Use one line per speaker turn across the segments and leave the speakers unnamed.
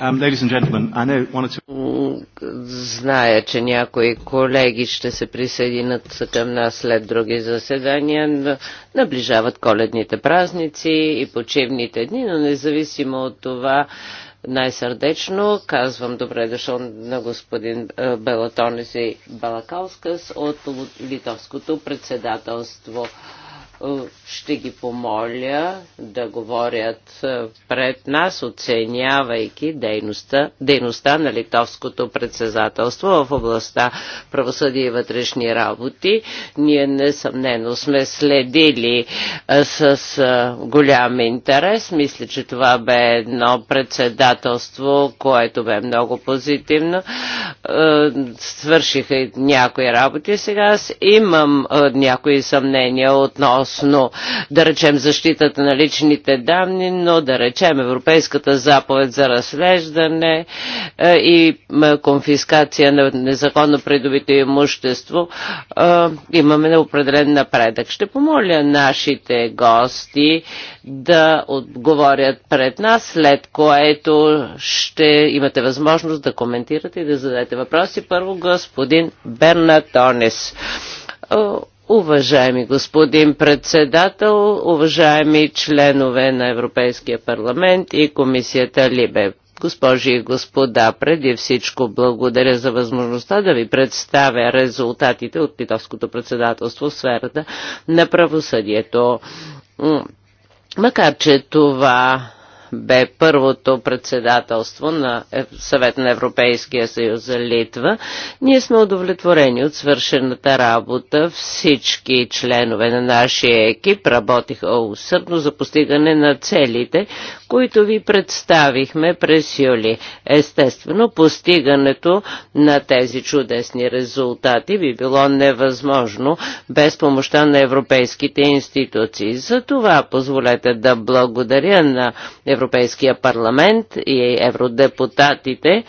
Um, Зная, че някои колеги ще се присъединят към нас след други заседания, но наближават коледните празници и почивните дни, но независимо от това, най-сърдечно казвам добре дошъл на господин е, Белатонис и Балакалскас от Литовското председателство ще ги помоля да говорят е, пред нас, оценявайки дейността, дейността на литовското председателство в областта правосъдие и вътрешни работи. Ние несъмнено сме следили е, с е, голям интерес. Мисля, че това бе едно председателство, което бе много позитивно. Свършиха някои работи. Сега аз имам някои съмнения относно относно, да речем, защитата на личните данни, но да речем Европейската заповед за разслеждане е, и конфискация на незаконно придобито имущество, е, имаме на определен напредък. Ще помоля нашите гости да отговорят пред нас, след което ще имате възможност да коментирате и да зададете въпроси. Първо господин Бернатонес. Уважаеми господин председател, уважаеми членове на Европейския парламент и комисията Либе, госпожи и господа, преди всичко благодаря за възможността да ви представя резултатите от питовското председателство в сферата на правосъдието. Макар, че това бе първото председателство на Съвет на Европейския съюз за Литва. Ние сме удовлетворени от свършената работа. Всички членове на нашия екип работиха усърдно за постигане на целите, които ви представихме през юли. Естествено, постигането на тези чудесни резултати би било невъзможно без помощта на европейските институции. За това позволете да благодаря на Европейския Европейския парламент и евродепутатите,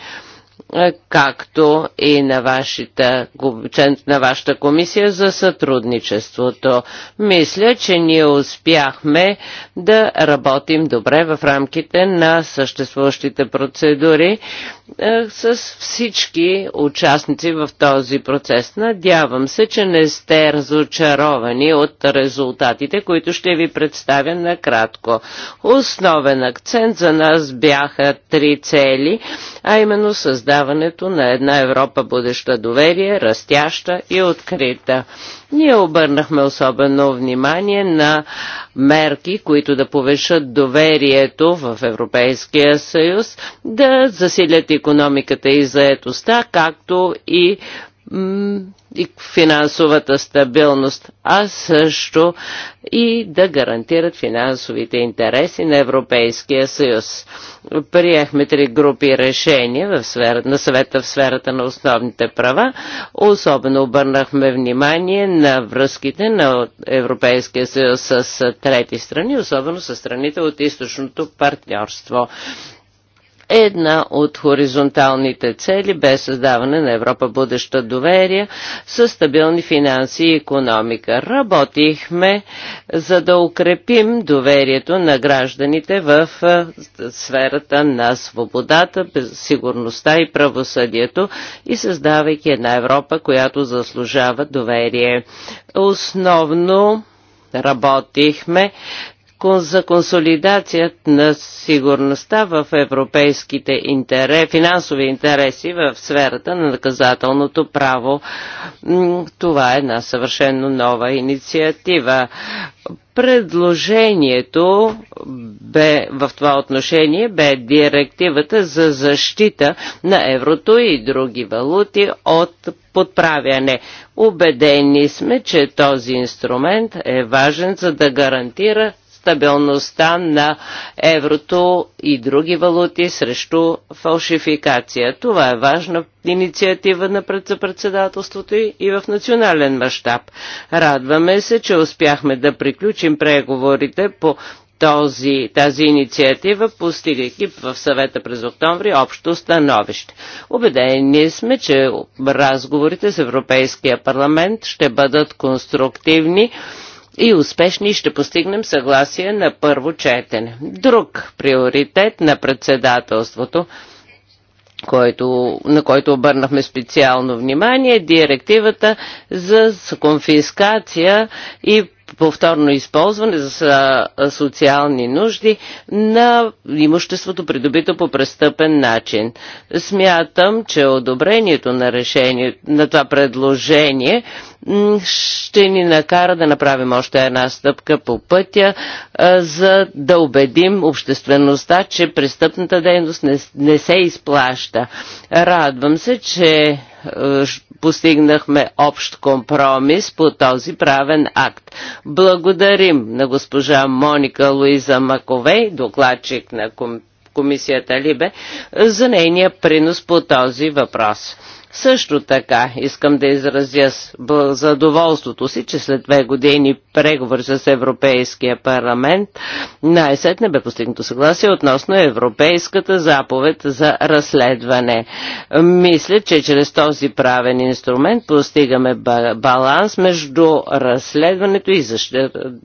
е, както и на, вашата, на вашата комисия за сътрудничеството. Мисля, че ние успяхме да работим добре в рамките на съществуващите процедури е, с всички участници в този процес. Надявам се, че не сте разочаровани от резултатите, които ще ви представя накратко. Основен акцент за нас бяха три цели, а именно създаването на една Европа бъдеща доверие, растяща и открита. Ние обърнахме особено внимание на мерки, които да повешат доверието в Европейския съюз, да засилят економиката и заетостта, както и и финансовата стабилност, а също и да гарантират финансовите интереси на Европейския съюз. Приехме три групи решения в сфера, на съвета в сферата на основните права. Особено обърнахме внимание на връзките на Европейския съюз с трети страни, особено с страните от източното партньорство. Една от хоризонталните цели бе създаване на Европа бъдеща доверие с стабилни финанси и економика. Работихме за да укрепим доверието на гражданите в сферата на свободата, сигурността и правосъдието и създавайки една Европа, която заслужава доверие. Основно работихме за консолидацията на сигурността в европейските интерес, финансови интереси в сферата на наказателното право. Това е една съвършенно нова инициатива. Предложението бе, в това отношение бе директивата за защита на еврото и други валути от подправяне. Убедени сме, че този инструмент е важен за да гарантира стабилността на еврото и други валути срещу фалшификация. Това е важна инициатива на председателството и в национален мащаб. Радваме се, че успяхме да приключим преговорите по този, тази инициатива, постигайки в съвета през октомври общо становище. Обедени сме, че разговорите с Европейския парламент ще бъдат конструктивни и успешни ще постигнем съгласие на първо четене. Друг приоритет на председателството който, на който обърнахме специално внимание, е директивата за конфискация и повторно използване за социални нужди на имуществото придобито по престъпен начин. Смятам, че одобрението на решение на това предложение ще ни накара да направим още една стъпка по пътя, за да убедим обществеността, че престъпната дейност не, не се изплаща. Радвам се, че е, постигнахме общ компромис по този правен акт. Благодарим на госпожа Моника Луиза Маковей, докладчик на Комисията Либе, за нейния принос по този въпрос. Също така искам да изразя задоволството си, че след две години преговори с Европейския парламент най-сетне бе постигнато съгласие относно Европейската заповед за разследване. Мисля, че чрез този правен инструмент постигаме баланс между разследването и, защ...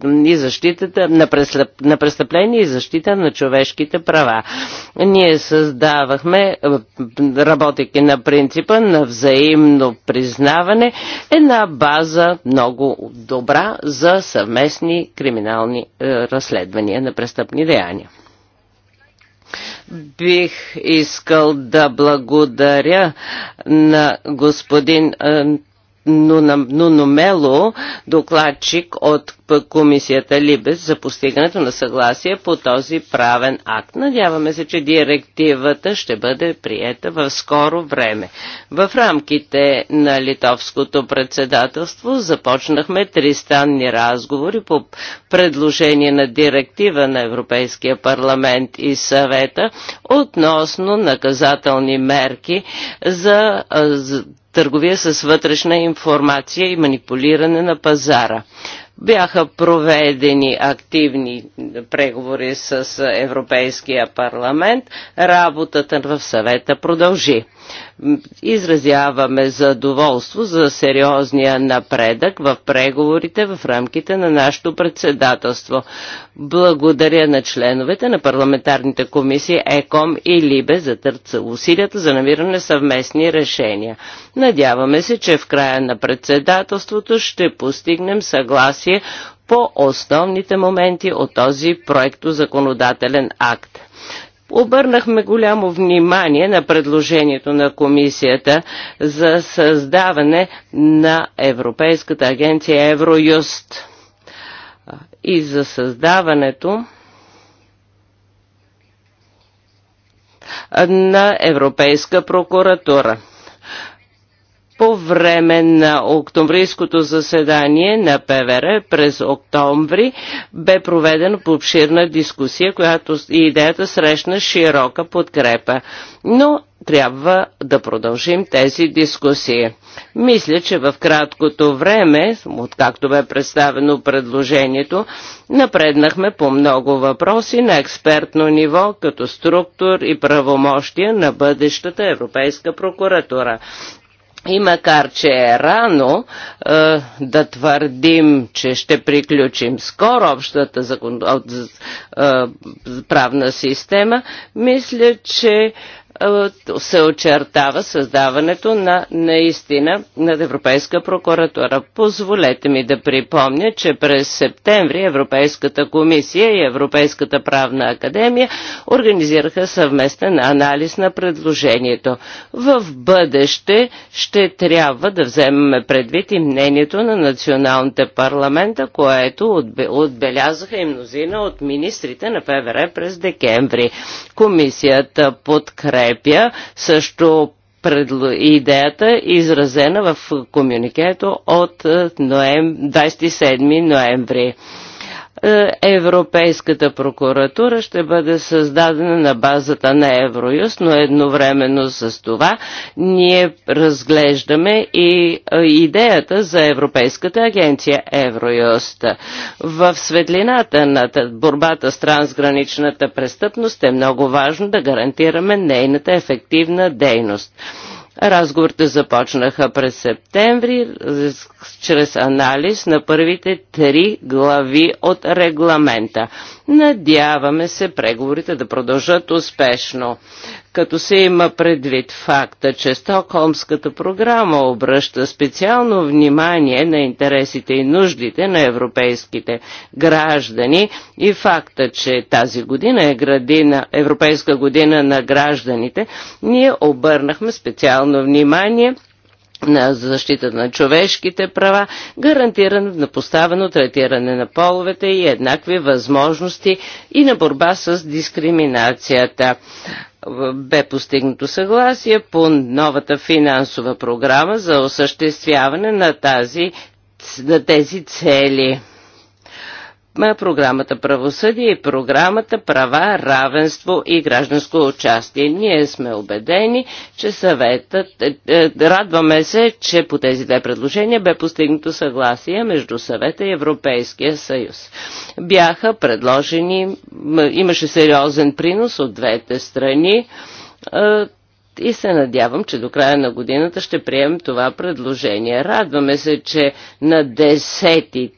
и защитата на, преслеп... на престъпление и защита на човешките права. Ние създавахме, работейки на принципа на на взаимно признаване, една база много добра за съвместни криминални е, разследвания на престъпни деяния. Бих искал да благодаря на господин е, Нуномело, докладчик от комисията Либес за постигането на съгласие по този правен акт. Надяваме се, че директивата ще бъде приета в скоро време. В рамките на литовското председателство започнахме тристанни разговори по предложение на директива на Европейския парламент и съвета относно наказателни мерки за търговия с вътрешна информация и манипулиране на пазара. Бяха проведени активни преговори с Европейския парламент. Работата в съвета продължи. Изразяваме задоволство за сериозния напредък в преговорите в рамките на нашето председателство. Благодаря на членовете на парламентарните комисии ЕКОМ и ЛИБЕ за търца усилията за намиране съвместни решения. Надяваме се, че в края на председателството ще постигнем съгласие комисия по основните моменти от този проекто законодателен акт. Обърнахме голямо внимание на предложението на комисията за създаване на Европейската агенция Евроюст и за създаването на Европейска прокуратура по време на октомврийското заседание на ПВР през октомври бе проведена по обширна дискусия, която и идеята срещна широка подкрепа. Но трябва да продължим тези дискусии. Мисля, че в краткото време, откакто бе представено предложението, напреднахме по много въпроси на експертно ниво, като структур и правомощия на бъдещата Европейска прокуратура. И макар, че е рано е, да твърдим, че ще приключим скоро общата закон... е, правна система, мисля, че е, се очертава създаването на наистина на Европейска прокуратура. Позволете ми да припомня, че през септември Европейската комисия и Европейската правна академия организираха съвместен анализ на предложението. В бъдеще ще трябва да вземем предвид и мнението на националните парламента, което отбелязаха и мнозина от министрите на ПВР през декември. Комисията подкрепя подкрепя също идеята изразена в комюникето от 27 е, ноември. Е, Европейската прокуратура ще бъде създадена на базата на Евроюст, но едновременно с това ние разглеждаме и е, идеята за Европейската агенция Евроюст. В светлината на борбата с трансграничната престъпност е много важно да гарантираме нейната ефективна дейност. Разговорите започнаха през септември чрез анализ на първите три глави от регламента. Надяваме се преговорите да продължат успешно като се има предвид факта, че Стокхолмската програма обръща специално внимание на интересите и нуждите на европейските граждани и факта, че тази година е градина, Европейска година на гражданите, ние обърнахме специално внимание – на защита на човешките права, гарантиран на поставено третиране на половете и еднакви възможности и на борба с дискриминацията. Бе постигнато съгласие по новата финансова програма за осъществяване на, тази, на тези цели програмата правосъдие и програмата права, равенство и гражданско участие. Ние сме убедени, че съветът, е, е, радваме се, че по тези две предложения бе постигнато съгласие между съвета и Европейския съюз. Бяха предложени, имаше сериозен принос от двете страни е, и се надявам, че до края на годината ще приемем това предложение. Радваме се, че на 10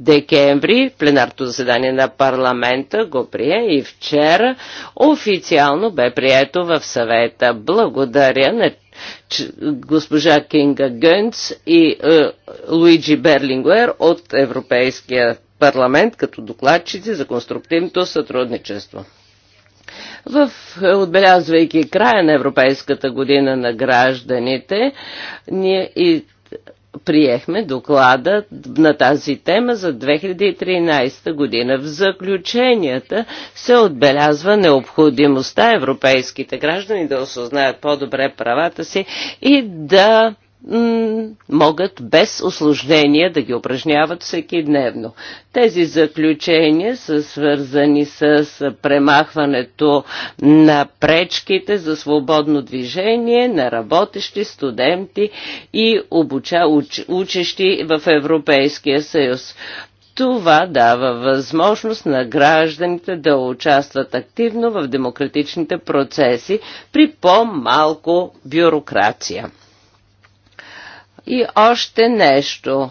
декември пленарното заседание на парламента го прие и вчера официално бе прието в съвета. Благодаря на госпожа Кинга Гънц и е, Луиджи Берлингуер от Европейския парламент като докладчици за конструктивното сътрудничество. В е, отбелязвайки края на Европейската година на гражданите, ние и приехме доклада на тази тема за 2013 година. В заключенията се отбелязва необходимостта европейските граждани да осознаят по-добре правата си и да могат без осложнения да ги упражняват всеки дневно. Тези заключения са свързани с премахването на пречките за свободно движение на работещи, студенти и обуча, уч, учещи в Европейския съюз. Това дава възможност на гражданите да участват активно в демократичните процеси при по-малко бюрокрация. И още нещо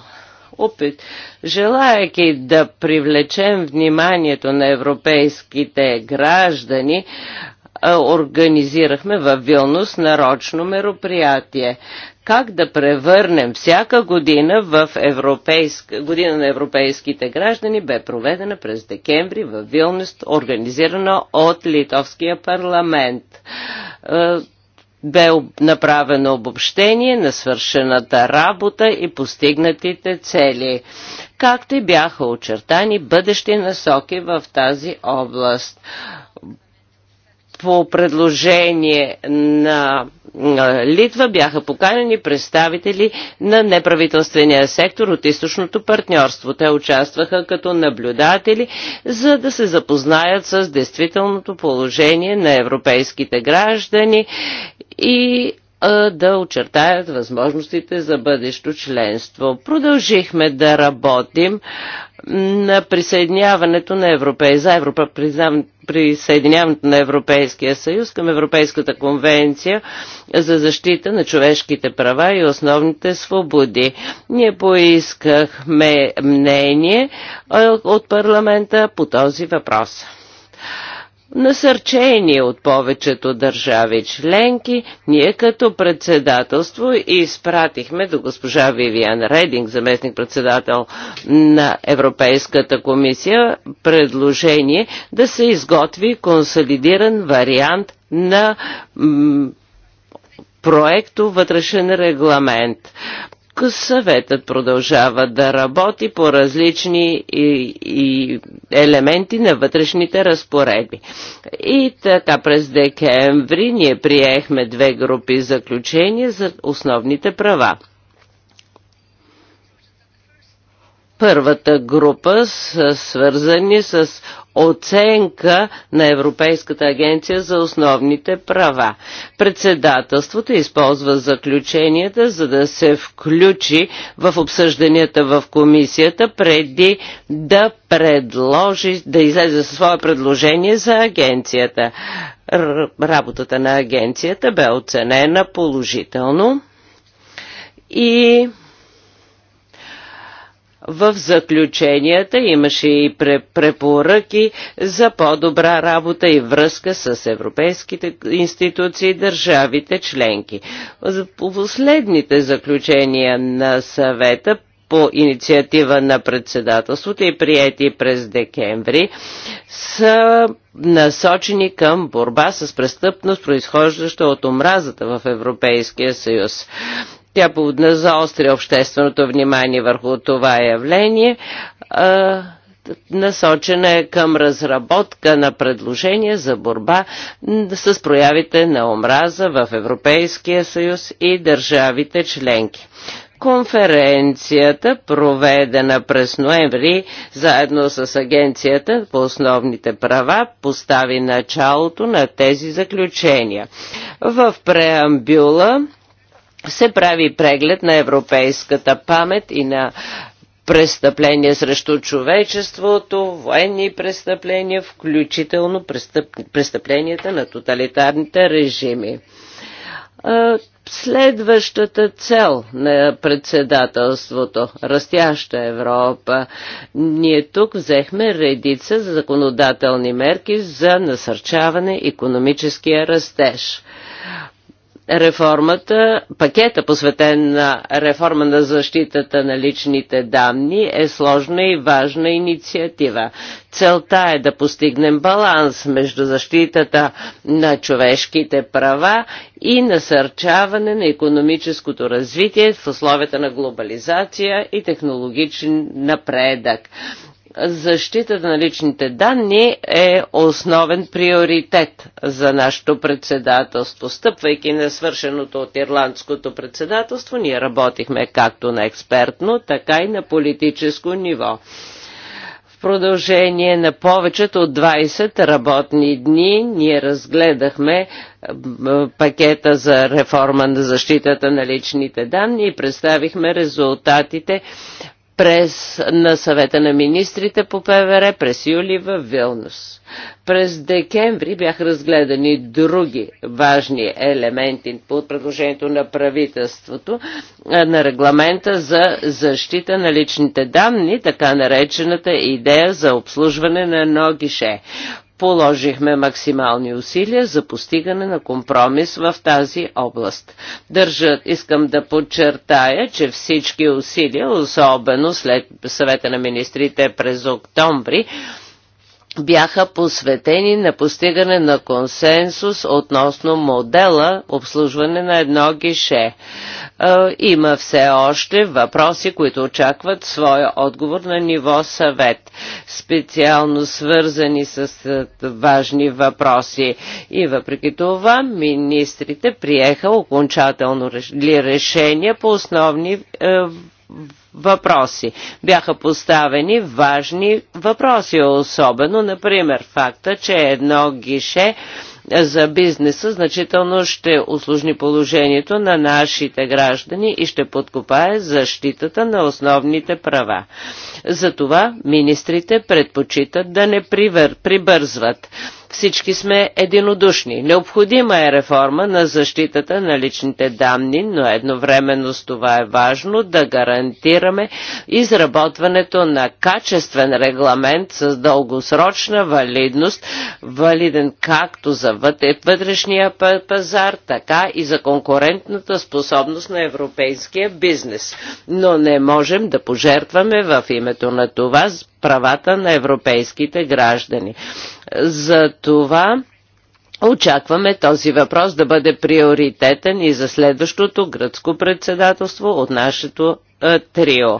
опит, желаяки да привлечем вниманието на европейските граждани, организирахме във Вилнус нарочно мероприятие. Как да превърнем всяка година в европейск... година на европейските граждани бе проведена през декември във Вилнус, организирана от Литовския парламент бе направено обобщение на свършената работа и постигнатите цели, както и бяха очертани бъдещи насоки в тази област по предложение на Литва бяха поканени представители на неправителствения сектор от източното партньорство. Те участваха като наблюдатели, за да се запознаят с действителното положение на европейските граждани и да очертаят възможностите за бъдещо членство. Продължихме да работим на присъединяването на Европей, за Европа, присъединяването на Европейския съюз към Европейската конвенция за защита на човешките права и основните свободи. Ние поискахме мнение от парламента по този въпрос насърчение от повечето държави членки, ние като председателство изпратихме до госпожа Вивиан Рединг, заместник-председател на Европейската комисия, предложение да се изготви консолидиран вариант на проекто вътрешен регламент съветът продължава да работи по различни и, и елементи на вътрешните разпоредби. И така през декември ние приехме две групи заключения за основните права. Първата група са свързани с оценка на Европейската агенция за основните права. Председателството използва заключенията, за да се включи в обсъжданията в комисията преди да предложи, да излезе със свое предложение за агенцията. Работата на агенцията бе оценена положително и в заключенията имаше и препоръки за по-добра работа и връзка с европейските институции и държавите членки. По последните заключения на съвета по инициатива на председателството и приети през декември са насочени към борба с престъпност, произхождаща от омразата в Европейския съюз. Тя заостря общественото внимание върху това явление. насочена е към разработка на предложения за борба с проявите на омраза в Европейския съюз и държавите членки. Конференцията, проведена през ноември заедно с Агенцията по основните права, постави началото на тези заключения. В преамбюла се прави преглед на европейската памет и на престъпления срещу човечеството, военни престъпления, включително престъп... престъпленията на тоталитарните режими. Следващата цел на председателството – растяща Европа. Ние тук взехме редица законодателни мерки за насърчаване економическия растеж реформата, пакета посветен на реформа на защитата на личните данни е сложна и важна инициатива. Целта е да постигнем баланс между защитата на човешките права и насърчаване на економическото развитие в условията на глобализация и технологичен напредък защитата на личните данни е основен приоритет за нашето председателство. Стъпвайки на свършеното от ирландското председателство, ние работихме както на експертно, така и на политическо ниво. В продължение на повечето от 20 работни дни ние разгледахме пакета за реформа на защитата на личните данни и представихме резултатите през на съвета на министрите по ПВР през юли в Вилнус. През декември бяха разгледани други важни елементи по предложението на правителството на регламента за защита на личните данни, така наречената идея за обслужване на едно гише. Положихме максимални усилия за постигане на компромис в тази област. Държа, искам да подчертая, че всички усилия, особено след съвета на министрите през октомври, бяха посветени на постигане на консенсус относно модела обслужване на едно гише. Е, има все още въпроси, които очакват своя отговор на ниво съвет, специално свързани с важни въпроси. И въпреки това министрите приеха окончателно решение по основни е, въпроси. Бяха поставени важни въпроси, особено, например, факта, че едно гише за бизнеса значително ще услужни положението на нашите граждани и ще подкопае защитата на основните права. Затова министрите предпочитат да не прибързват всички сме единодушни. Необходима е реформа на защитата на личните данни, но едновременно с това е важно да гарантираме изработването на качествен регламент с дългосрочна валидност, валиден както за вътрешния пазар, така и за конкурентната способност на европейския бизнес. Но не можем да пожертваме в името на това правата на европейските граждани. За това Очакваме този въпрос да бъде приоритетен и за следващото гръцко председателство от нашето е, трио.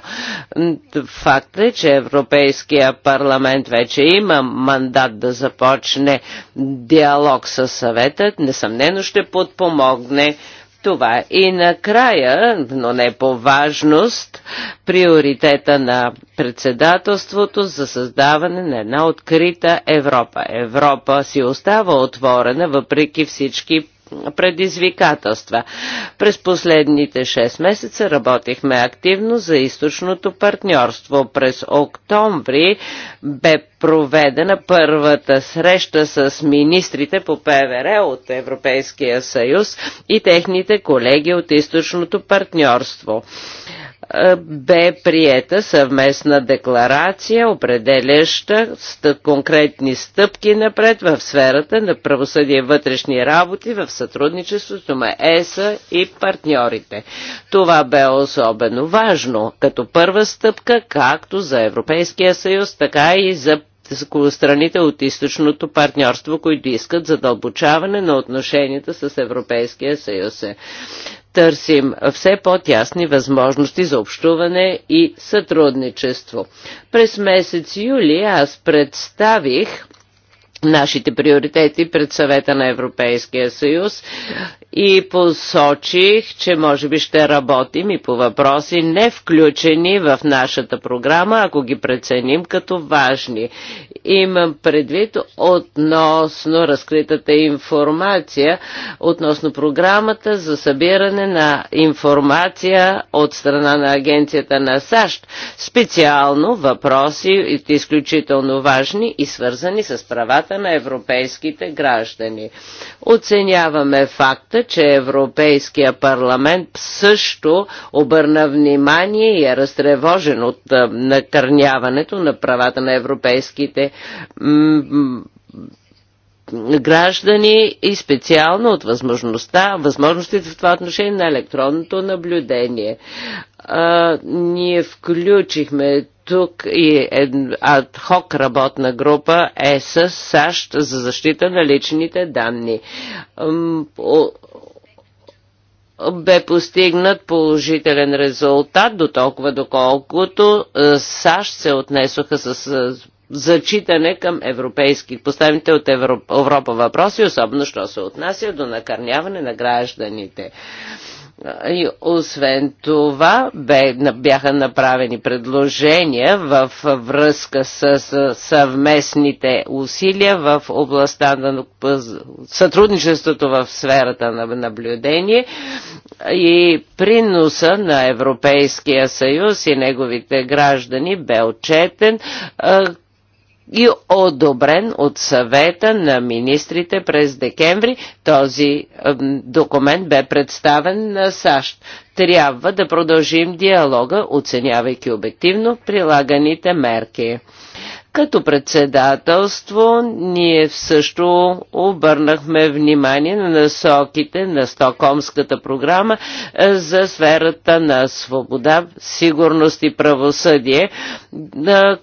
Факт е, че Европейския парламент вече има мандат да започне диалог с съветът. Несъмнено ще подпомогне това и накрая, но не по важност, приоритета на председателството за създаване на една открита Европа. Европа си остава отворена въпреки всички предизвикателства. През последните 6 месеца работихме активно за източното партньорство. През октомври бе проведена първата среща с министрите по ПВР от Европейския съюз и техните колеги от източното партньорство. Е, бе приета съвместна декларация, определяща конкретни стъпки напред в сферата на правосъдие и вътрешни работи в сътрудничеството на ЕСА и партньорите. Това бе особено важно като първа стъпка както за Европейския съюз, така и за страните от източното партньорство, които искат задълбочаване на отношенията с Европейския съюз търсим все по-тясни възможности за общуване и сътрудничество. През месец юли аз представих нашите приоритети пред съвета на Европейския съюз и посочих, че може би ще работим и по въпроси не включени в нашата програма, ако ги преценим като важни. Имам предвид относно разкритата информация, относно програмата за събиране на информация от страна на агенцията на САЩ. Специално въпроси изключително важни и свързани с правата правата на европейските граждани. Оценяваме факта, че Европейския парламент също обърна внимание и е разтревожен от накърняването на правата на европейските граждани и специално от възможността, възможностите в това отношение на електронното наблюдение. А, ние включихме тук и адхок работна група е с САЩ за защита на личните данни. Бе постигнат положителен резултат, до толкова доколкото е, САЩ се отнесоха с е, зачитане към европейски, поставените от Европа въпроси, особено що се отнася до накърняване на гражданите. И освен това бяха направени предложения в връзка с съвместните усилия в областта на сътрудничеството в сферата на наблюдение и приноса на Европейския съюз и неговите граждани бе отчетен и одобрен от съвета на министрите през декември. Този документ бе представен на САЩ. Трябва да продължим диалога, оценявайки обективно прилаганите мерки. Като председателство ние също обърнахме внимание на насоките на Стокомската програма е, за сферата на свобода, сигурност и правосъдие, е,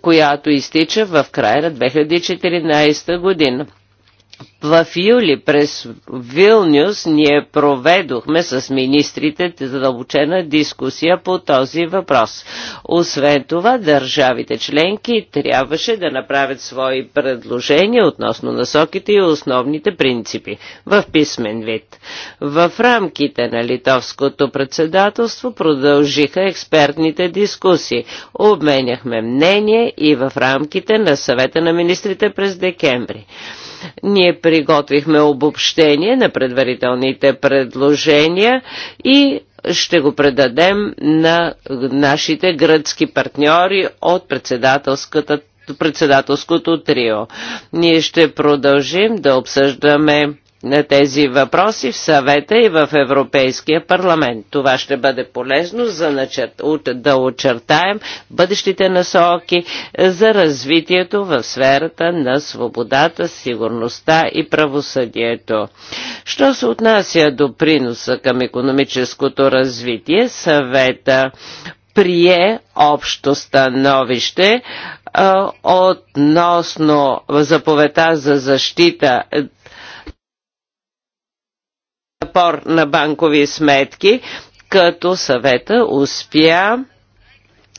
която изтича в края на 2014 година. В юли през Вилнюс ние проведохме с министрите задълбочена дискусия по този въпрос. Освен това, държавите членки трябваше да направят свои предложения относно насоките и основните принципи в писмен вид. В рамките на литовското председателство продължиха експертните дискусии. Обменяхме мнение и в рамките на съвета на министрите през декември. Ние приготвихме обобщение на предварителните предложения и ще го предадем на нашите гръцки партньори от председателското трио. Ние ще продължим да обсъждаме на тези въпроси в съвета и в Европейския парламент. Това ще бъде полезно за начерт, да очертаем бъдещите насоки е, за развитието в сферата на свободата, сигурността и правосъдието. Що се отнася до приноса към економическото развитие, съвета прие общо становище а, е, относно заповедта за защита е, запор на банкови сметки, като съвета успя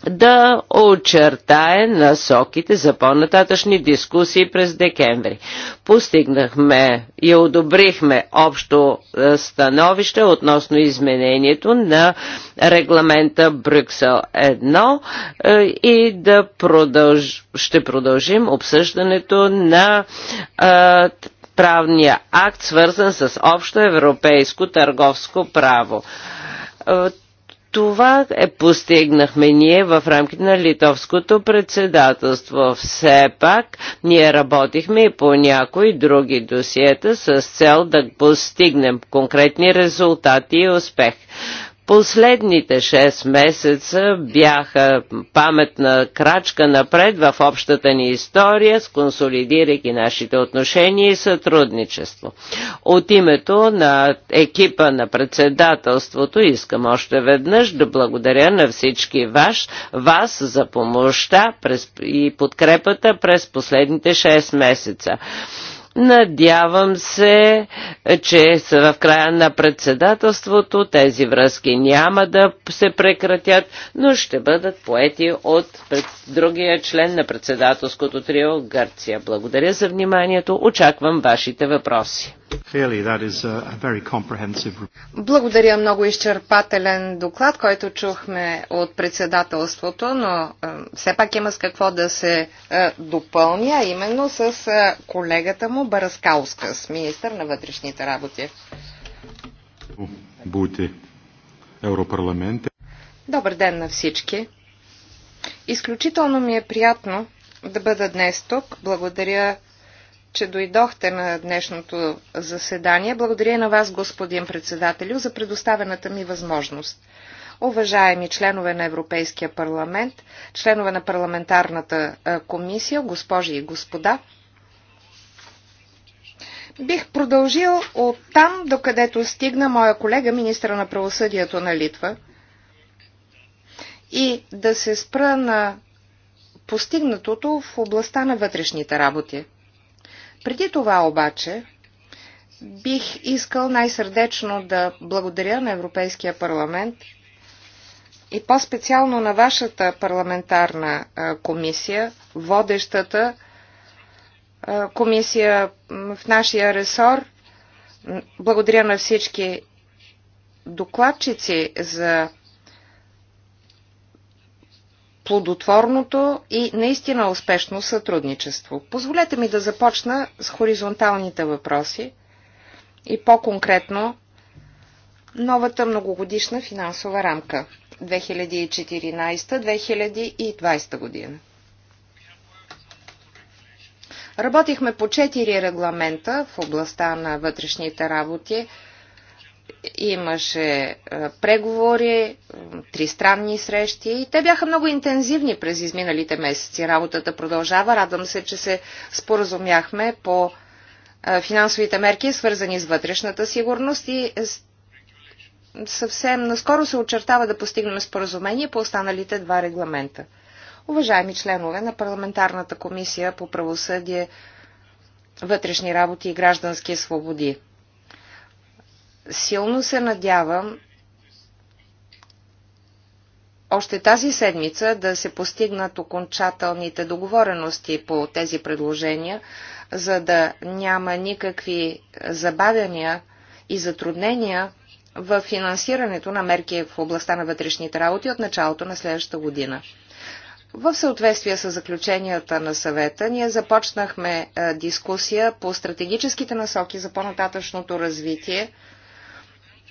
да очертае насоките за по-нататъчни дискусии през декември. Постигнахме и одобрихме общо е, становище относно изменението на регламента Брюксел 1 е, и да продълж... ще продължим обсъждането на е, правния акт, свързан с общо европейско търговско право. Е, това е постигнахме ние в рамките на литовското председателство. Все пак ние работихме и по някои други досиета с цел да постигнем конкретни резултати и успех. Последните 6 месеца бяха паметна крачка напред в общата ни история, сконсолидирайки нашите отношения и сътрудничество. От името на екипа на председателството искам още веднъж да благодаря на всички ваш, вас за помощта през, и подкрепата през последните 6 месеца. Надявам се, че в края на председателството тези връзки няма да се прекратят, но ще бъдат поети от другия член на председателското трио Гърция. Благодаря за вниманието. Очаквам вашите въпроси.
Благодаря много изчерпателен доклад, който чухме от председателството, но е, все пак има с какво да се е, допълня, именно с е, колегата му Бараскалска с министър на вътрешните работи.
Бути Европарламент.
Добър ден на всички. Изключително ми е приятно да бъда днес тук. Благодаря, че дойдохте на днешното заседание. Благодаря на вас, господин председателю, за предоставената ми възможност. Уважаеми членове на Европейския парламент, членове на парламентарната комисия, госпожи и господа, Бих продължил от там, докъдето стигна моя колега, министра на правосъдието на Литва, и да се спра на постигнатото в областта на вътрешните работи. Преди това обаче, бих искал най-сърдечно да благодаря на Европейския парламент и по-специално на вашата парламентарна комисия, водещата комисия в нашия ресор. Благодаря на всички докладчици за плодотворното и наистина успешно сътрудничество. Позволете ми да започна с хоризонталните въпроси и по-конкретно новата многогодишна финансова рамка 2014-2020 година. Работихме по четири регламента в областта на вътрешните работи. Имаше е, преговори, тристранни срещи и те бяха много интензивни през изминалите месеци. Работата продължава. Радвам се, че се споразумяхме по е, финансовите мерки, свързани с вътрешната сигурност и съвсем наскоро се очертава да постигнем споразумение по останалите два регламента. Уважаеми членове на Парламентарната комисия по правосъдие, вътрешни работи и граждански свободи, силно се надявам още тази седмица да се постигнат окончателните договорености по тези предложения, за да няма никакви забавяния и затруднения в финансирането на мерки в областта на вътрешните работи от началото на следващата година. В съответствие с заключенията на съвета, ние започнахме е, дискусия по стратегическите насоки за по-нататъчното развитие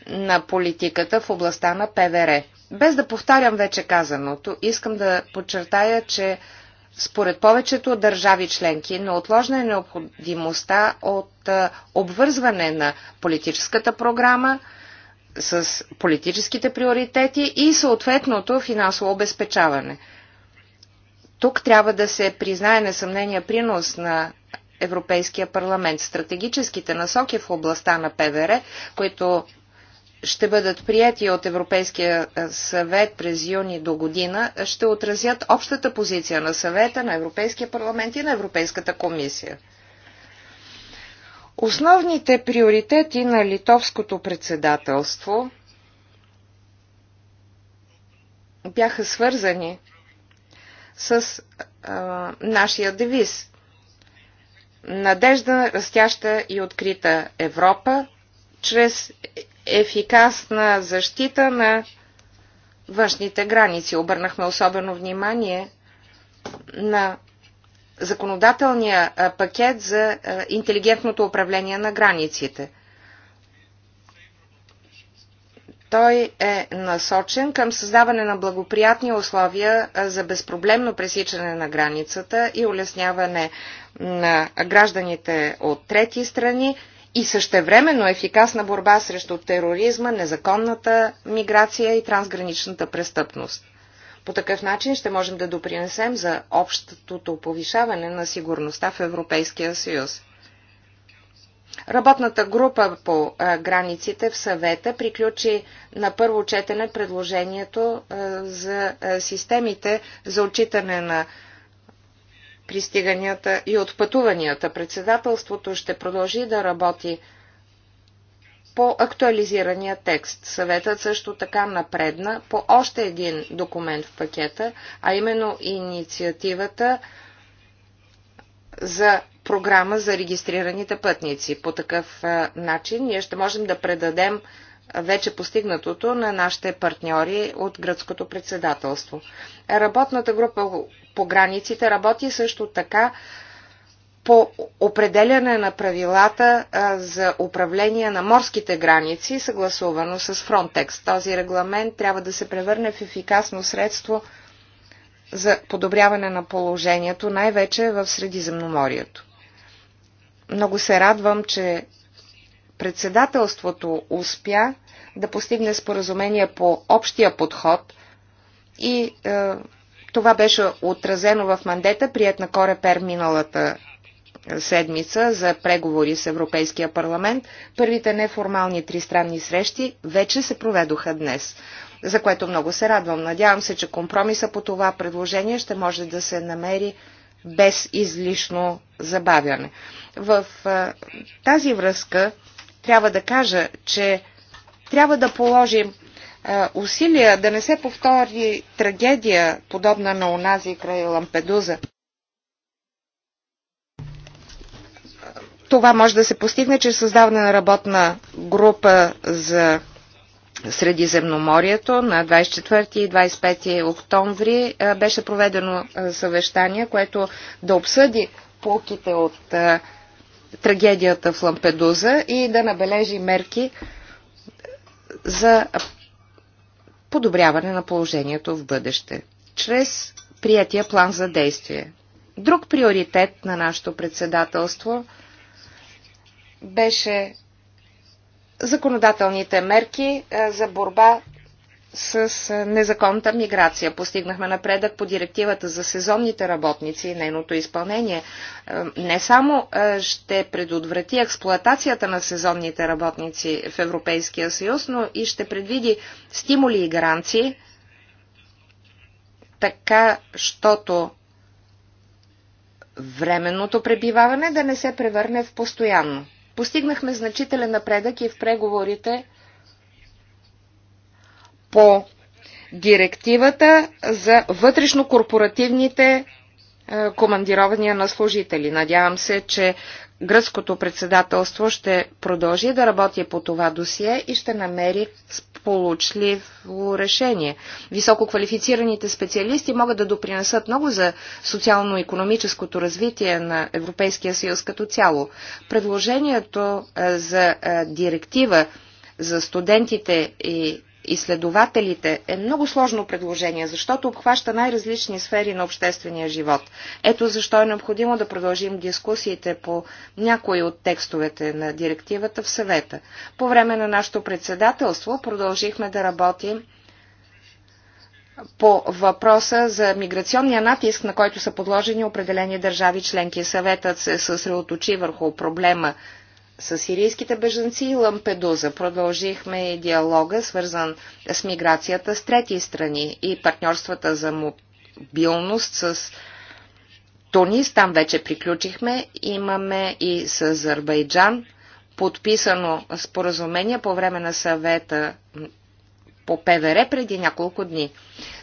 на политиката в областта на ПВР. Без да повтарям вече казаното, искам да подчертая, че според повечето държави членки, отложна е необходимостта от е, обвързване на политическата програма с политическите приоритети и съответното финансово обезпечаване – тук трябва да се признае несъмнения принос на Европейския парламент. Стратегическите насоки в областта на ПВР, които ще бъдат прияти от Европейския съвет през юни до година, ще отразят общата позиция на съвета, на Европейския парламент и на Европейската комисия. Основните приоритети на литовското председателство бяха свързани с а, нашия девиз. Надежда, растяща и открита Европа, чрез ефикасна защита на външните граници. Обърнахме особено внимание на законодателния пакет за интелигентното управление на границите – Той е насочен към създаване на благоприятни условия за безпроблемно пресичане на границата и улесняване на гражданите от трети страни и същевременно ефикасна борба срещу тероризма, незаконната миграция и трансграничната престъпност. По такъв начин ще можем да допринесем за общото повишаване на сигурността в Европейския съюз. Работната група по границите в съвета приключи на първо четене предложението за системите за отчитане на пристиганията и отпътуванията. Председателството ще продължи да работи по актуализирания текст. Съветът също така напредна по още един документ в пакета, а именно инициативата за програма за регистрираните пътници. По такъв начин ние ще можем да предадем вече постигнатото на нашите партньори от гръцкото председателство. Работната група по границите работи също така по определяне на правилата за управление на морските граници, съгласувано с Frontex. Този регламент трябва да се превърне в ефикасно средство за подобряване на положението, най-вече в Средиземноморието. Много се радвам, че председателството успя да постигне споразумение по общия подход и е, това беше отразено в мандета, прият на Корепер миналата седмица за преговори с Европейския парламент. Първите неформални тристранни срещи вече се проведоха днес, за което много се радвам. Надявам се, че компромиса по това предложение ще може да се намери без излишно забавяне. В а, тази връзка трябва да кажа, че трябва да положим а, усилия да не се повтори трагедия, подобна на онази край Лампедуза. Това може да се постигне чрез създаване на работна група за Средиземноморието на 24 и 25 октомври беше проведено съвещание, което да обсъди полките от трагедията в Лампедуза и да набележи мерки за подобряване на положението в бъдеще, чрез приятия план за действие. Друг приоритет на нашето председателство беше законодателните мерки е, за борба с е, незаконната миграция. Постигнахме напредък по директивата за сезонните работници и нейното изпълнение. Е, не само ще предотврати експлоатацията на сезонните работници в Европейския съюз, но и ще предвиди стимули и гаранции, така, щото временното пребиваване да не се превърне в постоянно. Постигнахме значителен напредък и в преговорите по директивата за вътрешно-корпоративните е, командирования на служители. Надявам се, че гръцкото председателство ще продължи да работи по това досие и ще намери сполучливо решение. Високо квалифицираните специалисти могат да допринесат много за социално-економическото развитие на Европейския съюз като цяло. Предложението за директива за студентите и изследователите е много сложно предложение, защото обхваща най-различни сфери на обществения живот. Ето защо е необходимо да продължим дискусиите по някои от текстовете на директивата в съвета. По време на нашето председателство продължихме да работим по въпроса за миграционния натиск, на който са подложени определени държави членки. Съветът се съсредоточи върху проблема с сирийските бежанци и Лампедуза. Продължихме и диалога, свързан с миграцията с трети страни и партньорствата за мобилност с Тунис. Там вече приключихме. Имаме и с Азербайджан подписано споразумение по време на съвета по ПВР преди няколко дни.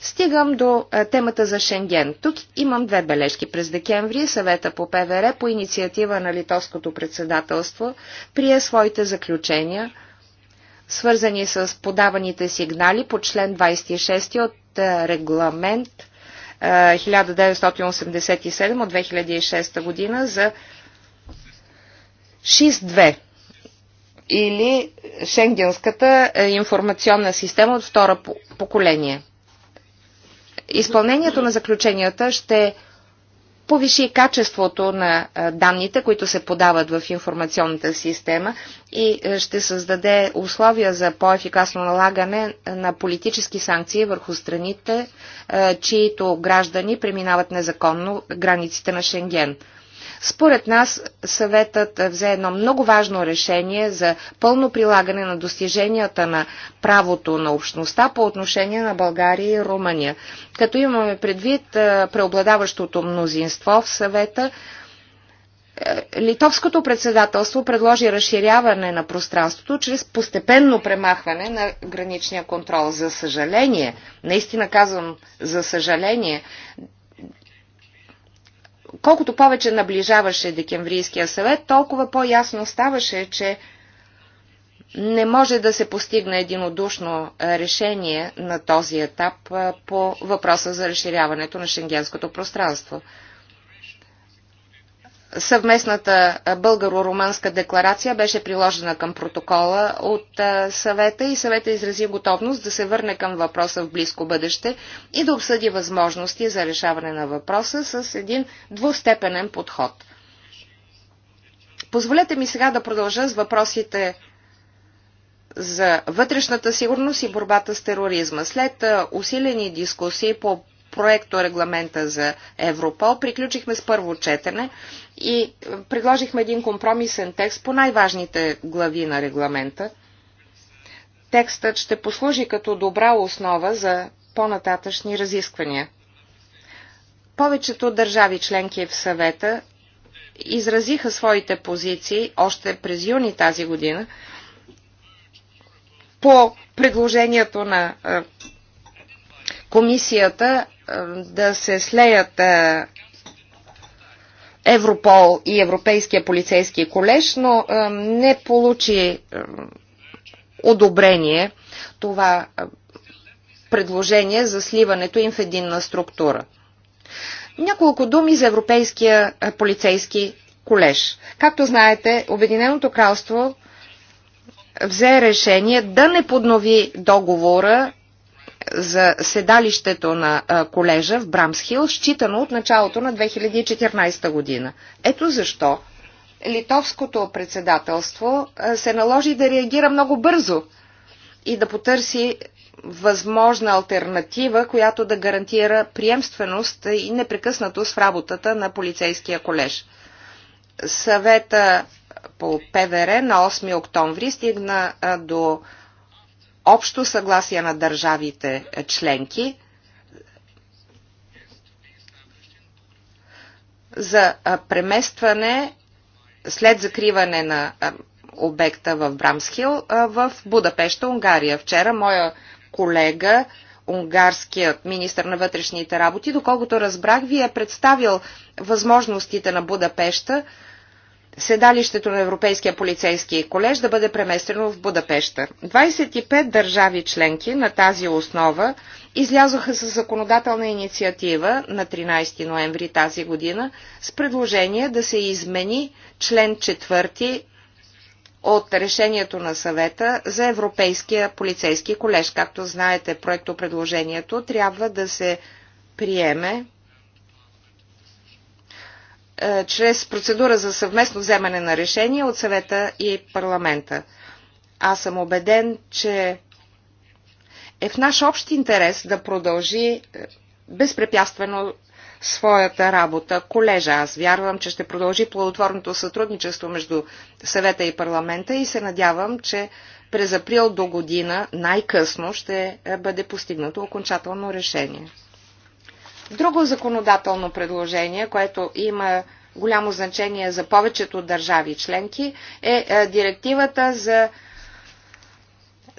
Стигам до е, темата за Шенген. Тук имам две бележки. През декември съвета по ПВР по инициатива на литовското председателство прие своите заключения, свързани с подаваните сигнали по член 26 от е, регламент 1987 е, от 2006 година за 6.2 или Шенгенската е, информационна система от втора поколение. Изпълнението на заключенията ще повиши качеството на е, данните, които се подават в информационната система и е, ще създаде условия за по-ефикасно налагане на политически санкции върху страните, чието граждани преминават незаконно границите на Шенген. Според нас съветът взе едно много важно решение за пълно прилагане на достиженията на правото на общността по отношение на България и Румъния. Като имаме предвид преобладаващото мнозинство в съвета, е, Литовското председателство предложи разширяване на пространството чрез постепенно премахване на граничния контрол. За съжаление, наистина казвам за съжаление, колкото повече наближаваше Декемврийския съвет, толкова по-ясно ставаше, че не може да се постигне единодушно решение на този етап по въпроса за разширяването на шенгенското пространство. Съвместната българо-румънска декларация беше приложена към протокола от съвета и съвета изрази готовност да се върне към въпроса в близко бъдеще и да обсъди възможности за решаване на въпроса с един двустепенен подход. Позволете ми сега да продължа с въпросите за вътрешната сигурност и борбата с тероризма. След усилени дискусии по проекто регламента за Европол. Приключихме с първо четене и предложихме един компромисен текст по най-важните глави на регламента. Текстът ще послужи като добра основа за по-нататъчни разисквания. Повечето държави членки в съвета изразиха своите позиции още през юни тази година по предложението на комисията да се слеят Европол и Европейския полицейски колеж, но не получи одобрение това предложение за сливането им в единна структура. Няколко думи за Европейския полицейски колеж. Както знаете, Обединеното кралство взе решение да не поднови договора за седалището на колежа в Брамсхил, считано от началото на 2014 година. Ето защо литовското председателство се наложи да реагира много бързо и да потърси възможна альтернатива, която да гарантира приемственост и непрекъснатост в работата на полицейския колеж. Съвета по ПВР на 8 октомври стигна до общо съгласие на държавите членки за преместване след закриване на обекта в Брамсхил в Будапешта, Унгария. Вчера моя колега, унгарският министр на вътрешните работи, доколкото разбрах, ви е представил възможностите на Будапешта седалището на Европейския полицейски колеж да бъде преместено в Будапеща. 25 държави членки на тази основа излязоха с законодателна инициатива на 13 ноември тази година с предложение да се измени член 4 от решението на съвета за Европейския полицейски колеж. Както знаете, проекто предложението трябва да се приеме е, чрез процедура за съвместно вземане на решения от съвета и парламента. Аз съм убеден, че е в наш общ интерес да продължи е, безпрепятствено своята работа. Колежа, аз вярвам, че ще продължи плодотворното сътрудничество между съвета и парламента и се надявам, че през април до година най-късно ще е, бъде постигнато окончателно решение. Друго законодателно предложение, което има голямо значение за повечето държави членки, е, е директивата за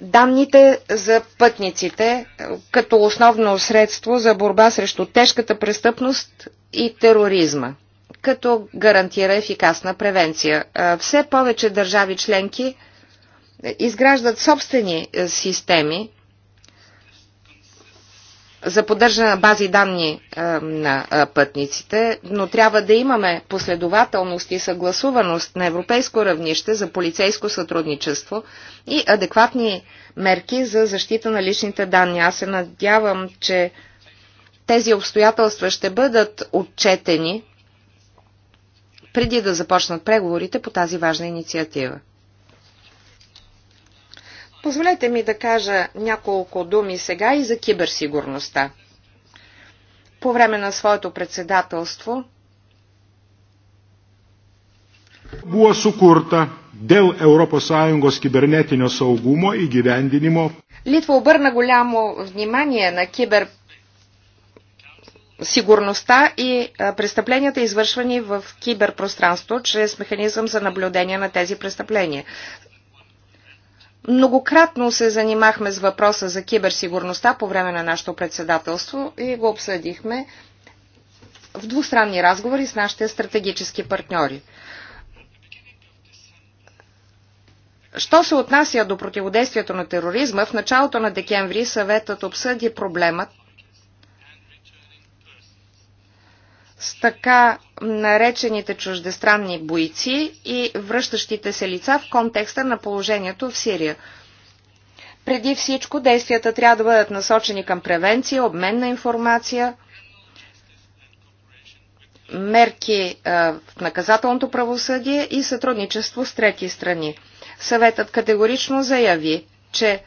данните за пътниците е, като основно средство за борба срещу тежката престъпност и тероризма, като гарантира ефикасна превенция. Е, все повече държави членки изграждат собствени системи за поддържане на бази данни е, на е, пътниците, но трябва да имаме последователност и съгласуваност на европейско равнище за полицейско сътрудничество и адекватни мерки за защита на личните данни. Аз се надявам, че тези обстоятелства ще бъдат отчетени преди да започнат преговорите по тази важна инициатива. Позволете ми да кажа няколко думи сега и за киберсигурността. По време на своето председателство
buvo sukurta dėl ES kibernetinio saugumo įgyvendinimo.
Литва обърна голямо внимание на кибер сигурността и престъпленията, извършвани в киберпространство, чрез механизъм за наблюдение на тези престъпления. Многократно се занимахме с въпроса за киберсигурността по време на нашето председателство и го обсъдихме в двустранни разговори с нашите стратегически партньори. Що се отнася до противодействието на тероризма, в началото на декември съветът обсъди проблемът с така наречените чуждестранни бойци и връщащите се лица в контекста на положението в Сирия. Преди всичко действията трябва да бъдат насочени към превенция, обмен на информация, мерки в наказателното правосъдие и сътрудничество с трети страни. Съветът категорично заяви, че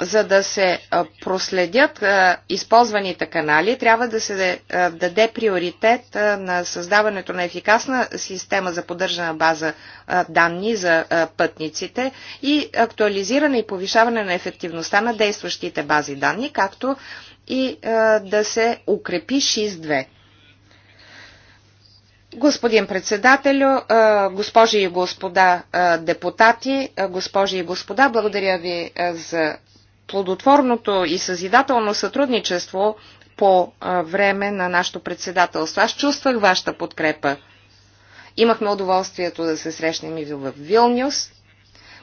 за да се проследят използваните канали, трябва да се даде приоритет на създаването на ефикасна система за поддържана база данни за пътниците и актуализиране и повишаване на ефективността на действащите бази данни, както и да се укрепи ШИС-2. Господин председателю, госпожи и господа депутати, госпожи и господа, благодаря ви за плодотворното и съзидателно сътрудничество по време на нашето председателство. Аз чувствах вашата подкрепа. Имахме удоволствието да се срещнем и в Вилнюс.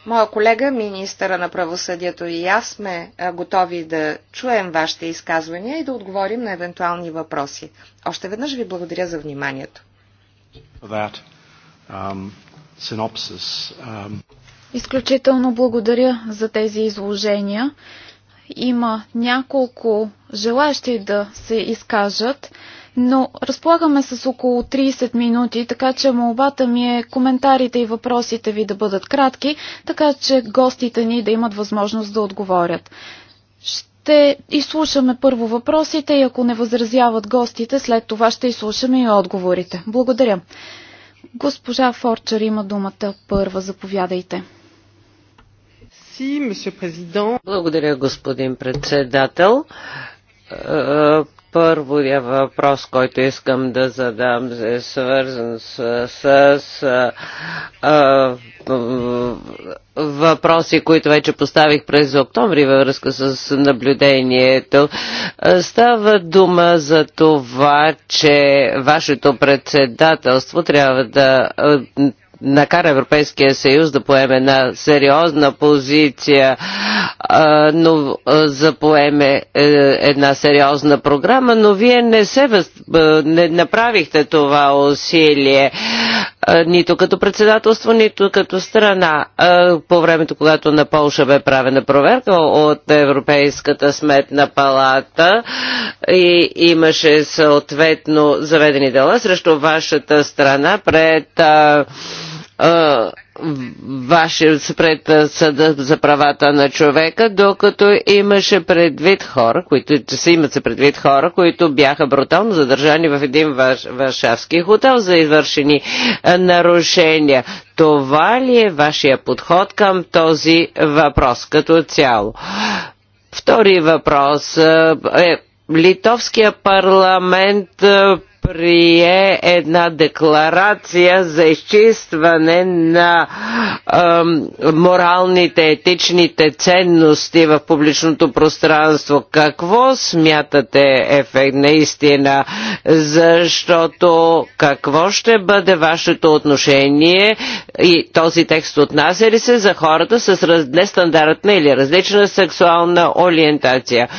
Моя колега, министъра на правосъдието и аз сме готови да чуем вашите изказвания и да отговорим на евентуални въпроси. Още веднъж ви благодаря за вниманието.
That, um, synopsis, um...
Изключително благодаря за тези изложения. Има няколко желащи да се изкажат, но разполагаме с около 30 минути, така че молбата ми е коментарите и въпросите ви да бъдат кратки, така че гостите ни да имат възможност да отговорят. Ще изслушаме първо въпросите и ако не възразяват гостите, след това ще изслушаме и отговорите. Благодаря. Госпожа Форчер има думата първа. Заповядайте.
Благодаря, господин председател. Е, Първия е въпрос, който искам да задам, е свързан с, с, с а, е, въпроси, които вече поставих през октомври във връзка с наблюдението. Става дума за това, че вашето председателство трябва да накара Европейския съюз да поеме една сериозна позиция, но за поеме е, една сериозна програма, но вие не се въз... не направихте това усилие нито като председателство, нито като страна. По времето, когато на Полша бе правена проверка от Европейската сметна палата и имаше съответно заведени дела срещу вашата страна пред ваше пред съда за правата на човека, докато имаше предвид хора, които се имат се предвид хора, които бяха брутално задържани в един ваш, варшавски хотел за извършени нарушения. Това ли е вашия подход към този въпрос като цяло? Втори въпрос е Литовския парламент прие една декларация за изчистване на е, моралните, етичните ценности в публичното пространство. Какво смятате ефект наистина? Защото какво ще бъде вашето отношение и този текст отнася ли се за хората с раз... нестандартна или различна сексуална ориентация?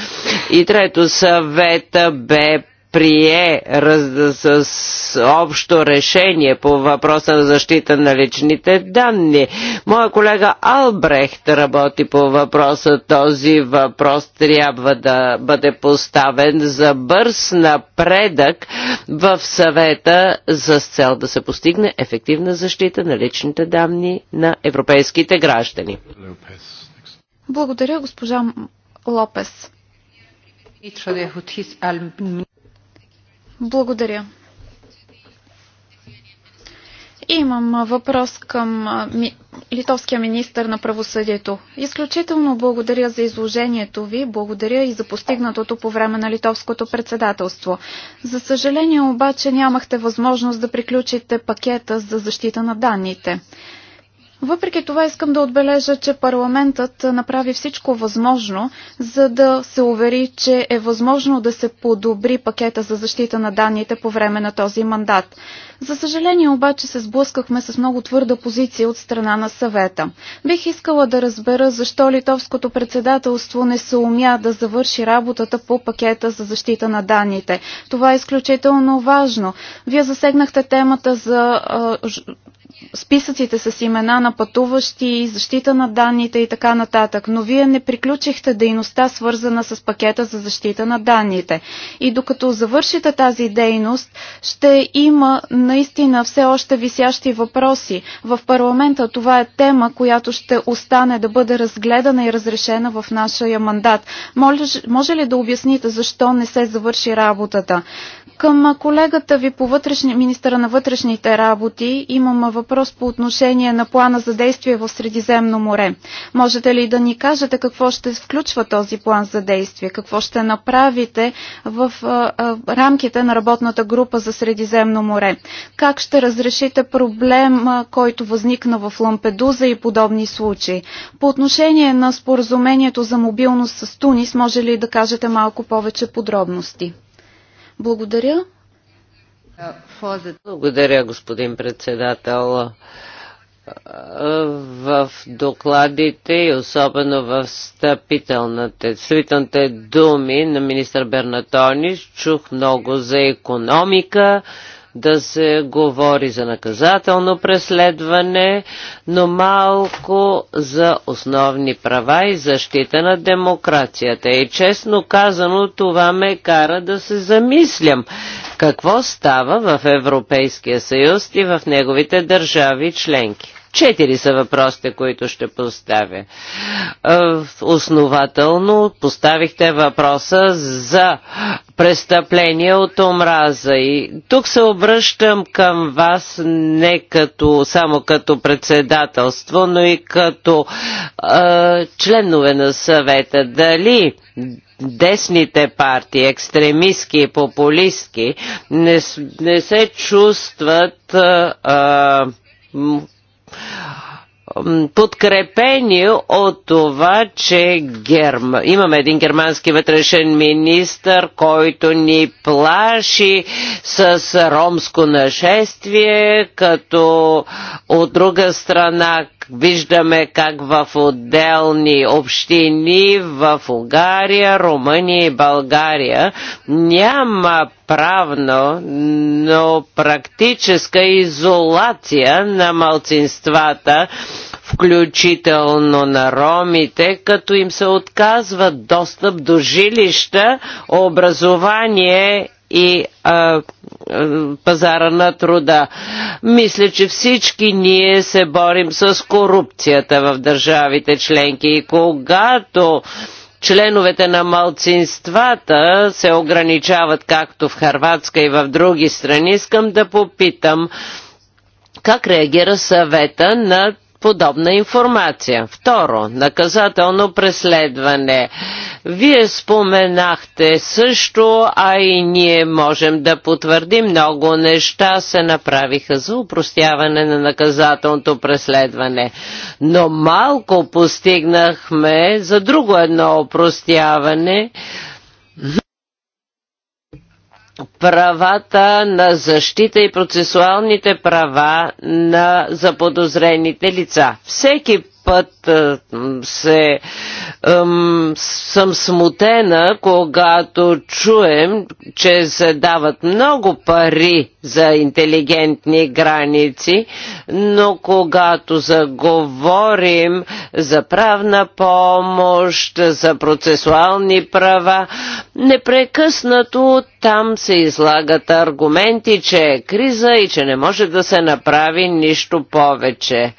И трето, съвета бе прие раз, с общо решение по въпроса на защита на личните данни. Моя колега Албрехт работи по въпроса. Този въпрос трябва да бъде поставен за бърз напредък в съвета за цел да се постигне ефективна защита на личните данни на европейските граждани.
Благодаря, госпожа Лопес. Благодаря. Имам въпрос към литовския министр на правосъдието. Изключително благодаря за изложението ви, благодаря и за постигнатото по време на литовското председателство. За съжаление обаче нямахте възможност да приключите пакета за защита на данните. Въпреки това искам да отбележа, че парламентът направи всичко възможно, за да се увери, че е възможно да се подобри пакета за защита на данните по време на този мандат. За съжаление обаче се сблъскахме с много твърда позиция от страна на съвета. Бих искала да разбера защо литовското председателство не се умя да завърши работата по пакета за защита на данните. Това е изключително важно. Вие засегнахте темата за списъците с имена на пътуващи, защита на данните и така нататък, но вие не приключихте дейността свързана с пакета за защита на данните. И докато завършите тази дейност, ще има наистина все още висящи въпроси. В парламента това е тема, която ще остане да бъде разгледана и разрешена в нашия мандат. Може, може ли да обясните защо не се завърши работата? Към колегата ви по вътрешни, министра на вътрешните работи имам въпрос по отношение на плана за действие в Средиземно море. Можете ли да ни кажете какво ще включва този план за действие? Какво ще направите в а, а, рамките на работната група за Средиземно море? Как ще разрешите проблем, а, който възникна в Лампедуза и подобни случаи? По отношение на споразумението за мобилност с Тунис, може ли да кажете малко повече подробности? Благодаря.
Благодаря, господин председател в докладите и особено в стъпителните, стъпителните думи на министър Бернатонис, чух много за економика, да се говори за наказателно преследване, но малко за основни права и защита на демокрацията. И честно казано, това ме кара да се замислям какво става в Европейския съюз и в неговите държави членки. Четири са въпросите, които ще поставя. Е, основателно поставихте въпроса за престъпление от омраза. И тук се обръщам към вас не като, само като председателство, но и като е, членове на съвета. Дали десните партии, екстремистки и популистки, не, не се чувстват а, е, е, подкрепени от това, че герм... имаме един германски вътрешен министр, който ни плаши с ромско нашествие, като от друга страна Виждаме как в отделни общини в Угария, Румъния и България няма правно, но практическа изолация на малцинствата, включително на ромите, като им се отказва достъп до жилища, образование и пазара на труда. Мисля, че всички ние се борим с корупцията в държавите членки и когато членовете на малцинствата се ограничават както в Харватска и в други страни, искам да попитам как реагира съвета на подобна информация. Второ, наказателно преследване. Вие споменахте също, а и ние можем да потвърдим много неща се направиха за упростяване на наказателното преследване. Но малко постигнахме за друго едно упростяване правата на защита и процесуалните права на заподозрените лица. Всеки път е, се, ем, съм смутена, когато чуем, че се дават много пари за интелигентни граници, но когато заговорим за правна помощ, за процесуални права, непрекъснато там се излагат аргументи, че е криза и че не може да се направи нищо повече.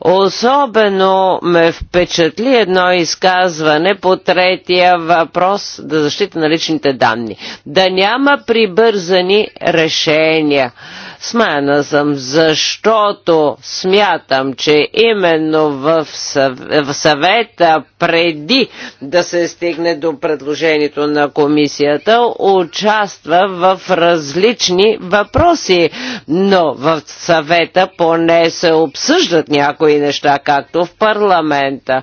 Особено ме впечатли едно изказване по третия въпрос за да защита на личните данни. Да няма прибързани решения отношения. Смаяна съм, защото смятам, че именно в, съв... в съвета преди да се стигне до предложението на комисията, участва в различни въпроси, но в съвета поне се обсъждат някои неща, както в парламента.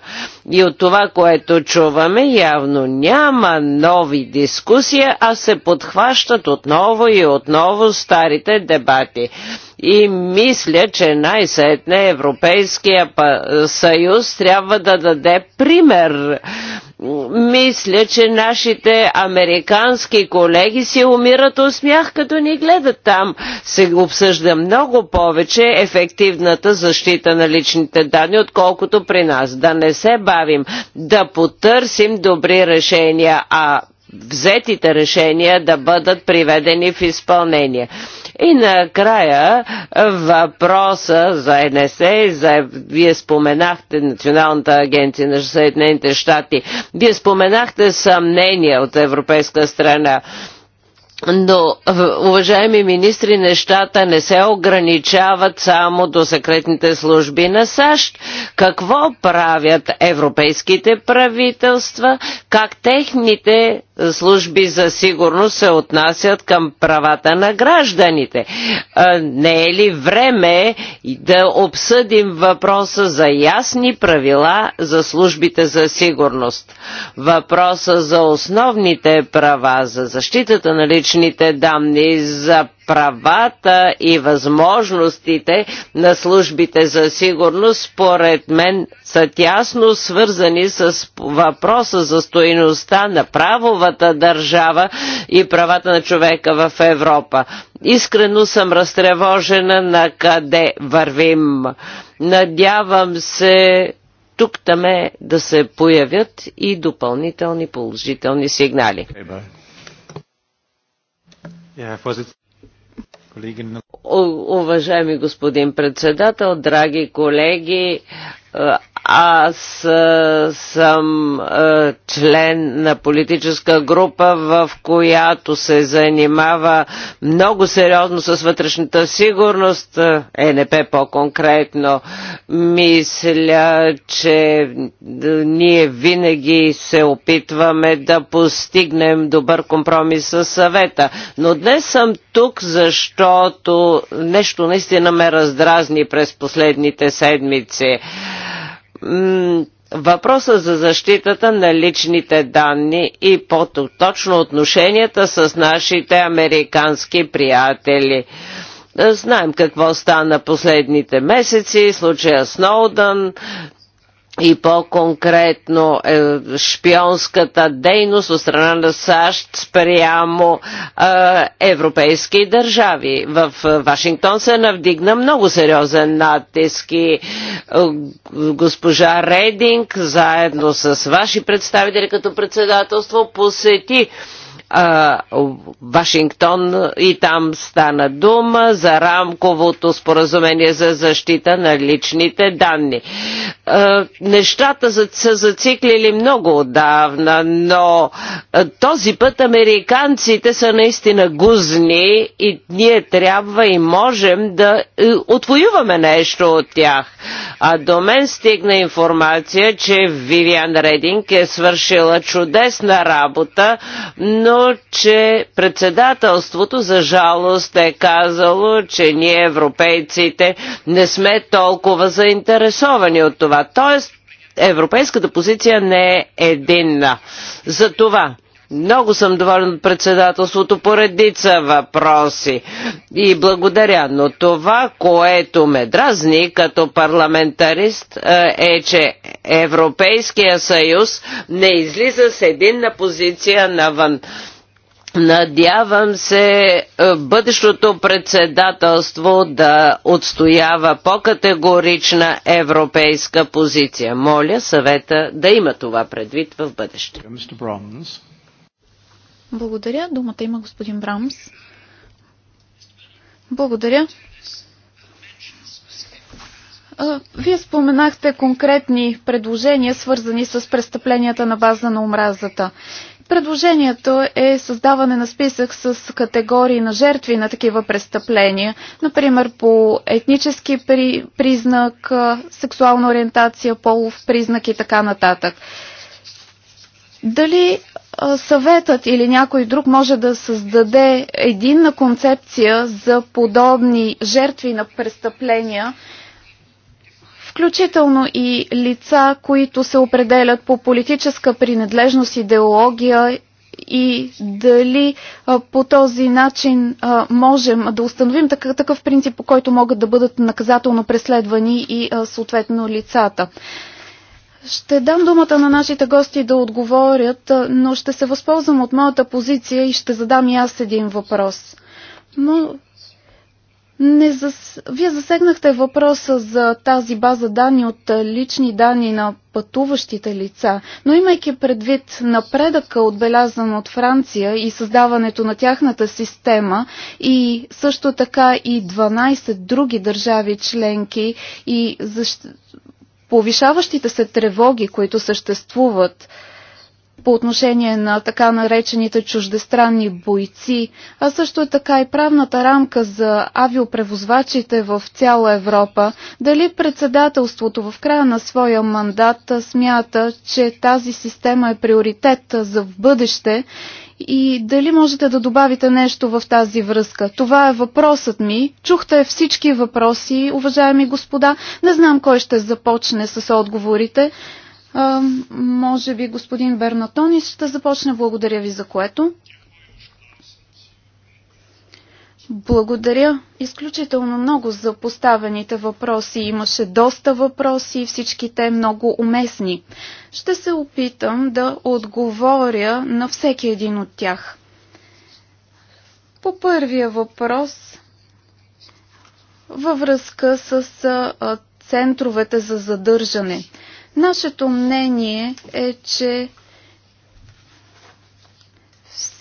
И от това, което чуваме, явно няма нови дискусии, а се подхващат отново и отново старите дебати дебати. И мисля, че най-сетне Европейския съюз трябва да даде пример мисля, че нашите американски колеги си умират от смях, като ни гледат там. Се обсъжда много повече ефективната защита на личните данни, отколкото при нас. Да не се бавим, да потърсим добри решения, а взетите решения да бъдат приведени в изпълнение. И накрая въпроса за НСА, за... вие споменахте Националната агенция на Съединените щати, вие споменахте съмнения от европейска страна. Но, уважаеми министри, нещата не се ограничават само до секретните служби на САЩ. Какво правят европейските правителства, как техните служби за сигурност се отнасят към правата на гражданите. Не е ли време да обсъдим въпроса за ясни правила за службите за сигурност? Въпроса за основните права, за защитата на личните данни, за правата и възможностите на службите за сигурност, според мен, са тясно свързани с въпроса за стоиността на правовата държава и правата на човека в Европа. Искрено съм разтревожена на къде вървим. Надявам се тук таме да се появят и допълнителни положителни сигнали. Уважаеми господин председател, драги колеги, аз е, съм е, член на политическа група, в която се занимава много сериозно с вътрешната сигурност, е, ЕНП по-конкретно. Мисля, че ние винаги се опитваме да постигнем добър компромис с съвета. Но днес съм тук, защото нещо наистина ме раздразни през последните седмици въпроса за защитата на личните данни и по-точно отношенията с нашите американски приятели. Знаем какво стана последните месеци, случая Сноудън, и по-конкретно е, шпионската дейност от страна на САЩ спрямо е, европейски държави. В е, Вашингтон се навдигна много сериозен натиск и госпожа Рейдинг заедно с ваши представители като председателство посети Вашингтон и там стана дума за рамковото споразумение за защита на личните данни. нещата са зациклили много отдавна, но този път американците са наистина гузни и ние трябва и можем да е, отвоюваме нещо от тях. А до мен стигна информация, че Вивиан Рединг е свършила чудесна работа, но именно, че председателството за жалост е казало, че ние европейците не сме толкова заинтересовани от това. Тоест, европейската позиция не е единна. За това. Много съм доволен от председателството по редица въпроси и благодаря, но това, което ме дразни като парламентарист е, е че Европейския съюз не излиза с единна позиция навън. Надявам се е, бъдещото председателство да отстоява по-категорична европейска позиция. Моля съвета да има това предвид в бъдеще.
Благодаря. Думата има господин Брамс. Благодаря. Вие споменахте конкретни предложения, свързани с престъпленията на база на омразата. Предложението е създаване на списък с категории на жертви на такива престъпления, например по етнически при, признак, сексуална ориентация, полов признак и така нататък. Дали съветът или някой друг може да създаде единна концепция за подобни жертви на престъпления, включително и лица, които се определят по политическа принадлежност, идеология и дали а, по този начин а, можем да установим такъв, такъв принцип, по който могат да бъдат наказателно преследвани и а, съответно лицата. Ще дам думата на нашите гости да отговорят, но ще се възползвам от моята позиция и ще задам и аз един въпрос. Но не зас... Вие засегнахте въпроса за тази база данни от лични данни на пътуващите лица, но имайки предвид напредъка, отбелязан от Франция и създаването на тяхната система и също така и 12 други държави членки и защ повишаващите се тревоги, които съществуват по отношение на така наречените чуждестранни бойци, а също е така и правната рамка за авиопревозвачите в цяла Европа, дали председателството в края на своя мандат смята, че тази система е приоритет за в бъдеще и дали можете да добавите нещо в тази връзка? Това е въпросът ми. Чухте всички въпроси, уважаеми господа. Не знам кой ще започне с отговорите. А, може би господин Бернатонис ще започне. Благодаря ви за което. Благодаря изключително много за поставените въпроси. Имаше доста въпроси, всички те много уместни. Ще се опитам да отговоря на всеки един от тях. По първия въпрос, във връзка с центровете за задържане. Нашето мнение е, че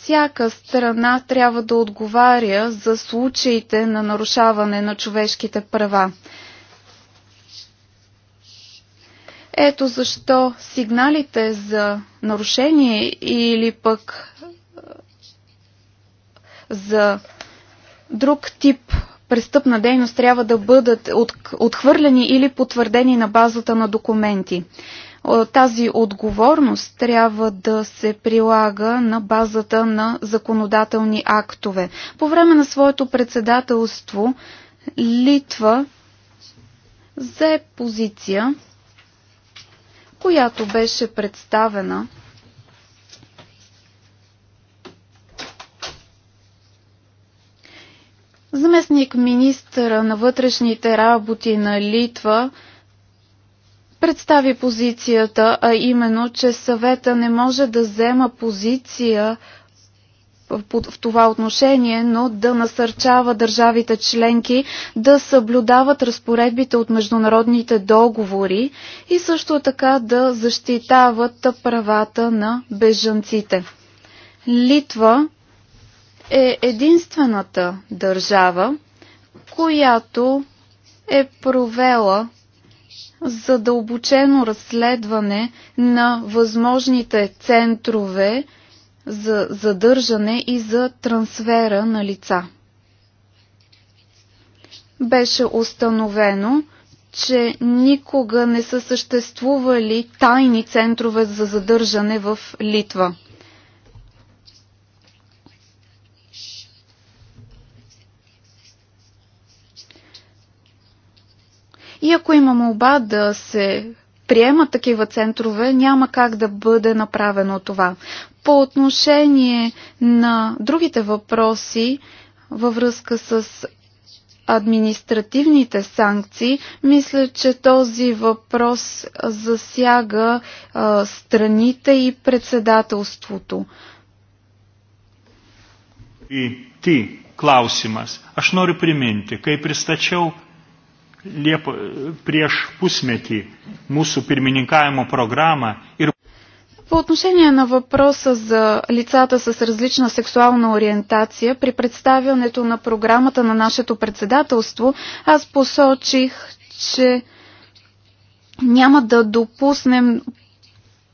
всяка страна трябва да отговаря за случаите на нарушаване на човешките права. Ето защо сигналите за нарушение или пък е, за друг тип престъпна дейност трябва да бъдат отхвърлени или потвърдени на базата на документи. Тази отговорност трябва да се прилага на базата на законодателни актове. По време на своето председателство Литва взе позиция, която беше представена Заместник министъра на вътрешните работи на Литва представи позицията, а именно, че съвета не може да взема позиция в това отношение, но да насърчава държавите членки да съблюдават разпоредбите от международните договори и също така да защитават правата на бежанците. Литва е единствената държава, която е провела задълбочено разследване на възможните центрове за задържане и за трансфера на лица. Беше установено, че никога не са съществували тайни центрове за задържане в Литва. И ако има молба да се приемат такива центрове, няма как да бъде направено това. По отношение на другите въпроси във връзка с административните санкции, мисля, че този въпрос засяга а, страните и председателството.
И ти, Клаусимас, Aš нори priminti, kai пристачал Liepo, prieš pusmetį mūsų pirmininkavimo programą. ir
по отношение на въпроса за лицата с различна сексуална ориентация, при представянето на програмата на нашето председателство, аз посочих, че няма да допуснем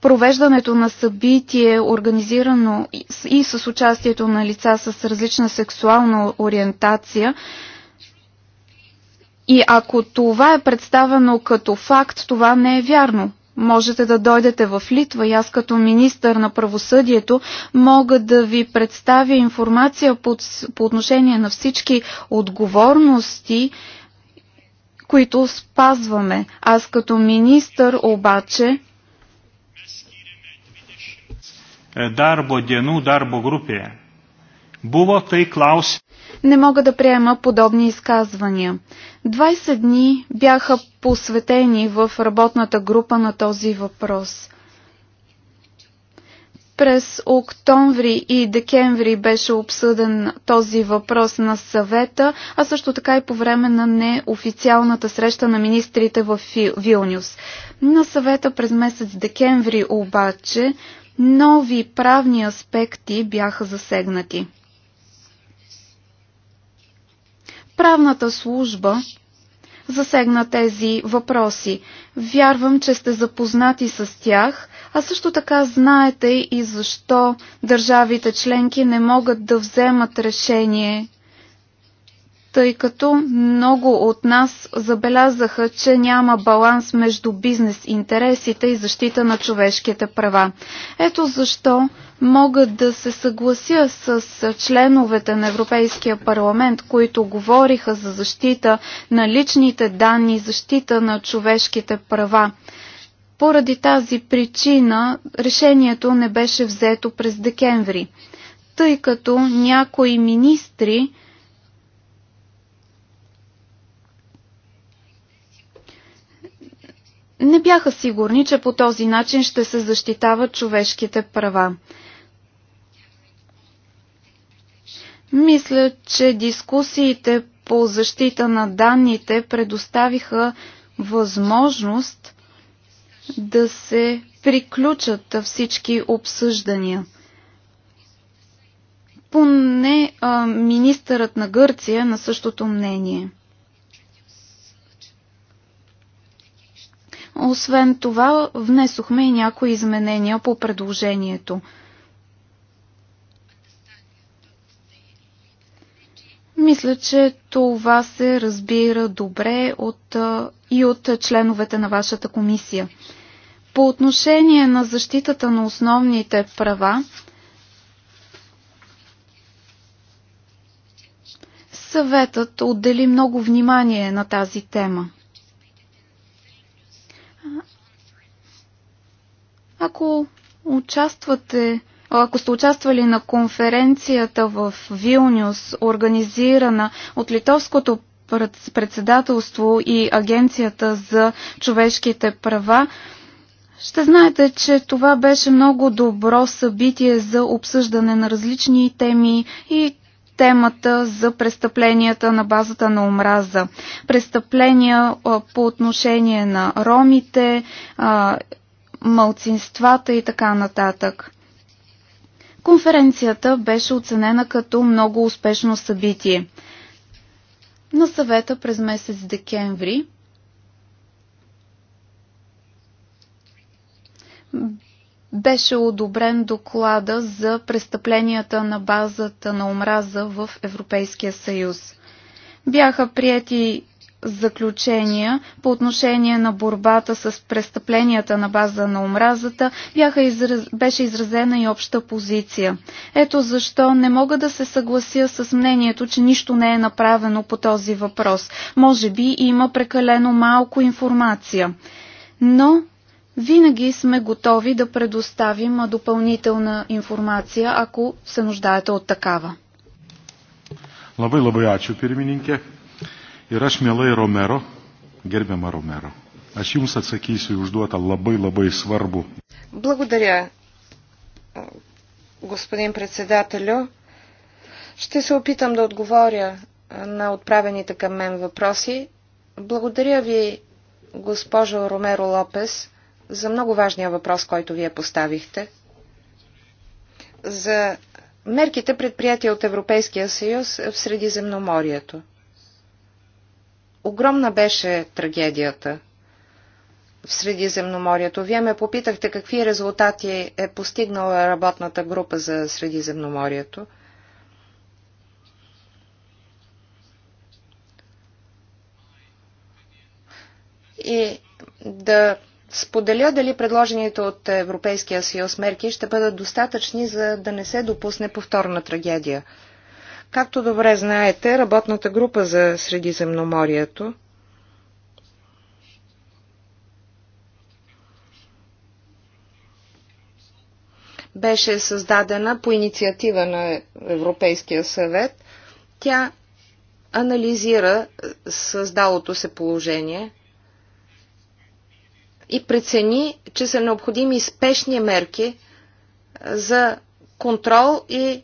провеждането на събитие, организирано и с участието на лица с различна сексуална ориентация, и ако това е представено като факт, това не е вярно. Можете да дойдете в Литва и аз като министър на правосъдието мога да ви представя информация по, по отношение на всички отговорности, които спазваме. Аз като министър обаче
е, Дарбо дену, дарбо групия. Buvo tai klausimas.
Не мога да приема подобни изказвания. 20 дни бяха посветени в работната група на този въпрос. През октомври и декември беше обсъден този въпрос на съвета, а също така и по време на неофициалната среща на министрите в Вилнюс. На съвета през месец декември обаче нови правни аспекти бяха засегнати. правната служба засегна тези въпроси. Вярвам, че сте запознати с тях, а също така знаете и защо държавите членки не могат да вземат решение тъй като много от нас забелязаха, че няма баланс между бизнес интересите и защита на човешките права. Ето защо Мога да се съглася с членовете на Европейския парламент, които говориха за защита на личните данни, защита на човешките права. Поради тази причина решението не беше взето през декември, тъй като някои министри не бяха сигурни, че по този начин ще се защитават човешките права. Мисля, че дискусиите по защита на данните предоставиха възможност да се приключат всички обсъждания. Поне а, министърът на Гърция е на същото мнение. Освен това, внесохме и някои изменения по предложението – Мисля, че това се разбира добре от, и от членовете на вашата комисия. По отношение на защитата на основните права, съветът отдели много внимание на тази тема. Ако участвате ако сте участвали на конференцията в Вилнюс, организирана от литовското председателство и Агенцията за човешките права, ще знаете, че това беше много добро събитие за обсъждане на различни теми и темата за престъпленията на базата на омраза. Престъпления по отношение на ромите, малцинствата и така нататък. Конференцията беше оценена като много успешно събитие. На съвета през месец декември беше одобрен доклада за престъпленията на базата на омраза в Европейския съюз. Бяха прияти заключения по отношение на борбата с престъпленията на база на омразата бяха израз... беше изразена и обща позиция. Ето защо не мога да се съглася с мнението, че нищо не е направено по този въпрос. Може би има прекалено малко информация. Но винаги сме готови да предоставим допълнителна информация, ако се нуждаете от такава.
Labai labai ačiū pirmininkė. Ir aš mielai Romero, gerbiamą Romero, aš jums atsakysiu užduotą labai labai svarbu.
Благодаря, господин председателю. Ще се опитам да отговоря на отправените към мен въпроси. Благодаря ви, госпожо Ромеро Лопес, за много важния въпрос, който вие поставихте. За мерките предприятия от Европейския съюз в Средиземноморието – Огромна беше трагедията в Средиземноморието. Вие ме попитахте какви резултати е постигнала работната група за Средиземноморието. И да споделя дали предложените от Европейския съюз мерки ще бъдат достатъчни, за да не се допусне повторна трагедия – Както добре знаете, работната група за Средиземноморието беше създадена по инициатива на Европейския съвет. Тя анализира създалото се положение и прецени, че са необходими спешни мерки за контрол и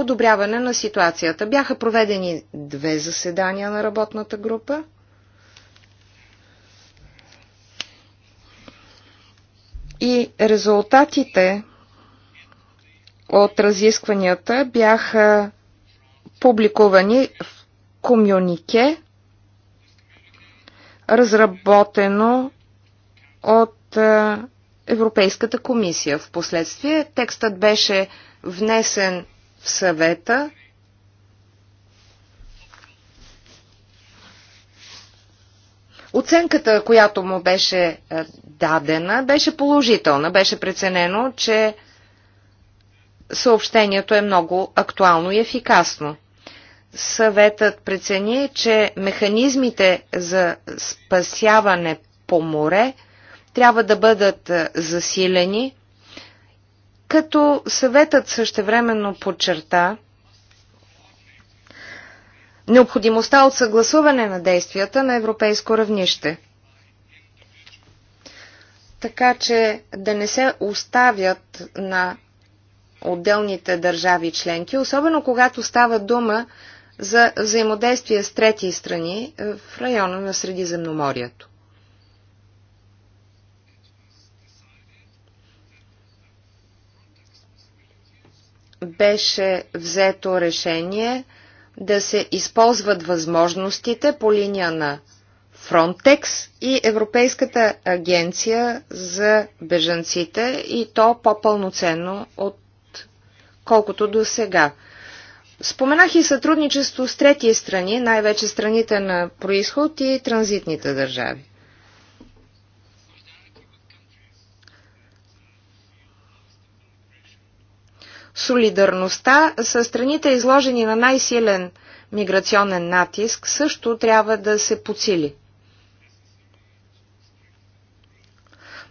подобряване на ситуацията. Бяха проведени две заседания на работната група. И резултатите от разискванията бяха публикувани в комюнике, разработено от Европейската комисия. Впоследствие текстът беше внесен в съвета Оценката, която му беше е, дадена, беше положителна. Беше преценено, че съобщението е много актуално и ефикасно. Съветът прецени, че механизмите за спасяване по море трябва да бъдат е, засилени като съветът същевременно подчерта необходимостта от съгласуване на действията на европейско равнище, така че да не се оставят на отделните държави членки, особено когато става дума за взаимодействие с трети страни в района на Средиземноморието. беше взето решение да се използват възможностите по линия на Frontex и Европейската агенция за бежанците и то по-пълноценно от колкото до сега. Споменах и сътрудничество с трети страни, най-вече страните на происход и транзитните държави. Солидарността с страните, изложени на най-силен миграционен натиск, също трябва да се подсили.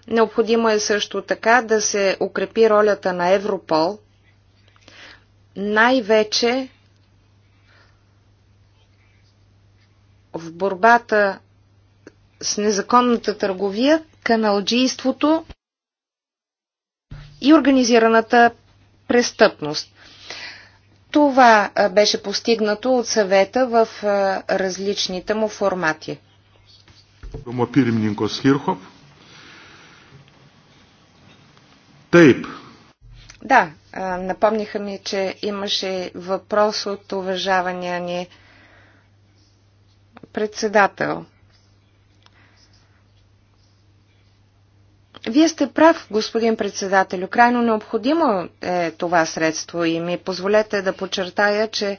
Необходимо е също така да се укрепи ролята на Европол, най-вече в борбата с незаконната търговия, каналджийството и организираната престъпност. Това беше постигнато от съвета в различните му формати. Тейп. Да, напомниха ми, че имаше въпрос от уважавания ни председател. Вие сте прав, господин председател. Крайно необходимо е това средство и ми позволете да подчертая, че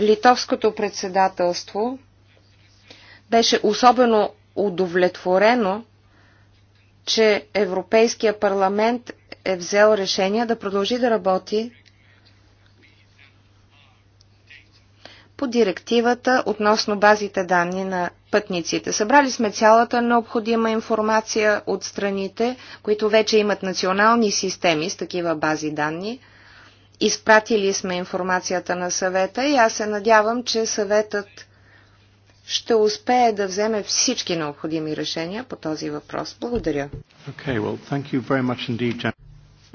литовското председателство беше особено удовлетворено, че Европейския парламент е взел решение да продължи да работи по директивата относно базите данни на пътниците. Събрали сме цялата необходима информация от страните, които вече имат национални системи с такива бази данни. Изпратили сме информацията на съвета и аз се надявам, че съветът ще успее да вземе всички необходими решения по този въпрос. Благодаря.
Okay, well, thank you very
much indeed,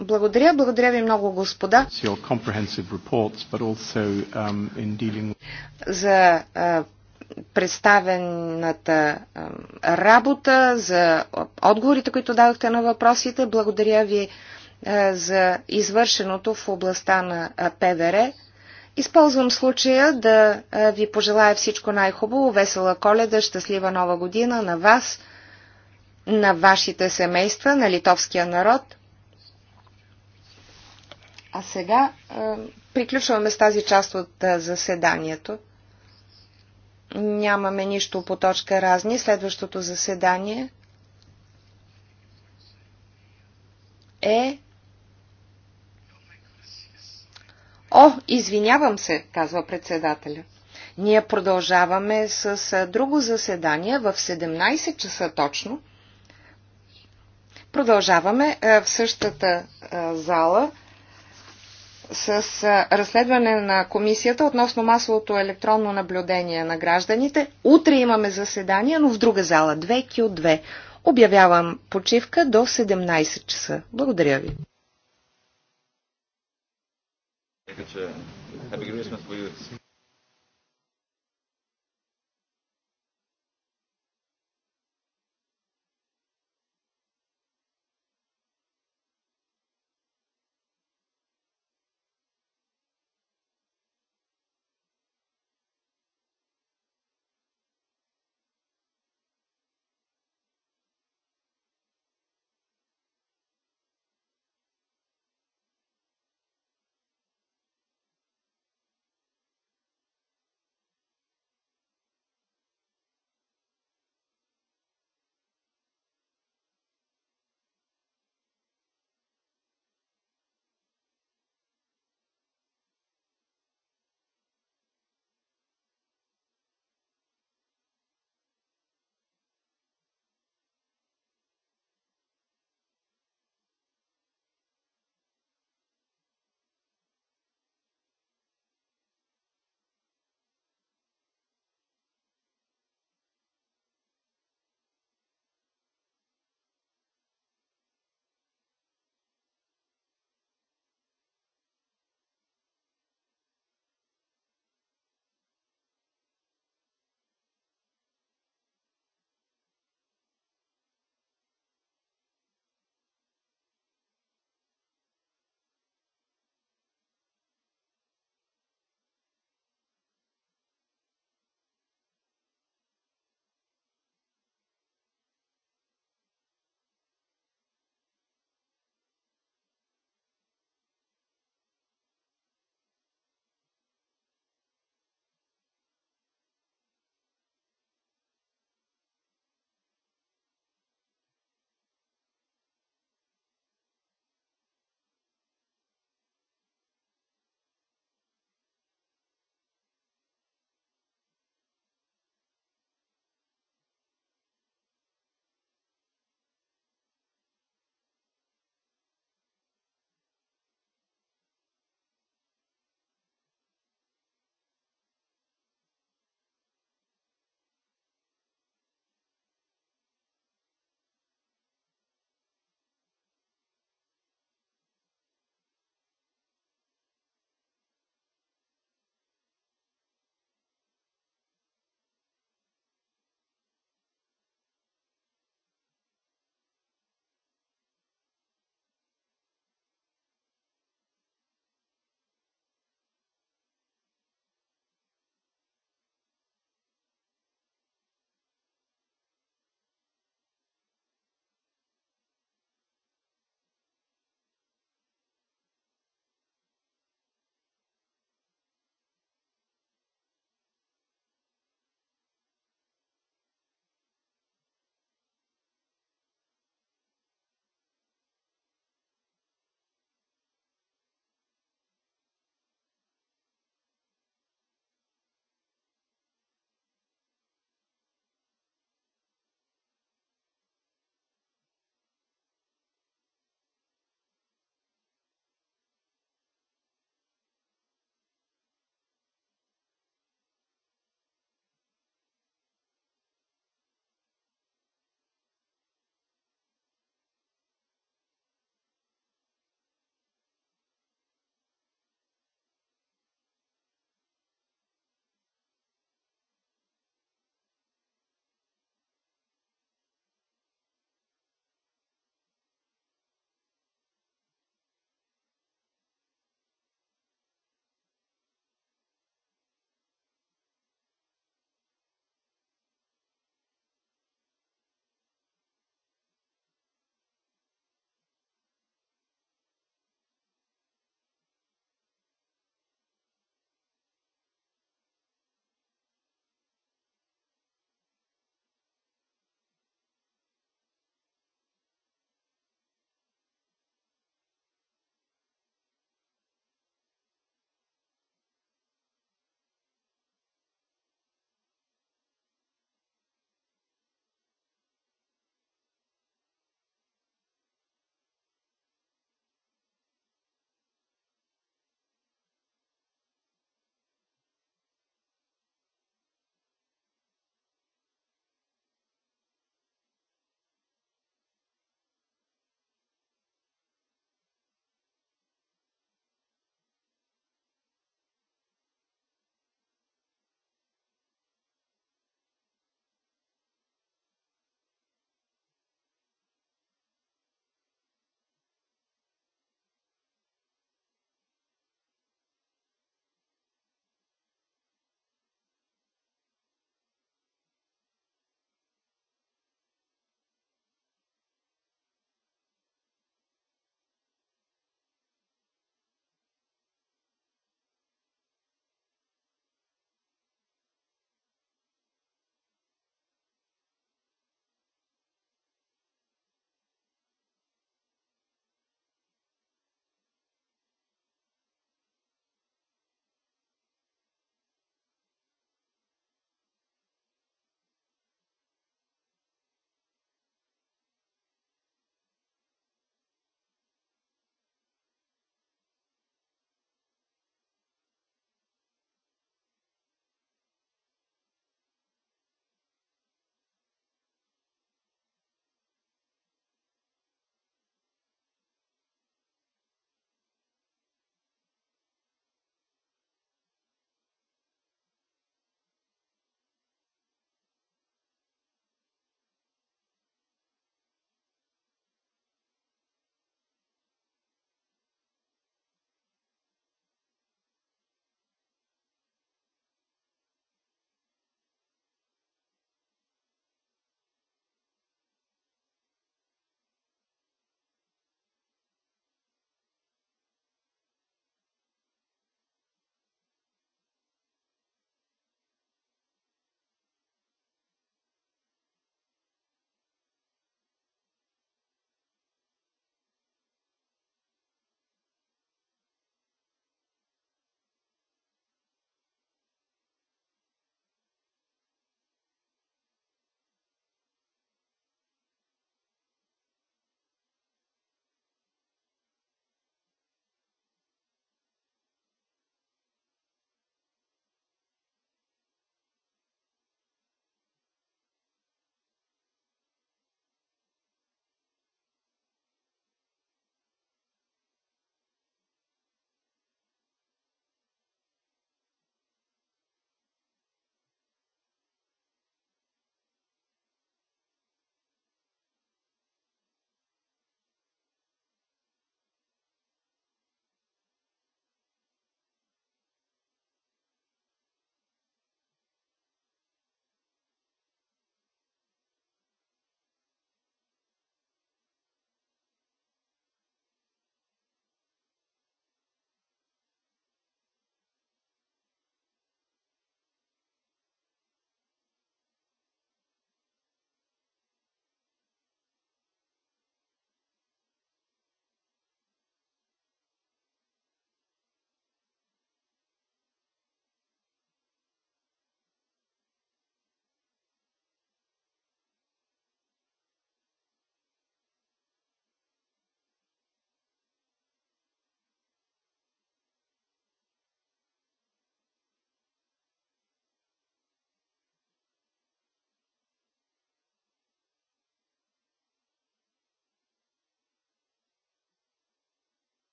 благодаря, благодаря ви много, господа, um, за представената работа, за отговорите, които дадохте на въпросите. Благодаря ви за извършеното в областта на ПВР. Използвам случая да ви пожелая всичко най-хубаво, весела коледа, щастлива нова година на вас, на вашите семейства, на литовския народ – а сега а, е, приключваме с тази част от а, е, заседанието. Нямаме нищо по точка разни. Следващото заседание е. О, извинявам се, казва председателя. Ние продължаваме с а, е, друго заседание в 17 часа точно. Продължаваме а, в същата а, зала с разследване на комисията относно масовото електронно наблюдение на гражданите. Утре имаме заседание, но в друга зала, 2Q2. Обявявам почивка до 17 часа. Благодаря ви.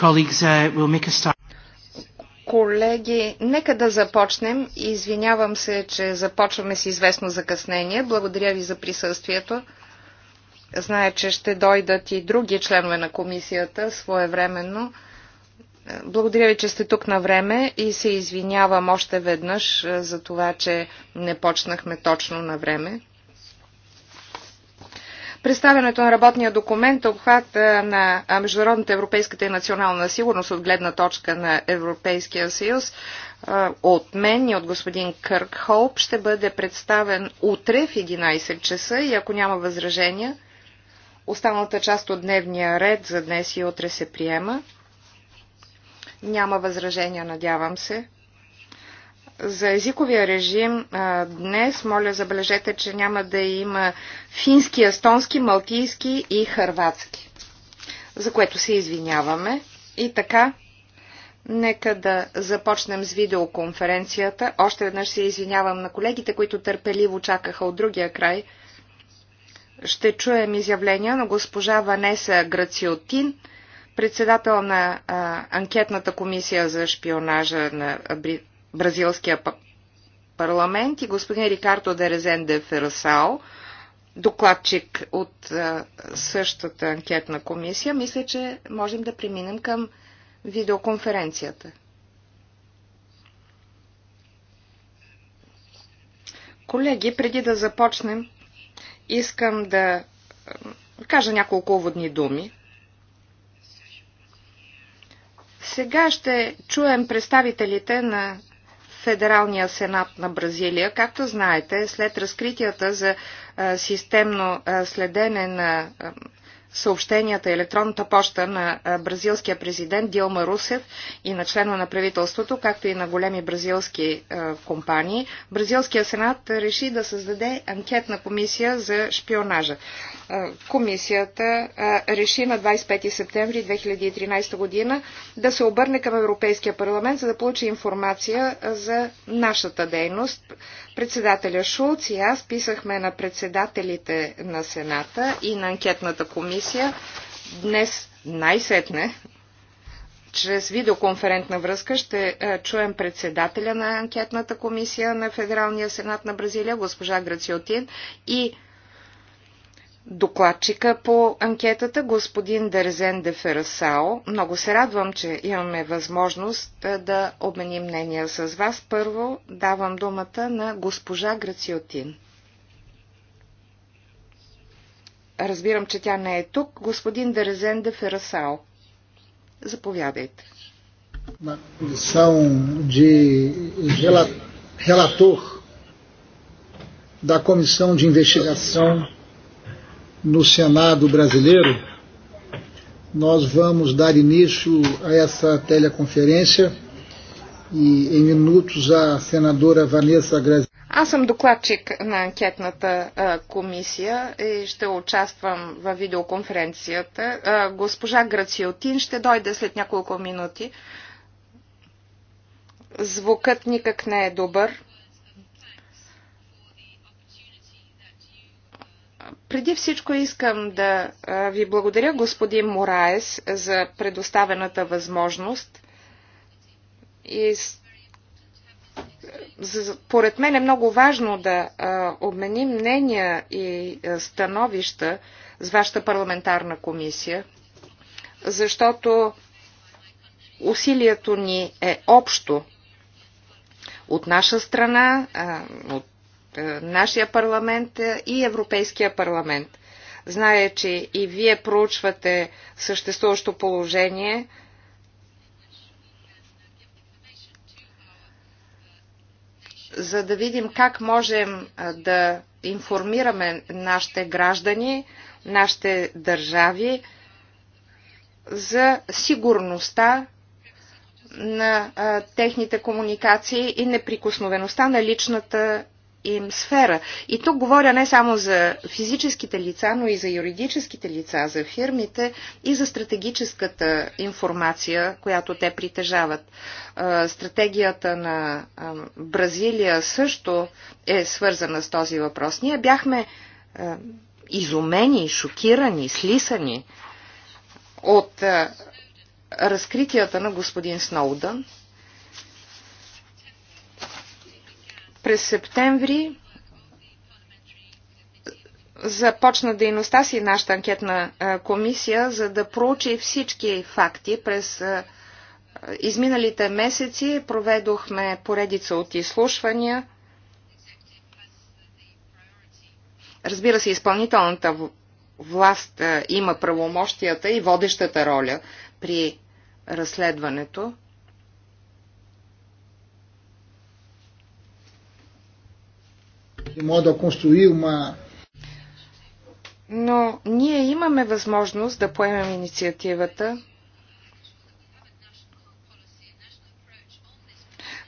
Uh,
Колеги, нека да започнем. Извинявам се, че започваме с известно закъснение. Благодаря ви за присъствието. Зная, че ще дойдат и други членове на комисията своевременно. Благодаря ви, че сте тук на време и се извинявам още веднъж е, за това, че не почнахме точно на време. Представянето на работния документ е обхват е, на международната европейската и национална сигурност от гледна точка на Европейския съюз е, от мен и от господин Кърк Холп ще бъде представен утре в 11 часа и ако няма възражения, останалата част от дневния ред за днес и утре се приема. Няма възражения, надявам се. За езиковия режим днес, моля, забележете, че няма да има фински, естонски, малтийски и хърватски, за което се извиняваме. И така, Нека да започнем с видеоконференцията. Още веднъж се извинявам на колегите, които търпеливо чакаха от другия край. Ще чуем изявления на госпожа Ванеса Грациотин, председател на а, анкетната комисия за шпионажа на бри... бразилския парламент и господин Рикардо Дерезен де Ферасао, докладчик от а, същата анкетна комисия, мисля, че можем да преминем към видеоконференцията. Колеги, преди да започнем, искам да кажа няколко водни думи. Сега ще чуем представителите на Федералния сенат на Бразилия. Както знаете, след разкритията за системно следене на съобщенията и електронната поща на бразилския президент Дилма Русев и на члена на правителството, както и на големи бразилски компании, бразилския сенат реши да създаде анкетна комисия за шпионажа. Комисията реши на 25 септември 2013 година да се обърне към Европейския парламент, за да получи информация за нашата дейност Председателя Шулц и аз писахме на председателите на Сената и на анкетната комисия днес най-сетне, чрез видеоконферентна връзка ще е, чуем председателя на анкетната комисия на Федералния сенат на Бразилия, госпожа Грациотин и докладчика по анкетата, господин Дерзен де Ферасао. Много се радвам, че имаме възможност да обменим мнения с вас. Първо давам думата на госпожа Грациотин. Разбирам, че тя не е тук. Господин Дерезен де Ферасао. Заповядайте.
Na condição de relator da Comissão de Investigação no Senado brasileiro, nós vamos dar início a essa teleconferência и e, em minutos a senadora Vanessa Grazi.
Аз съм докладчик на анкетната а, комисия и ще участвам в видеоконференцията. А, госпожа Грациотин ще дойде след няколко минути. Звукът никак не е добър. Преди всичко искам да ви благодаря, господин Мораес, за предоставената възможност. И поред мен е много важно да обменим мнения и становища с вашата парламентарна комисия, защото усилието ни е общо от наша страна, от е, нашия парламент е, и Европейския парламент. Зная, че и вие проучвате съществуващо положение. за да видим как можем е, да информираме нашите граждани, нашите държави за сигурността на а, техните комуникации и неприкосновеността на личната им сфера. И тук говоря не само за физическите лица, но и за юридическите лица, за фирмите и за стратегическата информация, която те притежават. Стратегията на Бразилия също е свързана с този въпрос. Ние бяхме изумени, шокирани, слисани от разкритията на господин Сноудън През септември започна дейността си нашата анкетна комисия, за да проучи всички факти. През изминалите месеци проведохме поредица от изслушвания. Разбира се, изпълнителната власт има правомощията и водещата роля при разследването. de modo a construir uma Но ние имаме възможност да поемем инициативата,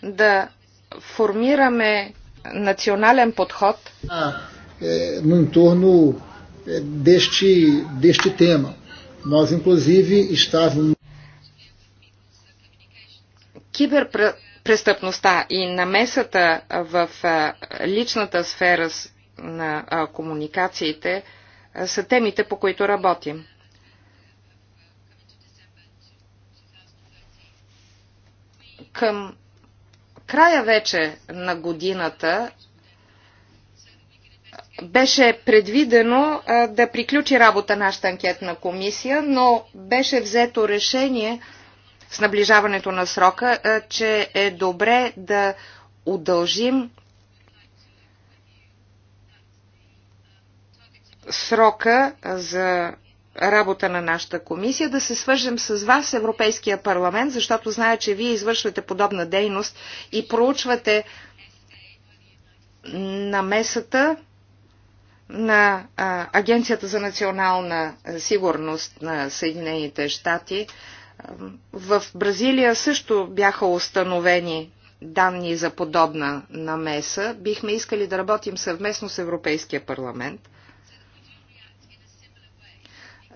да формираме национален подход
е, no entorno е, deste, deste tema. Nós, inclusive, estávamos.
Киберпрестъпността престъпността и намесата в личната сфера на комуникациите са темите, по които работим. Към края вече на годината беше предвидено да приключи работа нашата анкетна комисия, но беше взето решение с наближаването на срока, е, че е добре да удължим срока е, за работа на нашата комисия, да се свържем с вас, Европейския парламент, защото зная, че вие извършвате подобна дейност и проучвате намесата на е, Агенцията за национална сигурност на Съединените щати в Бразилия също бяха установени данни за подобна намеса. Бихме искали да работим съвместно с Европейския парламент,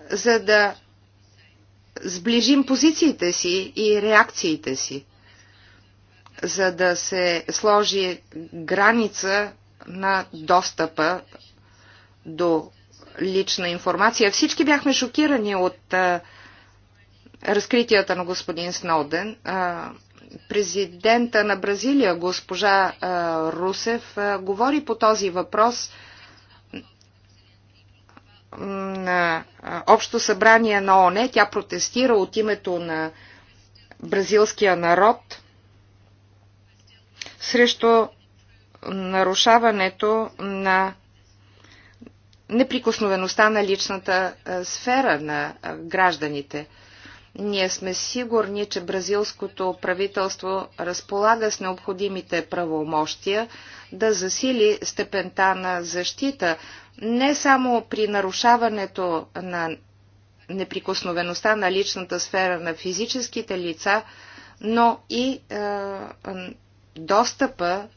за да сближим позициите си и реакциите си, за да се сложи граница на достъпа до лична информация. Всички бяхме шокирани от разкритията на господин Сноуден, президента на Бразилия, госпожа Русев, говори по този въпрос на Общо събрание на ОНЕ. Тя протестира от името на бразилския народ срещу нарушаването на неприкосновеността на личната сфера на гражданите. Ние сме сигурни, че бразилското правителство разполага с необходимите правомощия да засили степента на защита не само при нарушаването на неприкосновеността на личната сфера на физическите лица, но и е, достъпа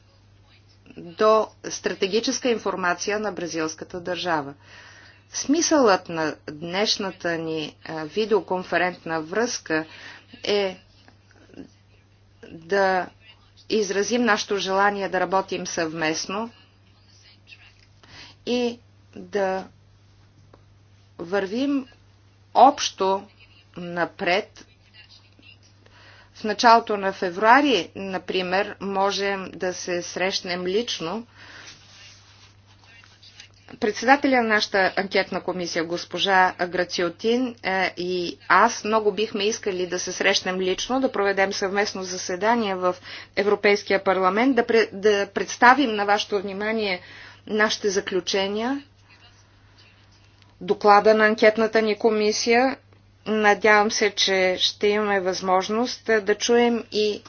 до стратегическа информация на бразилската държава. Смисълът на днешната ни видеоконферентна връзка е да изразим нашето желание да работим съвместно и да вървим общо напред. В началото на февруари, например, можем да се срещнем лично Председателя на нашата анкетна комисия, госпожа Грациотин е, и аз много бихме искали да се срещнем лично, да проведем съвместно заседание в Европейския парламент, да, да представим на вашето внимание нашите заключения, доклада на анкетната ни комисия. Надявам се, че ще имаме възможност е, да чуем и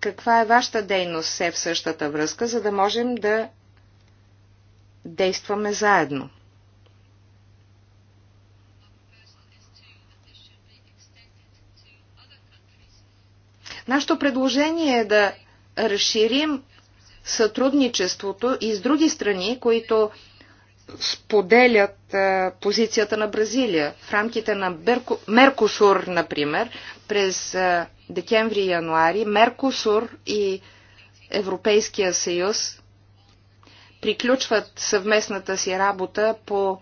каква е вашата дейност все в същата връзка, за да можем да действаме заедно. Нашето предложение е да разширим сътрудничеството и с други страни, които споделят позицията на Бразилия. В рамките на Меркосур, например, през декември и януари, Меркосур и Европейския съюз приключват съвместната си работа по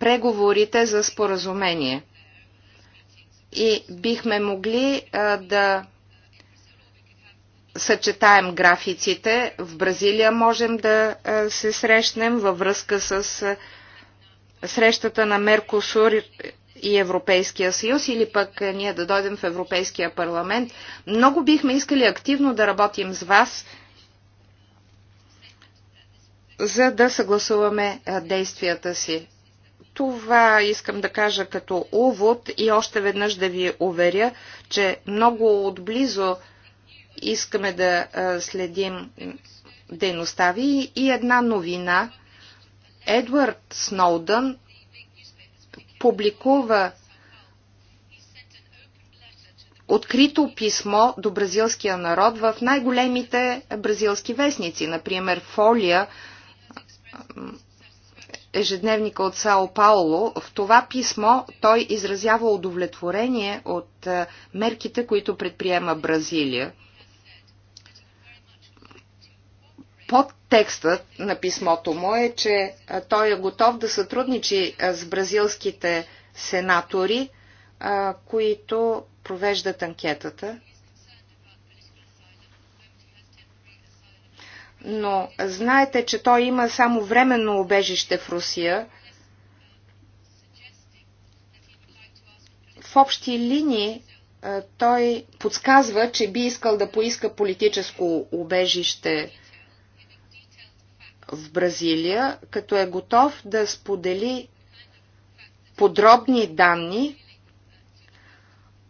преговорите за споразумение. И бихме могли а, да съчетаем графиците. В Бразилия можем да а, се срещнем във връзка с а, срещата на Меркосур и Европейския съюз или пък ние да дойдем в Европейския парламент. Много бихме искали активно да работим с вас за да съгласуваме действията си. Това искам да кажа като увод и още веднъж да ви уверя, че много отблизо искаме да следим дейността ви и една новина. Едвард Сноудън публикува открито писмо до бразилския народ в най-големите бразилски вестници, например Фолия, ежедневника от Сао Пауло, в това писмо той изразява удовлетворение от е, мерките, които предприема Бразилия. Подтекстът на писмото му е, че е, той е готов да сътрудничи е, с бразилските сенатори, които провеждат анкетата но знаете, че той има само временно убежище в Русия. В общи линии е, той подсказва, че би искал да поиска политическо убежище в Бразилия, като е готов да сподели подробни данни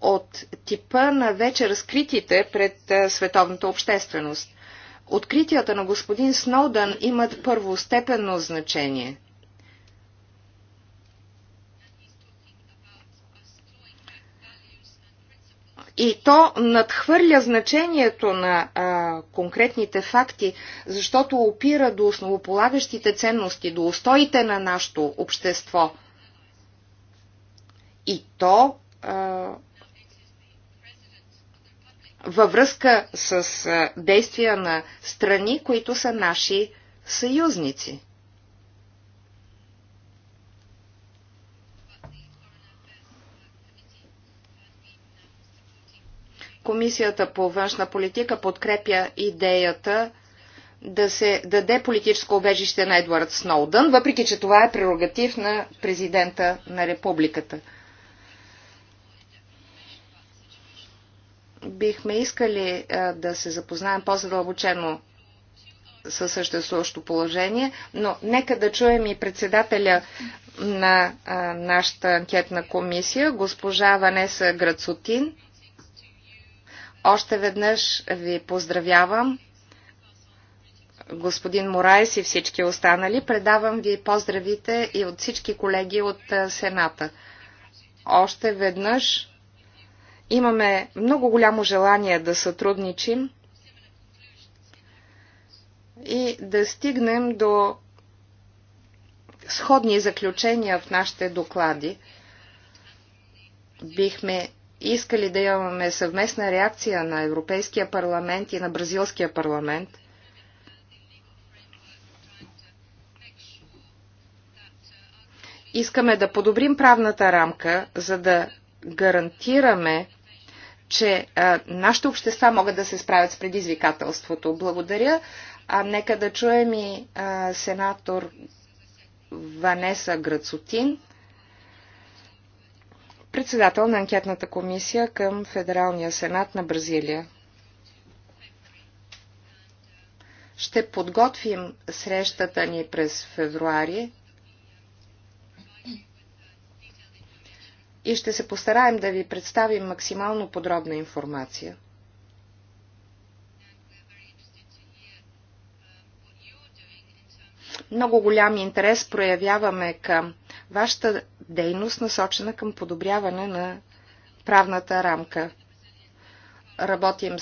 от типа на вече разкритите пред е, световната общественост. Откритията на господин Сноудън имат първостепенно значение. И то надхвърля значението на а, конкретните факти, защото опира до основополагащите ценности, до устоите на нашето общество. И то а, във връзка с действия на страни, които са наши съюзници. Комисията по външна политика подкрепя идеята да се даде политическо обежище на Едвард Сноудън, въпреки че това е прерогатив на президента на републиката. бихме искали е, да се запознаем по-задълбочено със съществуващо положение, но нека да чуем и председателя на е, нашата анкетна комисия, госпожа Ванеса Грацутин. Още веднъж ви поздравявам, господин Морайс и всички останали. Предавам ви поздравите и от всички колеги от е, Сената. Още веднъж Имаме много голямо желание да сътрудничим и да стигнем до сходни заключения в нашите доклади. Бихме искали да имаме съвместна реакция на Европейския парламент и на Бразилския парламент. Искаме да подобрим правната рамка, за да гарантираме че а, нашите общества могат да се справят с предизвикателството. Благодаря. А нека да чуем и а, сенатор Ванеса Грацутин, председател на анкетната комисия към Федералния сенат на Бразилия. Ще подготвим срещата ни през февруари и ще се постараем да ви представим максимално подробна информация. Много голям интерес проявяваме към вашата дейност, насочена към подобряване на правната рамка. Работим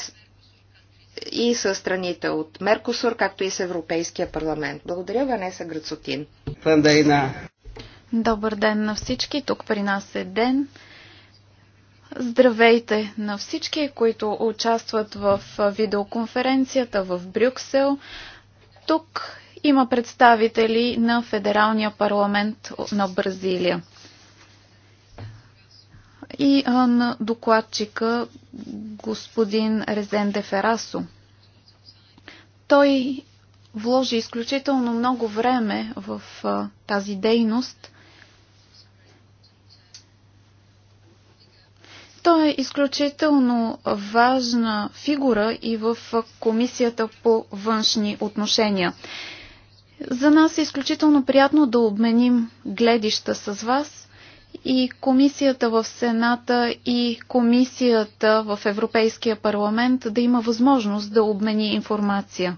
и с страните от Меркосур, както и с Европейския парламент. Благодаря, Ванеса Грацотин.
Добър ден на всички. Тук при нас е ден. Здравейте на всички, които участват в видеоконференцията в Брюксел. Тук има представители на Федералния парламент на Бразилия и на докладчика господин Резен де Ферасо. Той вложи изключително много време в тази дейност Той е изключително важна фигура и в Комисията по външни отношения. За нас е изключително приятно да обменим гледища с вас и комисията в Сената и комисията в Европейския парламент да има възможност да обмени информация.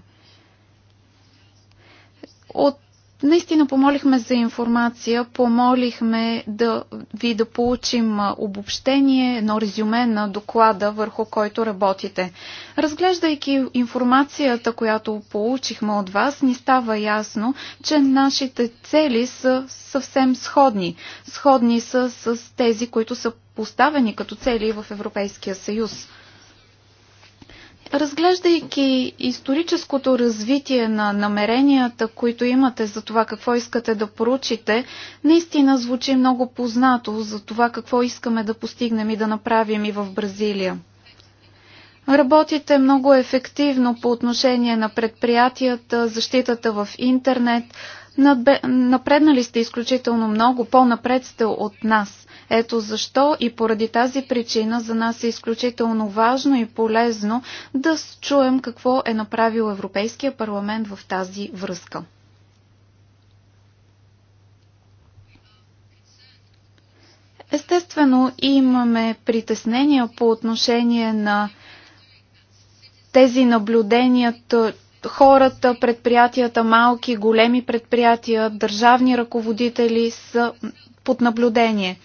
От Наистина помолихме за информация, помолихме да ви да получим обобщение, едно резюме на доклада, върху който работите. Разглеждайки информацията, която получихме от вас, ни става ясно, че нашите цели са съвсем сходни. Сходни са с тези, които са поставени като цели в Европейския съюз. Разглеждайки историческото развитие на намеренията, които имате за това какво искате да поручите, наистина звучи много познато за това какво искаме да постигнем и да направим и в Бразилия. Работите много ефективно по отношение на предприятията, защитата в интернет. Напреднали сте изключително много, по-напред сте от нас. Ето защо и поради тази причина за нас е изключително важно и полезно да чуем какво е направил Европейския парламент в тази връзка. Естествено, имаме притеснения по отношение на тези наблюденията, хората, предприятията, малки, големи предприятия, държавни ръководители са под наблюдение.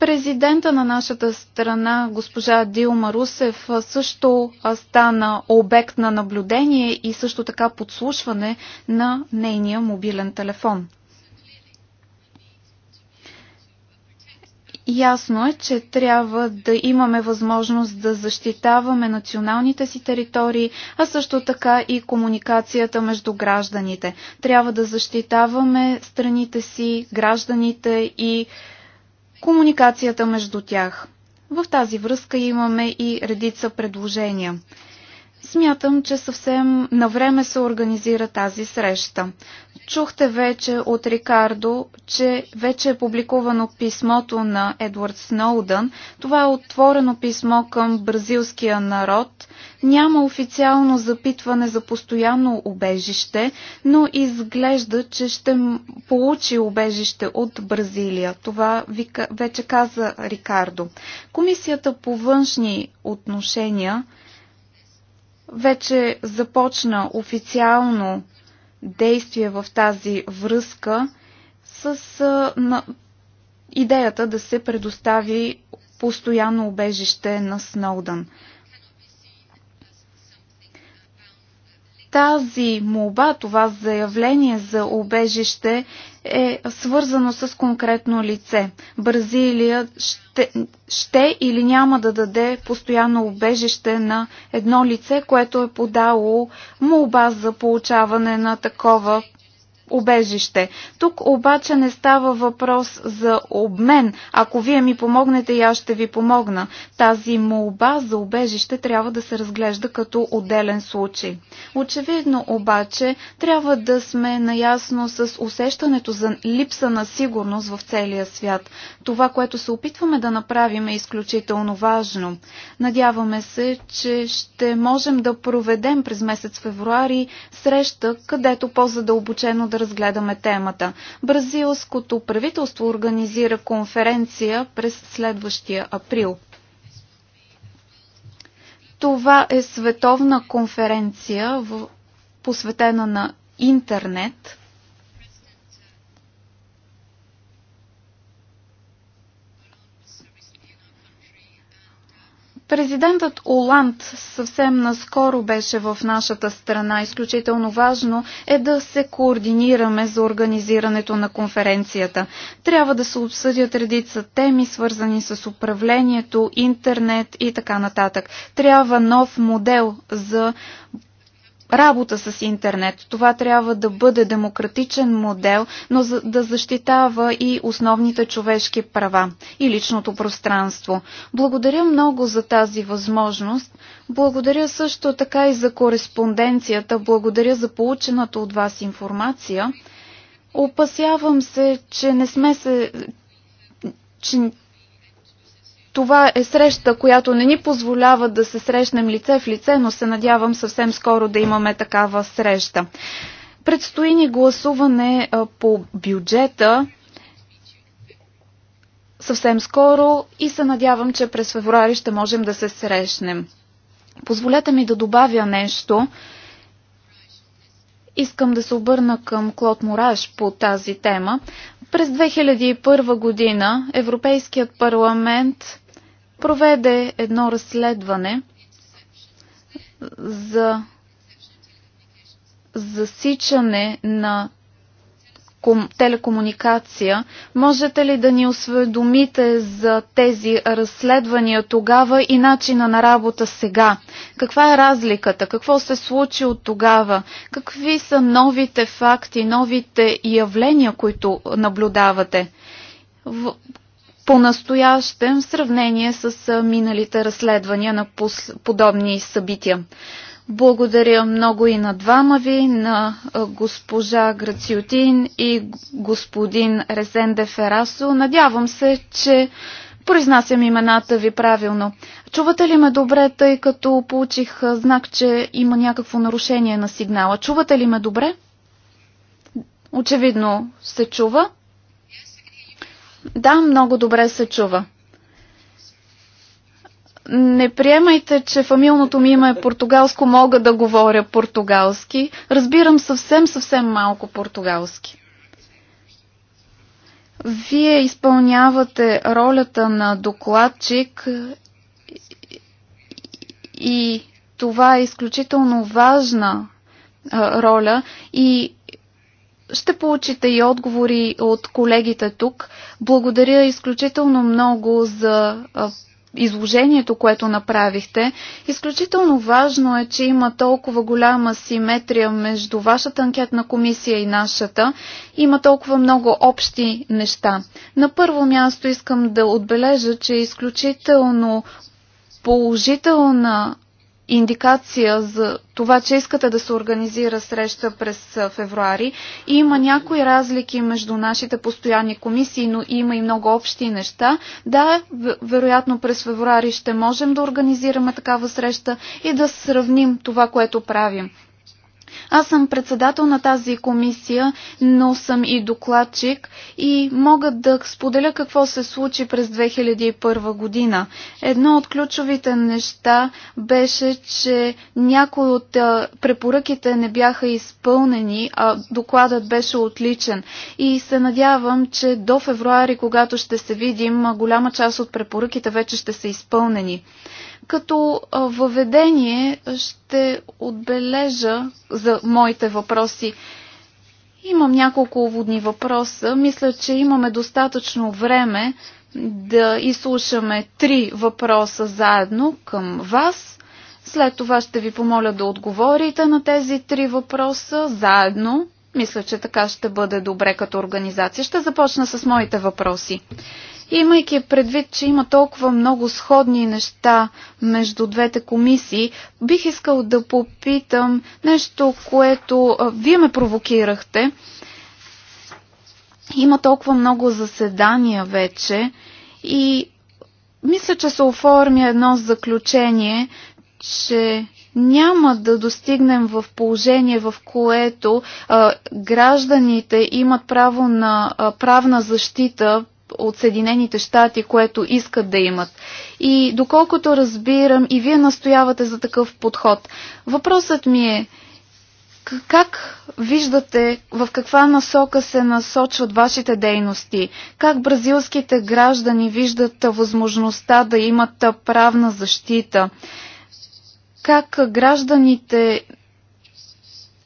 Президента на нашата страна, госпожа Дилма Русев, също стана обект на наблюдение и също така подслушване на нейния мобилен телефон. Ясно е, че трябва да имаме възможност да защитаваме националните си територии, а също така и комуникацията между гражданите. Трябва да защитаваме страните си, гражданите и комуникацията между тях. В тази връзка имаме и редица предложения. Смятам, че съвсем навреме се организира тази среща. Чухте вече от Рикардо, че вече е публикувано писмото на Едвард Сноудън. Това е отворено писмо към бразилския народ. Няма официално запитване за постоянно убежище, но изглежда, че ще получи убежище от Бразилия. Това вече каза Рикардо. Комисията по външни отношения вече започна официално действие в тази връзка с на, идеята да се предостави постоянно убежище на Сноудън. Тази молба, това заявление за обежище е свързано с конкретно лице. Бразилия ще, ще или няма да даде постоянно обежище на едно лице, което е подало молба за получаване на такова убежище. Тук обаче не става въпрос за обмен. Ако вие ми помогнете, и аз ще ви помогна. Тази молба за убежище трябва да се разглежда като отделен случай. Очевидно обаче трябва да сме наясно с усещането за липса на сигурност в целия свят. Това, което се опитваме да направим е изключително важно. Надяваме се, че ще можем да проведем през месец февруари среща, където по-задълбочено да да разгледаме темата. Бразилското правителство организира конференция през следващия април. Това е световна конференция, посветена на интернет. Президентът Оланд съвсем наскоро беше в нашата страна. Изключително важно е да се координираме за организирането на конференцията. Трябва да се обсъдят редица теми, свързани с управлението, интернет и така нататък. Трябва нов модел за работа с интернет. Това трябва да бъде демократичен модел, но за, да защитава и основните човешки права и личното пространство. Благодаря много за тази възможност. Благодаря също така и за кореспонденцията. Благодаря за получената от вас информация. Опасявам се, че не сме се че това е среща, която не ни позволява да се срещнем лице в лице, но се надявам съвсем скоро да имаме такава среща. Предстои ни гласуване по бюджета съвсем скоро и се надявам, че през февруари ще можем да се срещнем. Позволете ми да добавя нещо. Искам да се обърна към Клод Мураш по тази тема. През 2001 година Европейският парламент проведе едно разследване за засичане на телекомуникация. Можете ли да ни осведомите за тези разследвания тогава и начина на работа сега? Каква е разликата? Какво се случи от тогава? Какви са новите факти, новите явления, които наблюдавате? по настоящен в сравнение с миналите разследвания на подобни събития. Благодаря много и на двама ви, на госпожа Грациотин и господин Резенде Ферасо. Надявам се, че произнасям имената ви правилно. Чувате ли ме добре, тъй като получих знак, че има някакво нарушение на сигнала? Чувате ли ме добре? Очевидно се чува. Да, много добре се чува. Не приемайте, че фамилното ми име е португалско, мога да говоря португалски. Разбирам съвсем, съвсем малко португалски. Вие изпълнявате ролята на докладчик и това е изключително важна роля и ще получите и отговори от колегите тук. Благодаря изключително много за изложението, което направихте. Изключително важно е, че има толкова голяма симетрия между вашата анкетна комисия и нашата. Има толкова много общи неща. На първо място искам да отбележа, че е изключително положителна индикация за това, че искате да се организира среща през февруари. И има някои разлики между нашите постоянни комисии, но има и много общи неща. Да, вероятно през февруари ще можем да организираме такава среща и да сравним това, което правим. Аз съм председател на тази комисия, но съм и докладчик и мога да споделя какво се случи през 2001 година. Едно от ключовите неща беше, че някои от препоръките не бяха изпълнени, а докладът беше отличен. И се надявам, че до февруари, когато ще се видим, голяма част от препоръките вече ще са изпълнени. Като въведение ще отбележа за моите въпроси. Имам няколко уводни въпроса. Мисля, че имаме достатъчно време да изслушаме три въпроса заедно към вас. След това ще ви помоля да отговорите на тези три въпроса заедно мисля, че така ще бъде добре като организация. Ще започна с моите въпроси. Имайки предвид, че има толкова много сходни неща между двете комисии, бих искал да попитам нещо, което вие ме провокирахте. Има толкова много заседания вече и мисля, че се оформя едно заключение, че няма да достигнем в положение, в което а, гражданите имат право на а, правна защита от Съединените щати, което искат да имат. И доколкото разбирам, и вие настоявате за такъв подход. Въпросът ми е, как виждате в каква насока се насочват вашите дейности? Как бразилските граждани виждат възможността да имат правна защита? как гражданите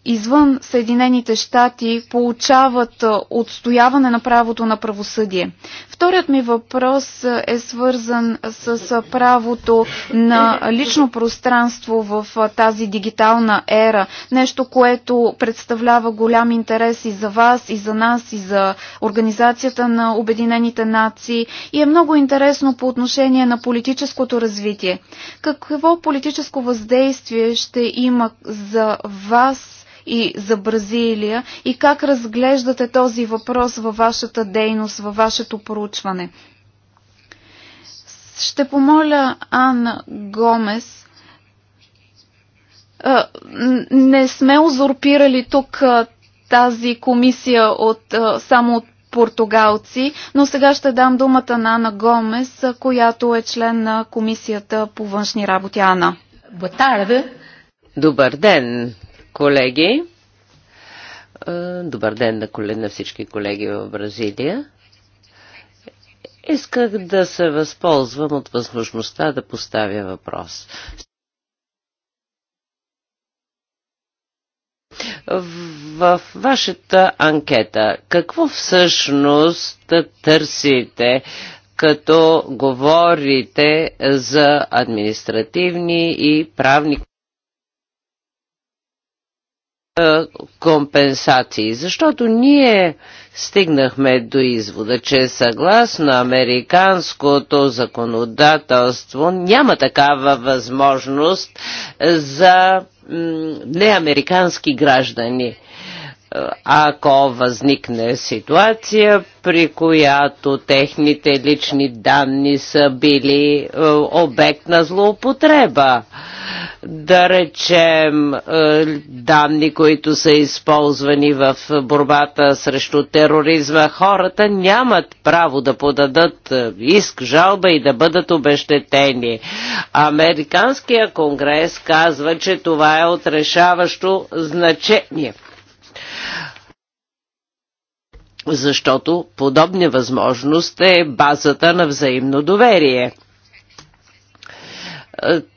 извън Съединените щати получават отстояване на правото на правосъдие. Вторият ми въпрос е свързан с правото на лично пространство в тази дигитална ера. Нещо, което представлява голям интерес и за вас, и за нас, и за Организацията на Обединените нации и е много интересно по отношение на политическото развитие. Какво политическо въздействие ще има за вас и за Бразилия и как разглеждате този въпрос във вашата дейност, във вашето проучване. Ще помоля Анна Гомес не сме узурпирали тук тази комисия от, само от португалци, но сега ще дам думата на Ана Гомес, която е член на комисията по външни работи. Ана.
Добър ден! колеги. Добър ден на, колеги, на всички колеги в Бразилия. Исках да се възползвам от възможността да поставя въпрос. в вашата анкета какво всъщност търсите, като говорите за административни и правни е, компенсации, защото ние стигнахме до извода, че съгласно американското законодателство няма такава възможност за неамерикански граждани ако възникне ситуация, при която техните лични данни са били е, обект на злоупотреба. Да речем е, данни, които са използвани в борбата срещу тероризма, хората нямат право да подадат е, иск, жалба и да бъдат обещетени. Американския конгрес казва, че това е отрешаващо значение защото подобни възможност е базата на взаимно доверие –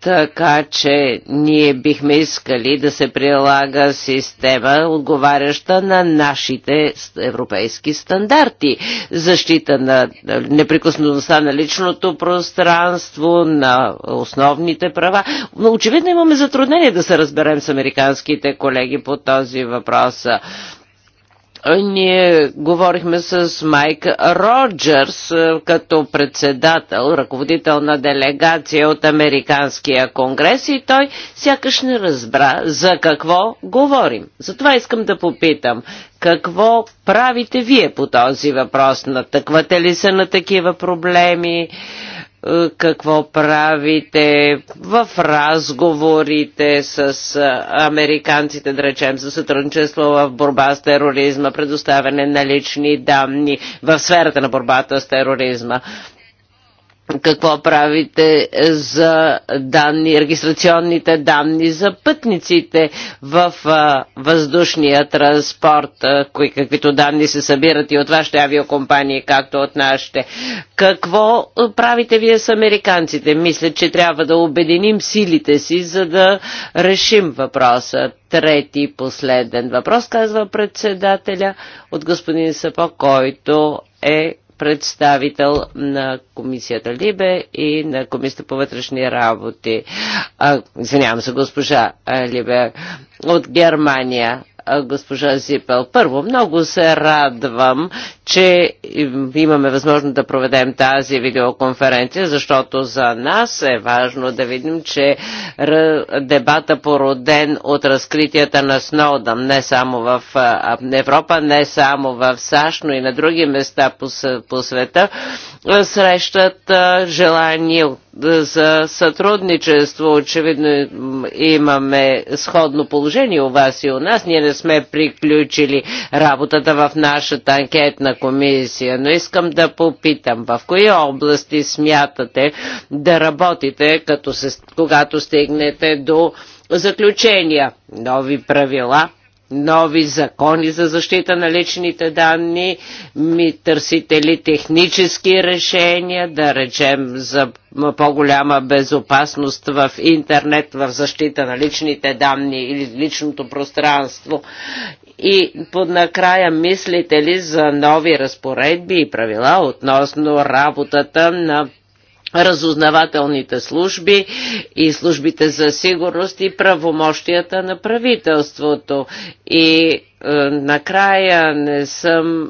така че ние бихме искали да се прилага система, отговаряща на нашите европейски стандарти. Защита на неприкосновеността на личното пространство, на основните права. Но очевидно имаме затруднение да се разберем с американските колеги по този въпрос. Ние говорихме с Майк Роджерс е, като председател, ръководител на делегация от Американския конгрес и той сякаш не разбра за какво говорим. Затова искам да попитам, какво правите вие по този въпрос? Натъквате ли се на такива проблеми? Е, какво правите в разговорите с е, американците, да речем, за сътрудничество в борба с тероризма, предоставяне на лични данни в сферата на борбата с тероризма какво правите за данни, регистрационните данни за пътниците в а, въздушния транспорт, а, кои, каквито данни се събират и от вашите авиокомпании, както от нашите. Какво правите вие с американците? Мисля, че трябва да обединим силите си, за да решим въпроса. Трети последен въпрос, казва председателя от господин Сапо, който е представител на комисията Либе и на комисията по вътрешни работи. А, извинявам се, госпожа Либе от Германия госпожа Зипел. Първо, много се радвам, че имаме възможност да проведем тази видеоконференция, защото за нас е важно да видим, че дебата породен от разкритията на Сноудън, не само в Европа, не само в САЩ, но и на други места по света, срещат желание за сътрудничество. Очевидно имаме сходно положение у вас и у нас. Ние не сме приключили работата в нашата анкетна комисия, но искам да попитам, в кои области смятате да работите, като се, когато стигнете до заключения? Нови правила, нови закони за защита на личните данни, ми търсите ли технически решения, да речем за по-голяма безопасност в интернет, в защита на личните данни или личното пространство. И поднакрая мислите ли за нови разпоредби и правила относно работата на разузнавателните служби и службите за сигурност и правомощията на правителството. И е, накрая не съм е,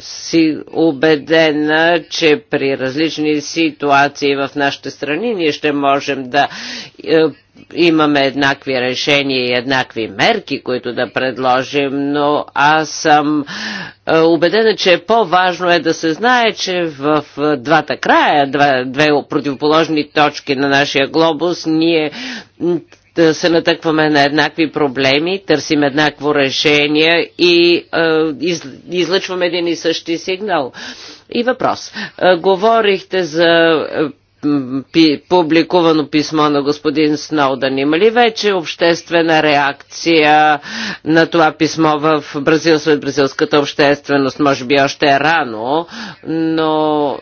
си убедена, че при различни ситуации в нашите страни ние ще можем да е, имаме еднакви решения и еднакви мерки, които да предложим, но аз съм е, убедена, че по-важно е да се знае, че в е, двата края, две противоположни точки на нашия глобус, ние да се натъкваме на еднакви проблеми, търсим еднакво решение и е, из, излъчваме един и същи сигнал. И въпрос. Е, говорихте за пи, публикувано писмо на господин Сноудън. Има ли вече обществена реакция на това писмо в Бразил след бразилската общественост? Може би още е рано, но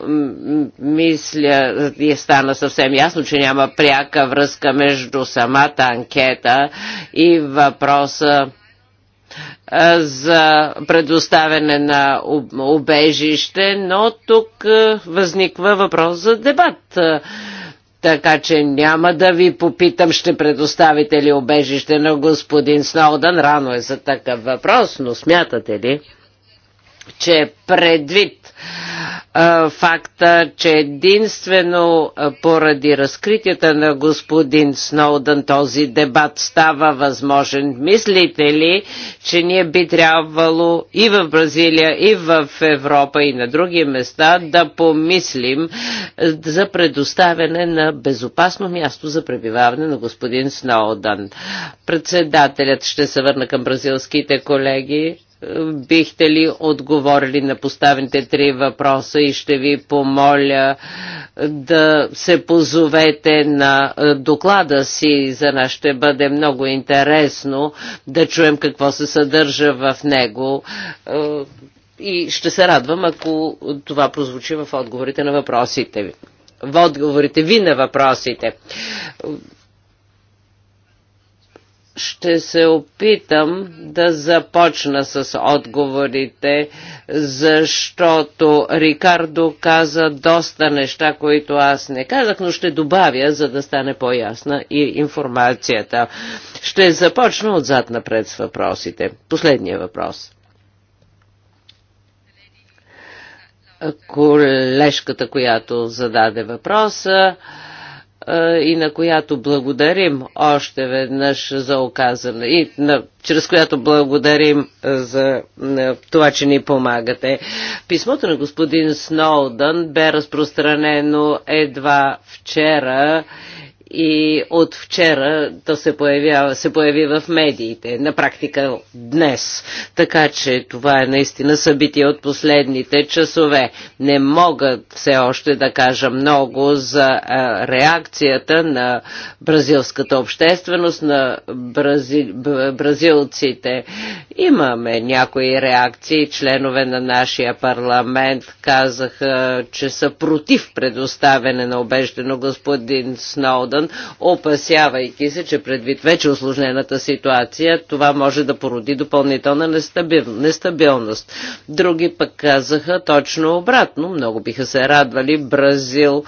мисля и стана съвсем ясно, че няма пряка връзка между самата анкета и въпроса за предоставяне на обежище, но тук възниква въпрос за дебат. Така че няма да ви попитам, ще предоставите ли обежище на господин Сноудън. Рано е за такъв въпрос, но смятате ли, че предвид факта, че единствено поради разкритията на господин Сноудън този дебат става възможен. Мислите ли, че ние би трябвало и в Бразилия, и в Европа, и на други места да помислим за предоставяне на безопасно място за пребиваване на господин Сноудън? Председателят ще се върна към бразилските колеги бихте ли отговорили на поставените три въпроса и ще ви помоля да се позовете на е, доклада си. За нас ще бъде много интересно да чуем какво се съдържа в него. Е, и ще се радвам, ако това прозвучи в отговорите на въпросите ви в отговорите ви на въпросите. Ще се опитам да започна с отговорите, защото Рикардо каза доста неща, които аз не казах, но ще добавя, за да стане по-ясна и информацията. Ще започна отзад напред с въпросите. Последния въпрос. Колежката, която зададе въпроса, и на която благодарим още веднъж за оказане, и на, чрез която благодарим за на, това, че ни помагате. Писмото на господин Сноудън бе разпространено едва вчера и от вчера то се, появява, се появи в медиите, на практика днес. Така че това е наистина събитие от последните часове. Не мога все още да кажа много за реакцията на бразилската общественост, на брази, бразилците. Имаме някои реакции, членове на нашия парламент казаха, че са против предоставяне на обеждено господин Сноудън, Иран, опасявайки се, че предвид вече осложнената ситуация, това може да породи допълнителна нестабил... нестабилност. Други пък казаха точно обратно. Много биха се радвали Бразил...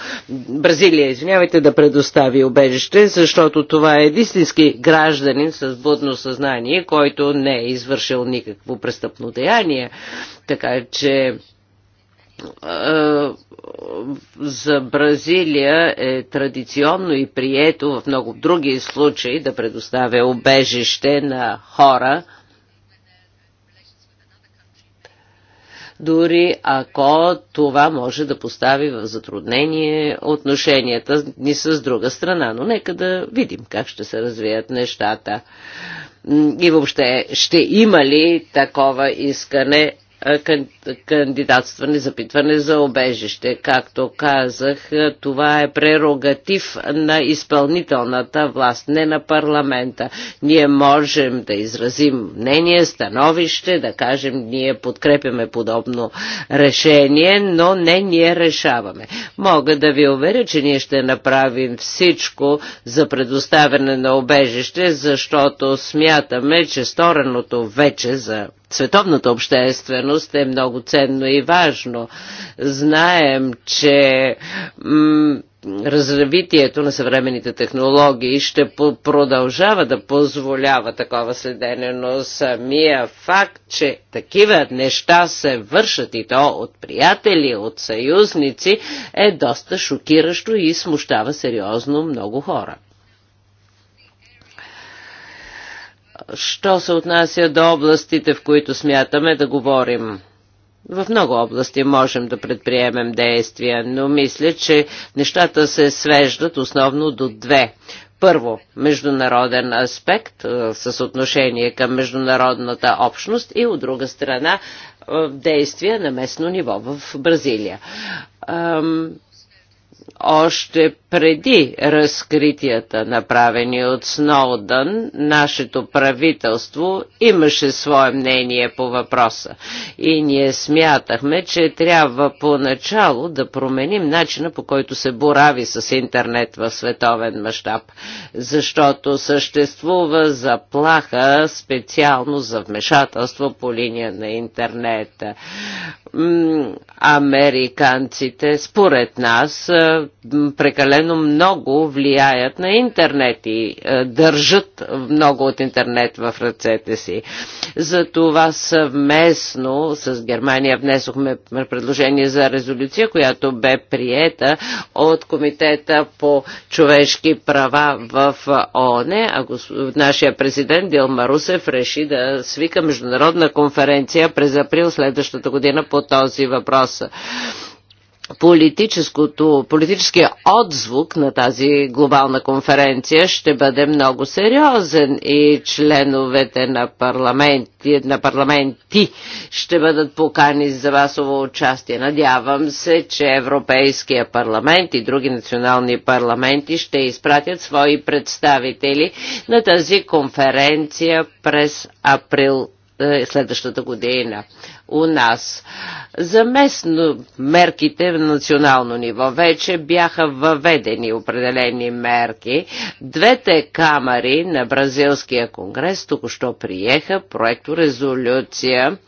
Бразилия, извинявайте, да предостави убежище, защото това е единствински гражданин с будно съзнание, който не е извършил никакво престъпно деяние. Така че за Бразилия е традиционно и прието в много други случаи да предоставя обежище на хора, дори ако това може да постави в затруднение отношенията ни с друга страна. Но нека да видим как ще се развият нещата. И въобще, ще има ли такова искане кандидатстване, запитване за обежище. Както казах, това е прерогатив на изпълнителната власт, не на парламента. Ние можем да изразим мнение, становище, да кажем, ние подкрепяме подобно решение, но не ние решаваме. Мога да ви уверя, че ние ще направим всичко за предоставяне на обежище, защото смятаме, че стореното вече за световната общественост е много много ценно и важно. Знаем, че развитието на съвременните технологии ще продължава да позволява такова следене, но самия факт, че такива неща се вършат и то от приятели, от съюзници, е доста шокиращо и смущава сериозно много хора. Що се отнася до областите, в които смятаме да говорим? В много области можем да предприемем действия, но мисля, че нещата се свеждат основно до две. Първо, международен аспект с отношение към международната общност и от друга страна действия на местно ниво в Бразилия още преди разкритията, направени от Сноудън, нашето правителство имаше свое мнение по въпроса. И ние смятахме, че трябва поначало да променим начина по който се борави с интернет в световен мащаб, защото съществува заплаха специално за вмешателство по линия на интернет. Американците, според нас, прекалено много влияят на интернет и е, държат много от интернет в ръцете си. Затова съвместно с Германия внесохме предложение за резолюция, която бе приета от Комитета по човешки права в е, ООН, а нашия президент Дилма Русев реши да свика международна конференция през април следващата година по този въпрос политическия отзвук на тази глобална конференция ще бъде много сериозен и членовете на, парламенти, на парламенти ще бъдат покани за васово участие. Надявам се, че Европейския парламент и други национални парламенти ще изпратят свои представители на тази конференция през април е, следващата година у нас. За местно мерките на национално ниво вече бяха въведени определени мерки. Двете камери на Бразилския конгрес току-що приеха резолюция.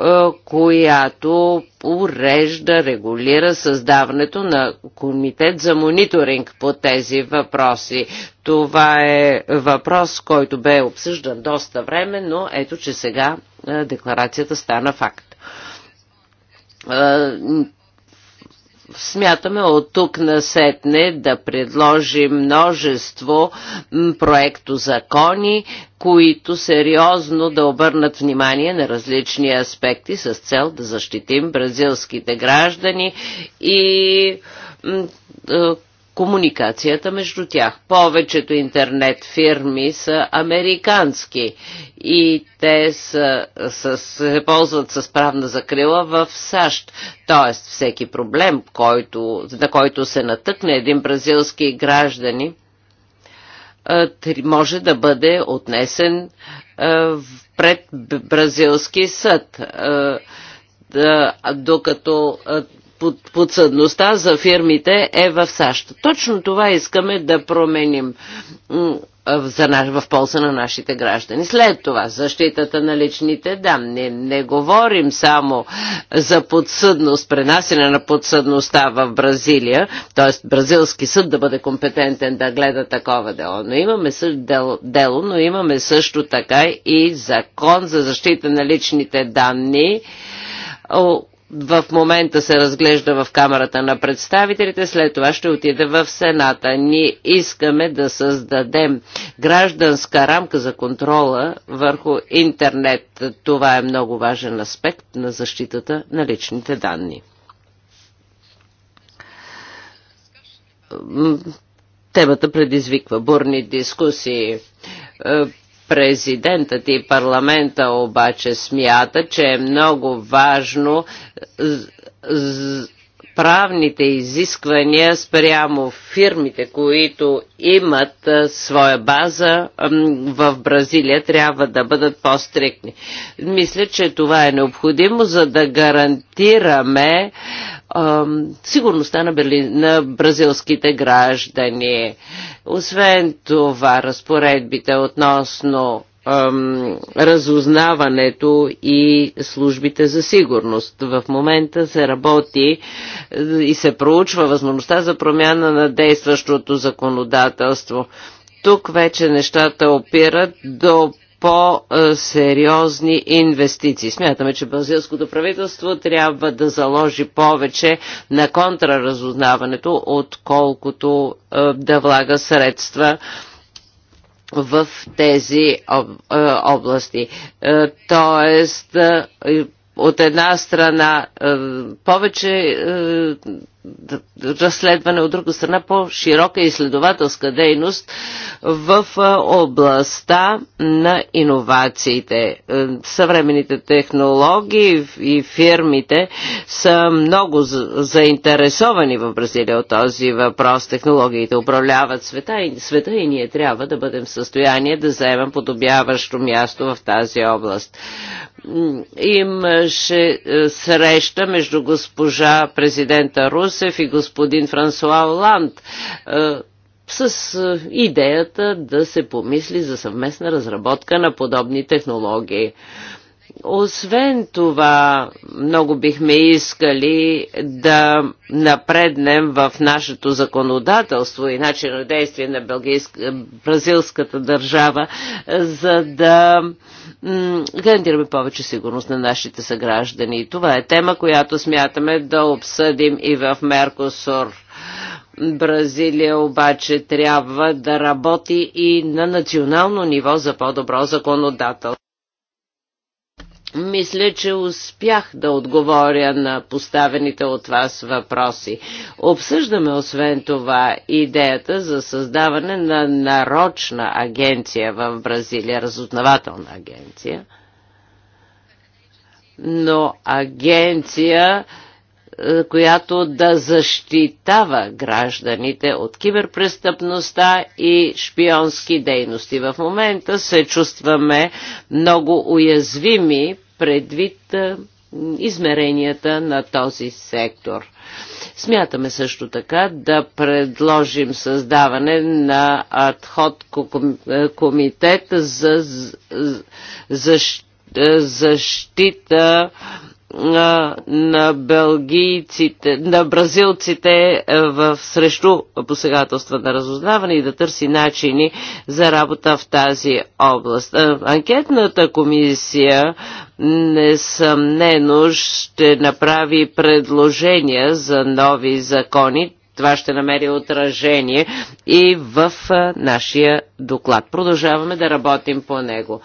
Е, която урежда, регулира създаването на комитет за мониторинг по тези въпроси. Това е въпрос, който бе обсъждан доста време, но ето, че сега е, декларацията стана факт е, смятаме от тук насетне да предложим множество проекто закони, които сериозно да обърнат внимание на различни аспекти с цел да защитим бразилските граждани и комуникацията между тях. Повечето интернет фирми са американски и те са, са, се ползват с правна закрила в САЩ. Тоест всеки проблем, който, на който се натъкне един бразилски граждани, е, може да бъде отнесен е, пред бразилски съд е, докато подсъдността за фирмите е в САЩ. Точно това искаме да променим в полза на нашите граждани. След това защитата на личните данни. Не говорим само за подсъдност, пренасене на подсъдността в Бразилия, т.е. бразилски съд да бъде компетентен да гледа такова дело. Но имаме дело, дело, но имаме също така и закон за защита на личните данни в момента се разглежда в Камерата на представителите, след това ще отиде в Сената. Ние искаме да създадем гражданска рамка за контрола върху интернет. Това е много важен аспект на защитата на личните данни. Темата предизвиква бурни дискусии е, Президентът и парламента обаче смята, че е много важно правните изисквания спрямо фирмите, които имат своя база в Бразилия, трябва да бъдат по-стрикни. Мисля, че това е необходимо, за да гарантираме сигурността на, бразилските граждани. Освен това, разпоредбите относно ем, разузнаването и службите за сигурност. В момента се работи е, и се проучва възможността за промяна на действащото законодателство. Тук вече нещата опират до по-сериозни инвестиции. Смятаме, че бразилското правителство трябва да заложи повече на контраразузнаването, отколкото е, да влага средства в тези е, области. Е, тоест, от една страна повече разследване, от друга страна по-широка изследователска дейност в областта на иновациите. Е, съвременните технологии и фирмите са много заинтересовани в Бразилия от този въпрос. Технологиите управляват света и, света и ние трябва да бъдем в състояние да заемем подобяващо място в тази област имаше е, среща между госпожа президента Рус Йосеф и господин Франсуа Оланд с идеята да се помисли за съвместна разработка на подобни технологии. Освен това, много бихме искали да напреднем в нашето законодателство и начин на действие на бразилската държава, за да гарантираме повече сигурност на нашите съграждани. Това е тема, която смятаме да обсъдим и в Меркосур. Бразилия обаче трябва да работи и на национално ниво за по-добро законодателство. Мисля, че успях да отговоря на поставените от вас въпроси. Обсъждаме освен това идеята за създаване на нарочна агенция в Бразилия, разузнавателна агенция, но агенция, е, която да защитава гражданите от киберпрестъпността и шпионски дейности. В момента се чувстваме много уязвими предвид измеренията на този сектор. Смятаме също така да предложим създаване на адход комитет за защита защита на белгийците, на бразилците е, в срещу посегателства на разузнаване и да търси начини за работа в тази област. Е, анкетната комисия несъмнено ще направи предложения за нови закони, това ще намери отражение и в нашия доклад. Продължаваме да работим по него.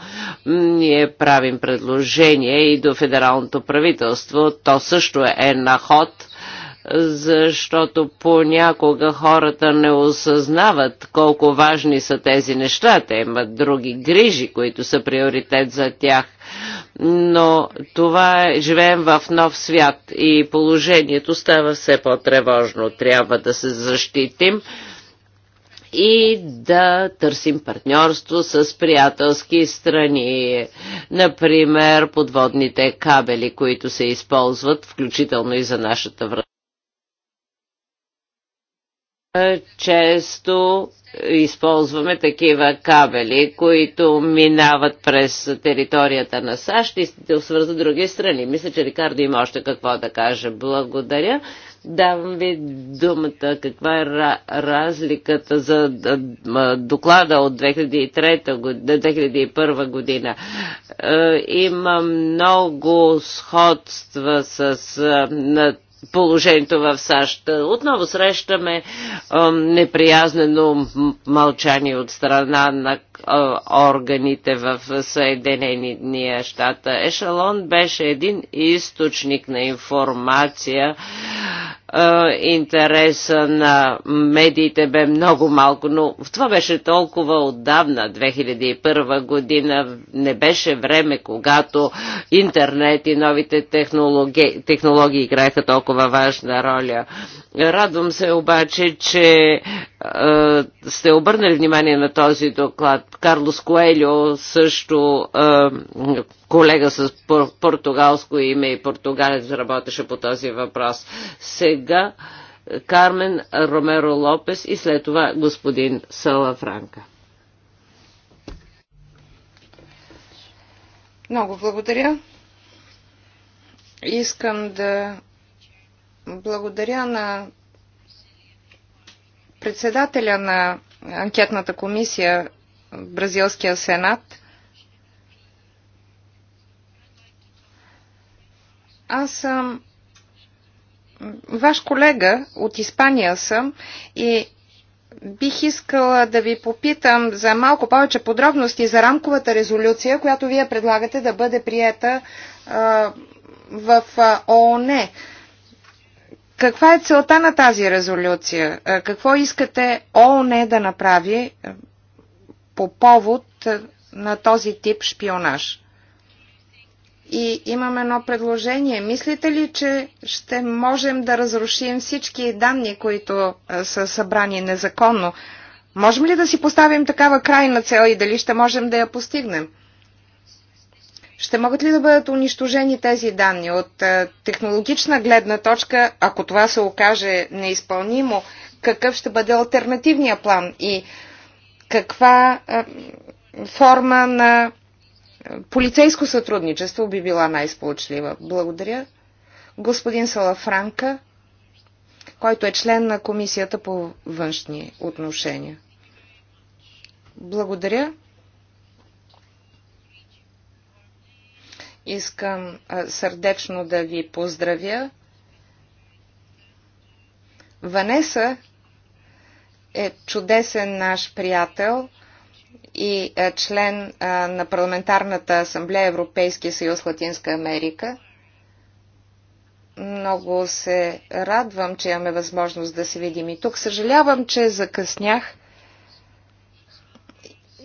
Ние правим предложение и до федералното правителство. То също е, е на ход защото понякога хората не осъзнават колко важни са тези неща. Те имат други грижи, които са приоритет за тях но това е, живеем в нов свят и положението става все по-тревожно. Трябва да се защитим и да търсим партньорство с приятелски страни. Например, подводните кабели, които се използват, включително и за нашата връзка често използваме такива кабели, които минават през територията на САЩ и свързват други страни. Мисля, че Рикардо има още какво да каже. Благодаря. Давам ви думата. Каква е разликата за доклада от 2003 година, 2001 е, година? Има много сходства с положението в САЩ. Отново срещаме неприязнено мълчание от страна на органите в Съединения щата. Ешалон беше един източник на информация. Интереса на медиите бе много малко, но това беше толкова отдавна, 2001 година. Не беше време, когато интернет и новите технологии, технологии играеха толкова важна роля. Радвам се обаче, че сте обърнали внимание на този доклад Карлос Коелио също е, колега с португалско име и португалец работеше по този въпрос. Сега Кармен Ромеро Лопес и след това господин Сала Франка.
Много благодаря. Искам да благодаря на председателя на анкетната комисия бразилския сенат. Аз съм ваш колега от Испания съм и бих искала да ви попитам за малко повече подробности за рамковата резолюция, която вие предлагате да бъде приета в ООН. Каква е целта на тази резолюция? Какво искате ООН да направи по повод е, на този тип шпионаж. И имам едно предложение. Мислите ли, че ще можем да разрушим всички данни, които е, са събрани незаконно? Можем ли да си поставим такава крайна цел и дали ще можем да я постигнем? Ще могат ли да бъдат унищожени тези данни от е, технологична гледна точка, ако това се окаже неизпълнимо, какъв ще бъде альтернативния план? И каква форма на полицейско сътрудничество би била най-сполучлива. Благодаря. Господин Салафранка, който е член на Комисията по външни отношения. Благодаря. Искам сърдечно да ви поздравя. Ванеса е чудесен наш приятел и е член е, на Парламентарната асамблея Европейския съюз Латинска Америка. Много се радвам, че имаме възможност да се видим и тук. Съжалявам, че закъснях.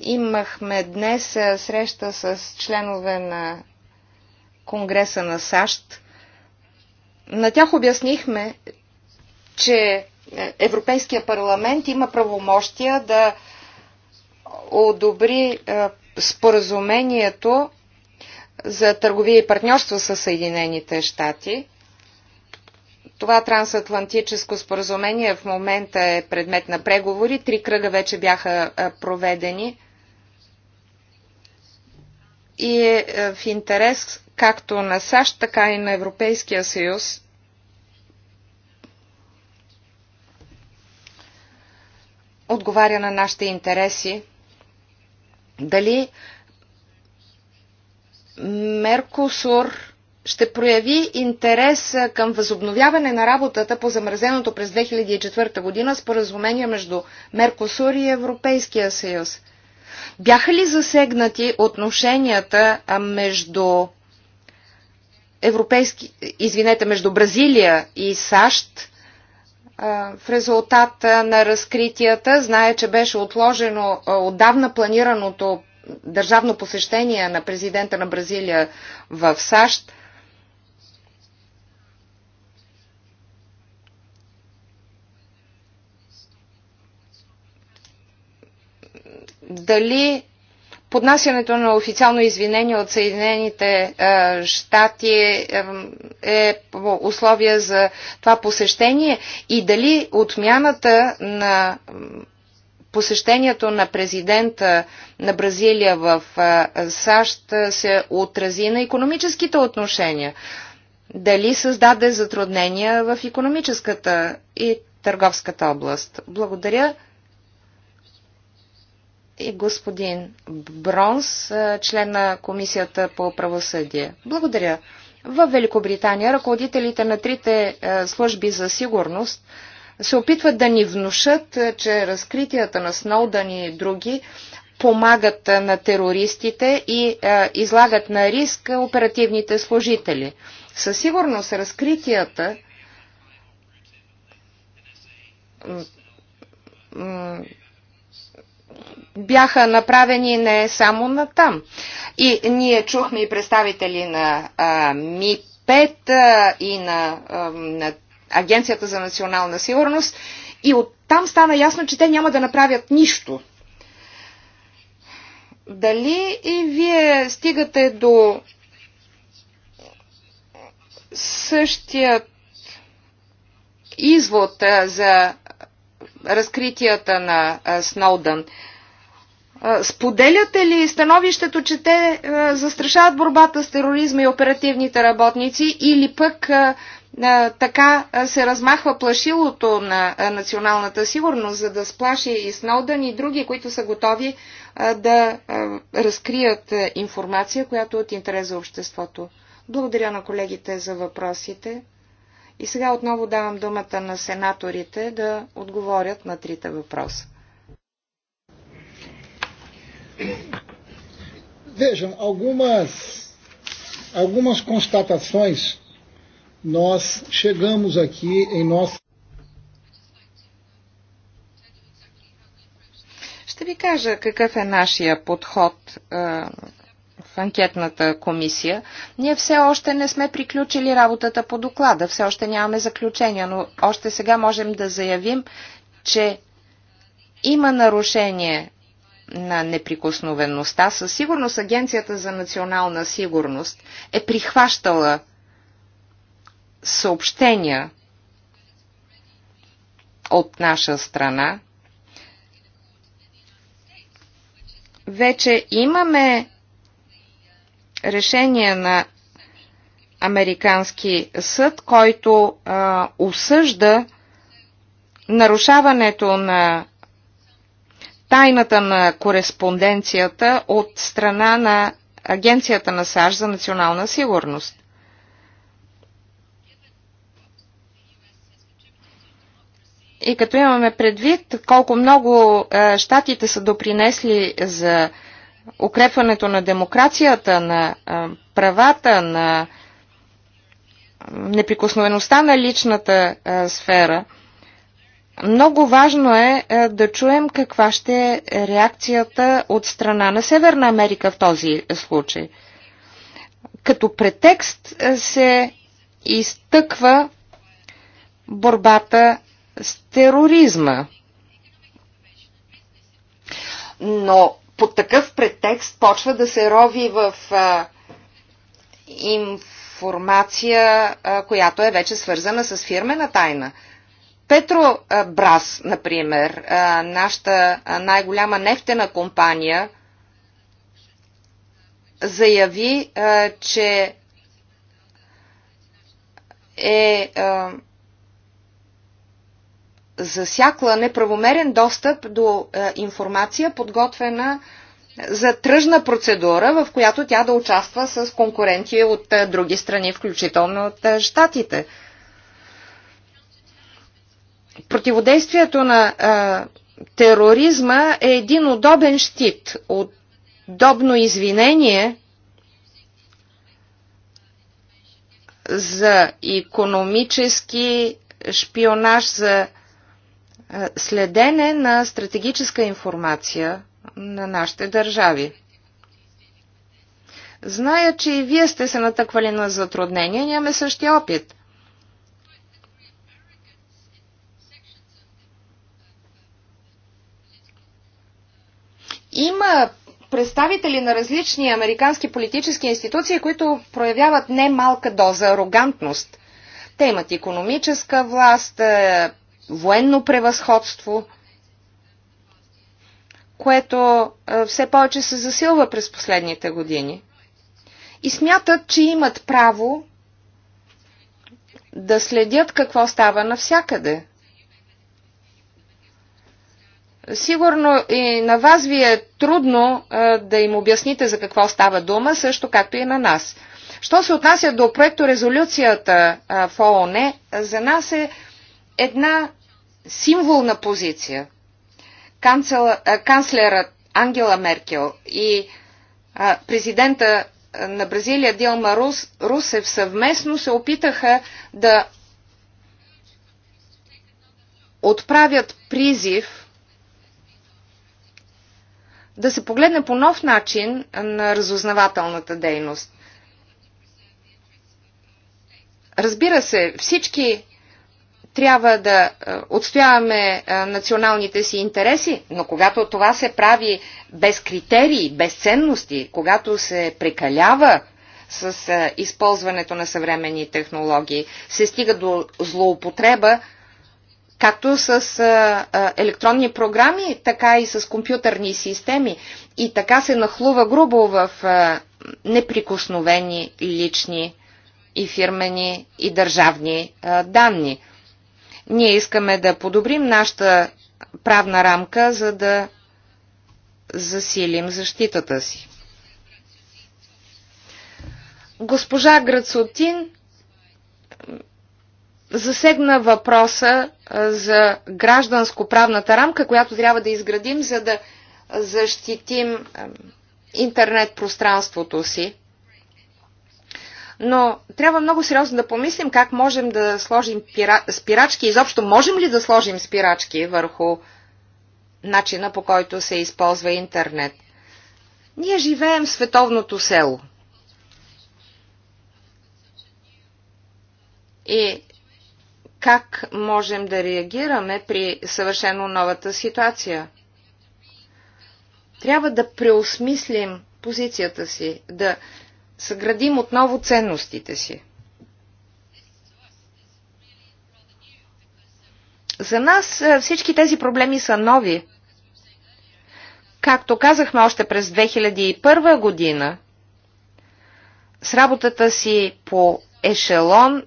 Имахме днес е, среща с членове на Конгреса на САЩ. На тях обяснихме, че Европейския парламент има правомощия да одобри е, споразумението за търговия и партньорство с Съединените щати. Това трансатлантическо споразумение в момента е предмет на преговори. Три кръга вече бяха е, проведени. И е, е в интерес както на САЩ, така и на Европейския съюз отговаря на нашите интереси, дали Меркосур ще прояви интерес към възобновяване на работата по замразеното през 2004 година споразумение между Меркосур и Европейския съюз. Бяха ли засегнати отношенията между Европейски, извинете, между Бразилия и САЩ в резултат на разкритията. Знае, че беше отложено отдавна планираното държавно посещение на президента на Бразилия в САЩ. Дали Поднасянето на официално извинение от Съединените е, щати е, е условие за това посещение и дали отмяната на посещението на президента на Бразилия в е, САЩ се отрази на економическите отношения? Дали създаде затруднения в економическата и търговската област? Благодаря и господин Бронс, е, член на Комисията по правосъдие. Благодаря. В Великобритания ръководителите на трите е, служби за сигурност се опитват да ни внушат, е, че разкритията на Сноудън и други помагат на терористите и излагат на риск оперативните служители. Със сигурност разкритията бяха направени не само на там. И ние чухме и представители на а, МИ-5 а, и на, а, на Агенцията за национална сигурност и оттам стана ясно, че те няма да направят нищо. Дали и вие стигате до същият извод за разкритията на Сноудън? Споделяте ли становището, че те застрашават борбата с тероризма и оперативните работници или пък така се размахва плашилото на националната сигурност, за да сплаши и Сноудън и други, които са готови да разкрият информация, която е от интерес за обществото. Благодаря на колегите за въпросите. И сега отново давам думата на сенаторите да отговорят на трите въпроса.
Vejam, algumas, algumas constatações nós chegamos aqui em nossa.
Ще ви кажа какъв е нашия подход а, е, в анкетната комисия. Ние все още не сме приключили работата по доклада, все още нямаме заключения, но още сега можем да заявим, че има нарушение на неприкосновеността, със сигурност Агенцията за национална сигурност е прихващала съобщения от наша страна. Вече имаме решение на Американски съд, който а, осъжда нарушаването на тайната на кореспонденцията от страна на Агенцията на САЩ за национална сигурност. И като имаме предвид колко много е, щатите са допринесли за укрепването на демокрацията, на е, правата, на е, неприкосновеността на личната сфера – много важно е, е да чуем каква ще е реакцията от страна на Северна Америка в този случай. Като претекст е, се изтъква борбата с тероризма. Но по такъв претекст почва да се рови в а, е, информация, а, която е вече свързана с фирмена тайна. Петро Брас, например, нашата най-голяма нефтена компания, заяви, че е засякла неправомерен достъп до информация, подготвена за тръжна процедура, в която тя да участва с конкуренти от други страни, включително от Штатите. Противодействието на а, тероризма е един удобен щит, удобно извинение за економически шпионаж, за следене на стратегическа информация на нашите държави. Зная, че и вие сте се натъквали на затруднения, нямаме същия опит – Има представители на различни американски политически институции, които проявяват немалка доза арогантност. Те имат економическа власт, е, военно превъзходство, което е, все повече се засилва през последните години. И смятат, че имат право да следят какво става навсякъде. Сигурно и на вас ви е трудно да им обясните за какво става дума, също както и на нас. Що се отнася до проекто резолюцията в ООН, за нас е една символна позиция. канцлерът Ангела Меркел и президента на Бразилия Дилма Рус, Русев съвместно се опитаха да отправят призив да се погледне по нов начин на разузнавателната дейност. Разбира се, всички трябва да е, отстояваме е, националните си интереси, но когато това се прави без критерии, без ценности, когато се прекалява с е, използването на съвременни технологии, се стига до злоупотреба както с а, а, електронни програми, така и с компютърни системи. И така се нахлува грубо в а, неприкосновени лични и фирмени и държавни а, данни. Ние искаме да подобрим нашата правна рамка, за да засилим защитата си. Госпожа Грацотин засегна въпроса за гражданско-правната рамка, която трябва да изградим, за да защитим интернет пространството си. Но трябва много сериозно да помислим как можем да сложим пира... спирачки, изобщо можем ли да сложим спирачки върху начина по който се използва интернет. Ние живеем в световното село. И как можем да реагираме при съвършено новата ситуация. Трябва да преосмислим позицията си, да съградим отново ценностите си. За нас е, всички тези проблеми са нови. Както казахме още през 2001 година, с работата си по ешелон е,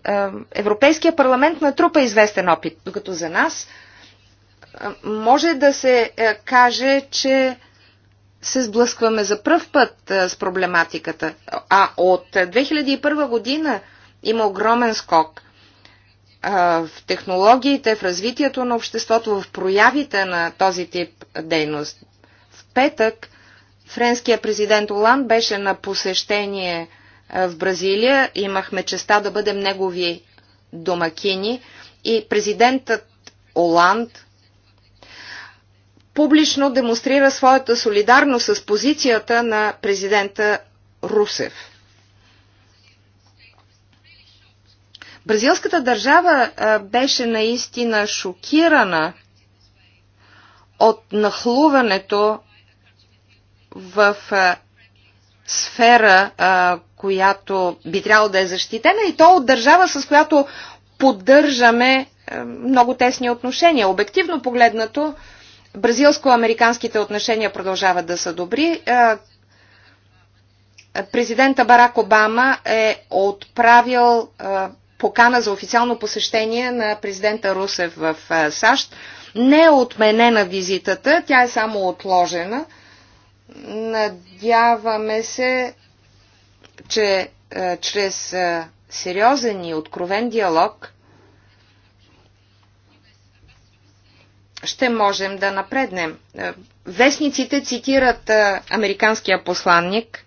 Европейския парламент натрупа известен опит, докато за нас е, може да се е, каже, че се сблъскваме за пръв път с проблематиката. А от 2001 година има огромен скок в технологиите, в развитието на обществото, в проявите на този тип дейност. В петък френския президент Олан беше на посещение в Бразилия. Имахме честа да бъдем негови домакини и президентът Оланд публично демонстрира своята солидарност с позицията на президента Русев. Бразилската държава беше наистина шокирана от нахлуването в сфера, която би трябвало да е защитена и то от държава, с която поддържаме е, много тесни отношения. Обективно погледнато, бразилско-американските отношения продължават да са добри. Е, президента Барак Обама е отправил е, покана за официално посещение на президента Русев в САЩ. Не е отменена визитата, тя е само отложена. Надяваме се че а, е, чрез а, е, сериозен и откровен диалог ще можем да напреднем. Е, вестниците цитират а, американския посланник,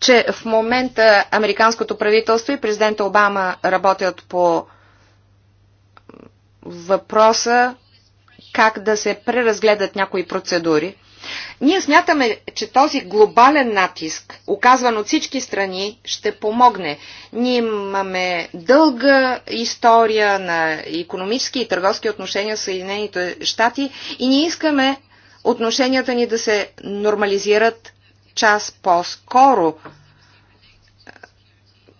че в момента американското правителство и президента Обама работят по въпроса как да се преразгледат някои процедури. Ние смятаме, че този глобален натиск, оказван от всички страни, ще помогне. Ние имаме дълга история на економически и търговски отношения с Съединените щати и ние искаме отношенията ни да се нормализират час по-скоро.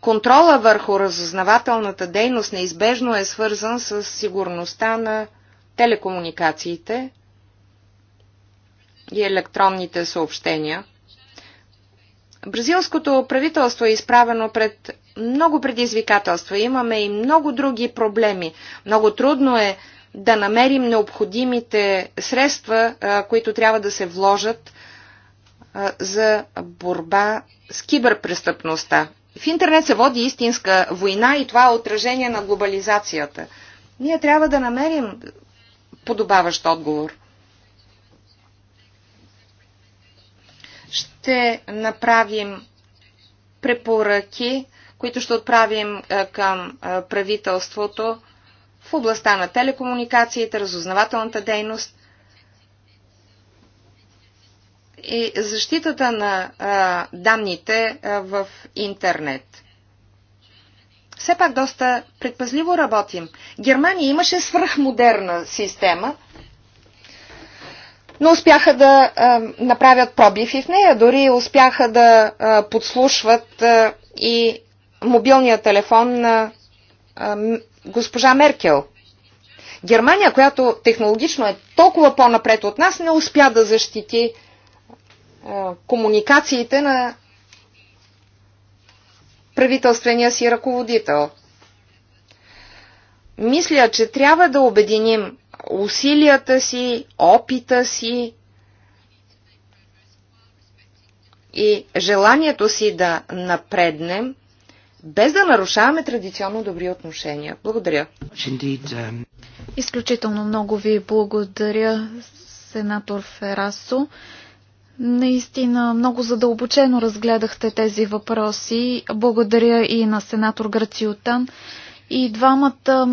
Контрола върху разузнавателната дейност неизбежно е свързан с сигурността на телекомуникациите – и електронните съобщения. Бразилското правителство е изправено пред много предизвикателства. Имаме и много други проблеми. Много трудно е да намерим необходимите средства, които трябва да се вложат за борба с киберпрестъпността. В интернет се води истинска война и това е отражение на глобализацията. Ние трябва да намерим подобаващ отговор. ще направим препоръки, които ще отправим е, към е, правителството в областта на телекомуникациите, разузнавателната дейност и защитата на е, данните в интернет. Все пак доста предпазливо работим. Германия имаше свръхмодерна система, но успяха да а, направят пробив и в нея. Дори успяха да а, подслушват а, и мобилния телефон на а, госпожа Меркел. Германия, която технологично е толкова по-напред от нас, не успя да защити а, комуникациите на правителствения си ръководител. Мисля, че трябва да обединим усилията си, опита си и желанието си да напреднем, без да нарушаваме традиционно добри отношения. Благодаря.
Um,
Изключително много ви благодаря, сенатор Ферасо. Наистина много задълбочено разгледахте тези въпроси. Благодаря и на сенатор Грациотан. И двамата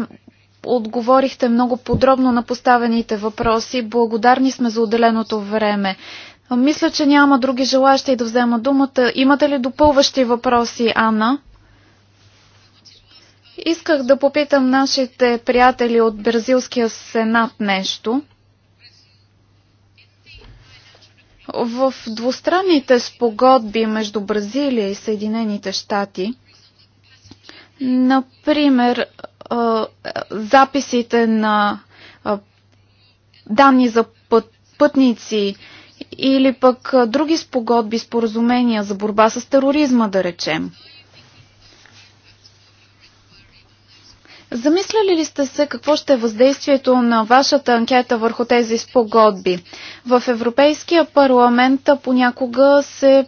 отговорихте много подробно на поставените въпроси. Благодарни сме за отделеното време. Мисля, че няма други желаящи и да взема думата. Имате ли допълващи въпроси, Анна? Исках да попитам нашите приятели от Бразилския сенат нещо. В двустранните спогодби между Бразилия и Съединените щати, например, записите на данни за път, пътници или пък други спогодби, споразумения за борба с тероризма, да речем. Замисляли ли сте се какво ще е въздействието на вашата анкета върху тези спогодби? В Европейския парламент понякога се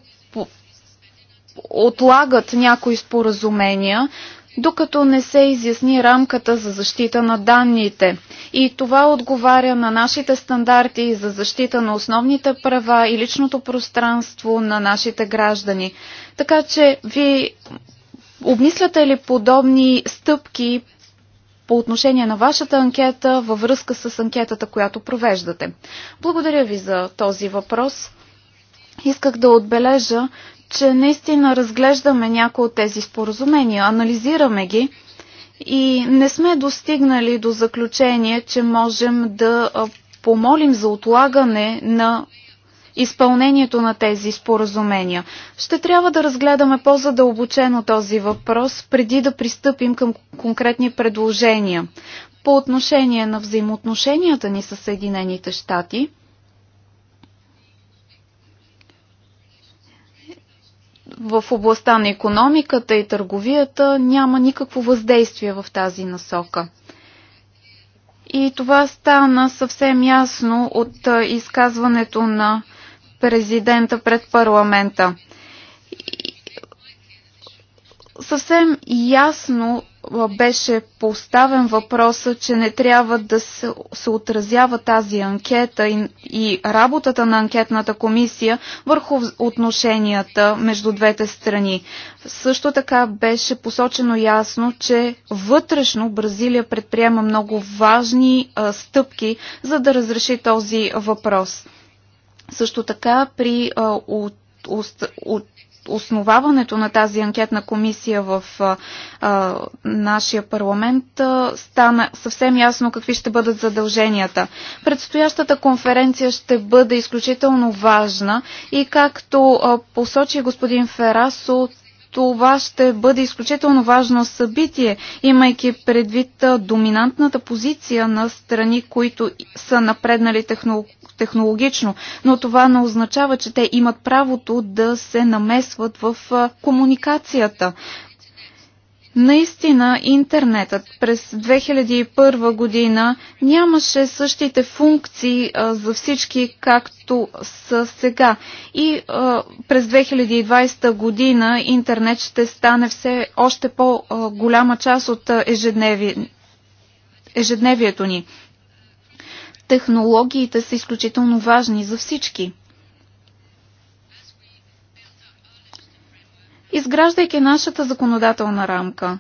отлагат някои споразумения, докато не се изясни рамката за защита на данните. И това отговаря на нашите стандарти за защита на основните права и личното пространство на нашите граждани. Така че ви обмисляте ли подобни стъпки по отношение на вашата анкета във връзка с анкетата, която провеждате? Благодаря ви за този въпрос. Исках да отбележа, че наистина разглеждаме някои от тези споразумения, анализираме ги и не сме достигнали до заключение, че можем да помолим за отлагане на изпълнението на тези споразумения. Ще трябва да разгледаме по-задълбочено този въпрос, преди да пристъпим към конкретни предложения. По отношение на взаимоотношенията ни с Съединените щати – в областта на економиката и търговията няма никакво въздействие в тази насока. И това стана съвсем ясно от изказването на президента пред парламента. съвсем ясно беше поставен въпроса, че не трябва да се, се отразява тази анкета и, и работата на анкетната комисия върху отношенията между двете страни. Също така беше посочено ясно, че вътрешно Бразилия предприема много важни а, стъпки, за да разреши този въпрос. Също така при а, от, от, от основаването на тази анкетна комисия в а, нашия парламент а, стана съвсем ясно какви ще бъдат задълженията. Предстоящата конференция ще бъде изключително важна и както а, посочи господин Ферасо, това ще бъде изключително важно събитие, имайки предвид доминантната позиция на страни, които са напреднали техно технологично, но това не означава, че те имат правото да се намесват в комуникацията. Наистина интернетът през 2001 година нямаше същите функции а, за всички, както са сега. И а, през 2020 година интернет ще стане все още по-голяма част от ежедневи... ежедневието ни технологиите са изключително важни за всички. Изграждайки нашата законодателна рамка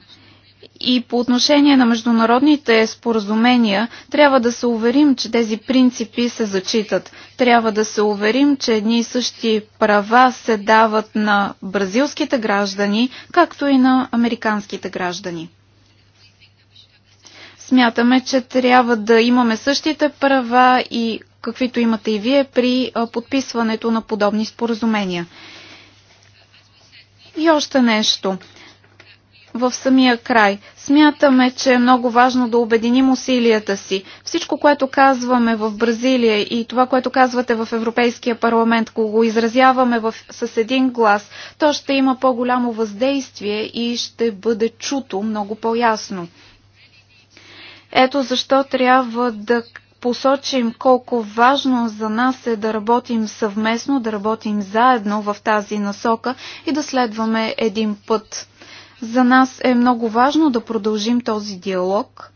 и по отношение на международните споразумения, трябва да се уверим, че тези принципи се зачитат. Трябва да се уверим, че едни и същи права се дават на бразилските граждани, както и на американските граждани. Смятаме, че трябва да имаме същите права и каквито имате и вие при подписването на подобни споразумения. И още нещо. В самия край смятаме, че е много важно да обединим усилията си. Всичко, което казваме в Бразилия и това, което казвате в Европейския парламент, ако го изразяваме в, с един глас, то ще има по-голямо въздействие и ще бъде чуто много по-ясно. Ето защо трябва да посочим колко важно за нас е да работим съвместно, да работим заедно в тази насока и да следваме един път. За нас е много важно да продължим този диалог.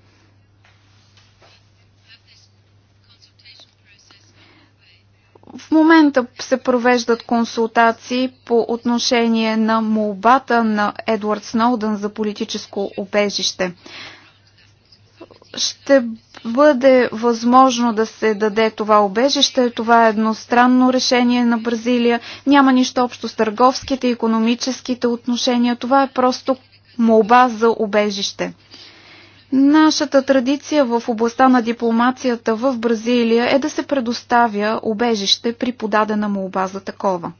В момента се провеждат консултации по отношение на молбата на Едвард Сноудън за политическо обежище ще бъде възможно да се даде това обежище. Това е едностранно решение на Бразилия. Няма нищо общо с търговските и економическите отношения. Това е просто молба за обежище. Нашата традиция в областта на дипломацията в Бразилия е да се предоставя обежище при подадена молба за такова.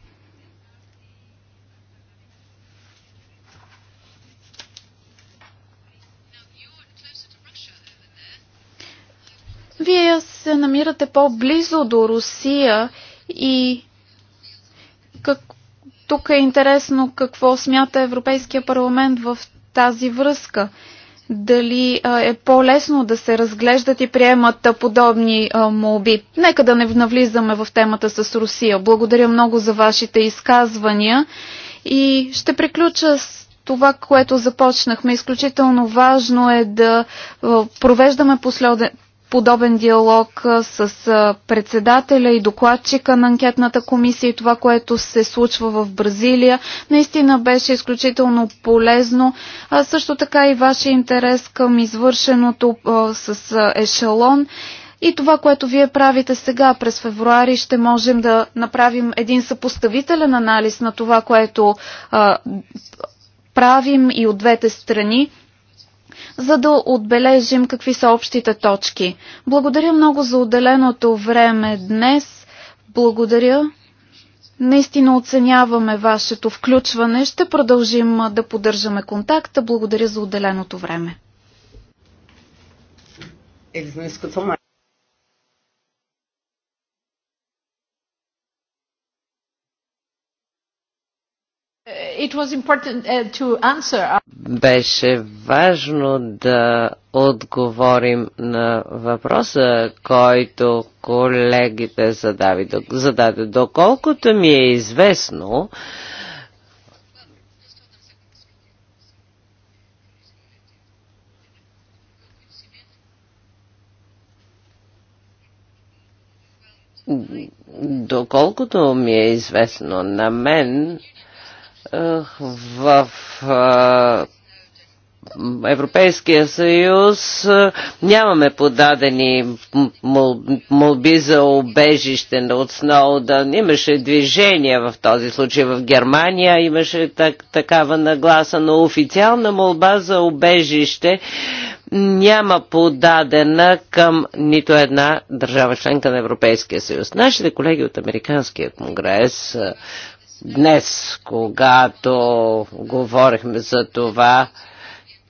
вие се намирате по-близо до Русия и как... тук е интересно какво смята Европейския парламент в тази връзка. Дали е по-лесно да се разглеждат и приемат подобни молби? Нека да не навлизаме в темата с Русия. Благодаря много за вашите изказвания и ще приключа с това, което започнахме. Изключително важно е да провеждаме подобен диалог с председателя и докладчика на анкетната комисия и това, което се случва в Бразилия. Наистина беше изключително полезно. А също така и вашия интерес към извършеното а, с ешелон. И това, което вие правите сега през февруари, ще можем да направим един съпоставителен анализ на това, което а, правим и от двете страни за да отбележим какви са общите точки. Благодаря много за отделеното време днес. Благодаря. Наистина оценяваме вашето включване. Ще продължим да поддържаме контакта. Благодаря за отделеното време. Uh, uh, uh,
Беше важно да отговорим на въпроса, който колегите зададе. Доколкото ми е известно, доколкото ми е известно на мен, в Европейския съюз нямаме подадени молби за обежище от Сноудън. Имаше движение в този случай в Германия, имаше так, такава нагласа, но официална молба за обежище няма подадена към нито една държава членка на Европейския съюз. Нашите колеги от Американския конгрес Днес, когато говорихме за това,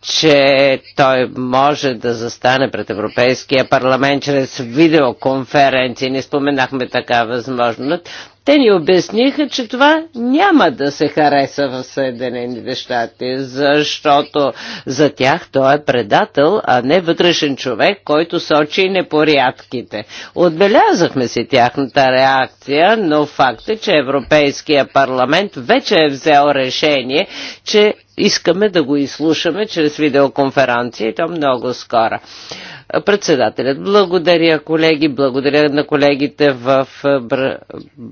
че той може да застане пред Европейския парламент чрез видеоконференции. Не споменахме така възможност, те ни обясниха, че това няма да се хареса в Съединените щати, защото за тях той е предател, а не вътрешен човек, който сочи непорядките. Отбелязахме си тяхната реакция, но факт е, че Европейския парламент вече е взел решение, че искаме да го изслушаме чрез видеоконференция и то много скоро. Председателят, благодаря колеги, благодаря на колегите в е, Бр...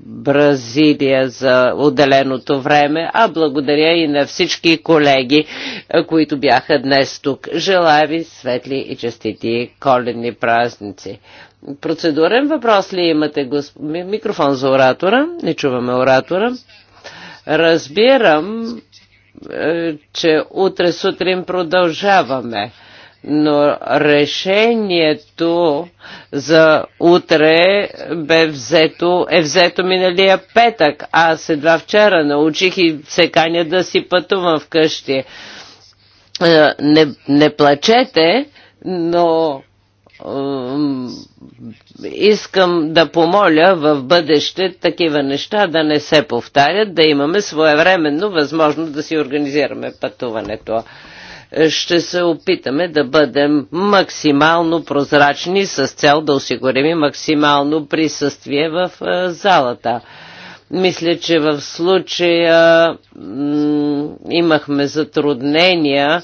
Бразилия за отделеното време, а благодаря и на всички колеги, е, които бяха днес тук. Желая ви светли и честити коледни празници. Процедурен въпрос ли имате, госп... микрофон за оратора? Не чуваме оратора. Разбирам, е, че утре сутрин продължаваме но решението за утре бе взето, е взето миналия петък. Аз едва вчера научих и се каня да си пътувам вкъщи. Е, не, не плачете, но искам да помоля в бъдеще такива неща да не се повтарят, да имаме своевременно възможност да си организираме пътуването ще се опитаме да бъдем максимално прозрачни с цел да осигурим максимално присъствие в залата. Мисля, че в случая имахме затруднения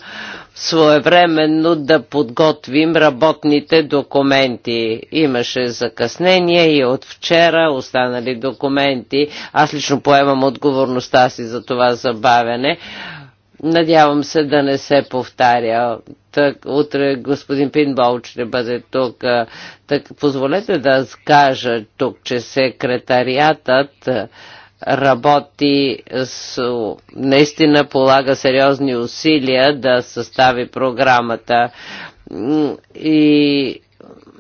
своевременно да подготвим работните документи. Имаше закъснение и от вчера останали документи. Аз лично поемам отговорността си за това забавяне. Надявам се да не се повтаря. Так, утре господин Пинбол ще бъде тук. Так, позволете да кажа тук, че секретариатът работи с, наистина полага сериозни усилия да състави програмата и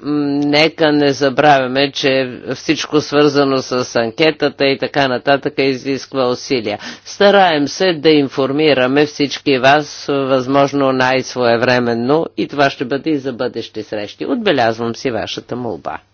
нека не забравяме, че всичко свързано с анкетата и така нататък изисква усилия. Стараем се да информираме всички вас възможно най-своевременно и това ще бъде и за бъдещи срещи. Отбелязвам си вашата молба.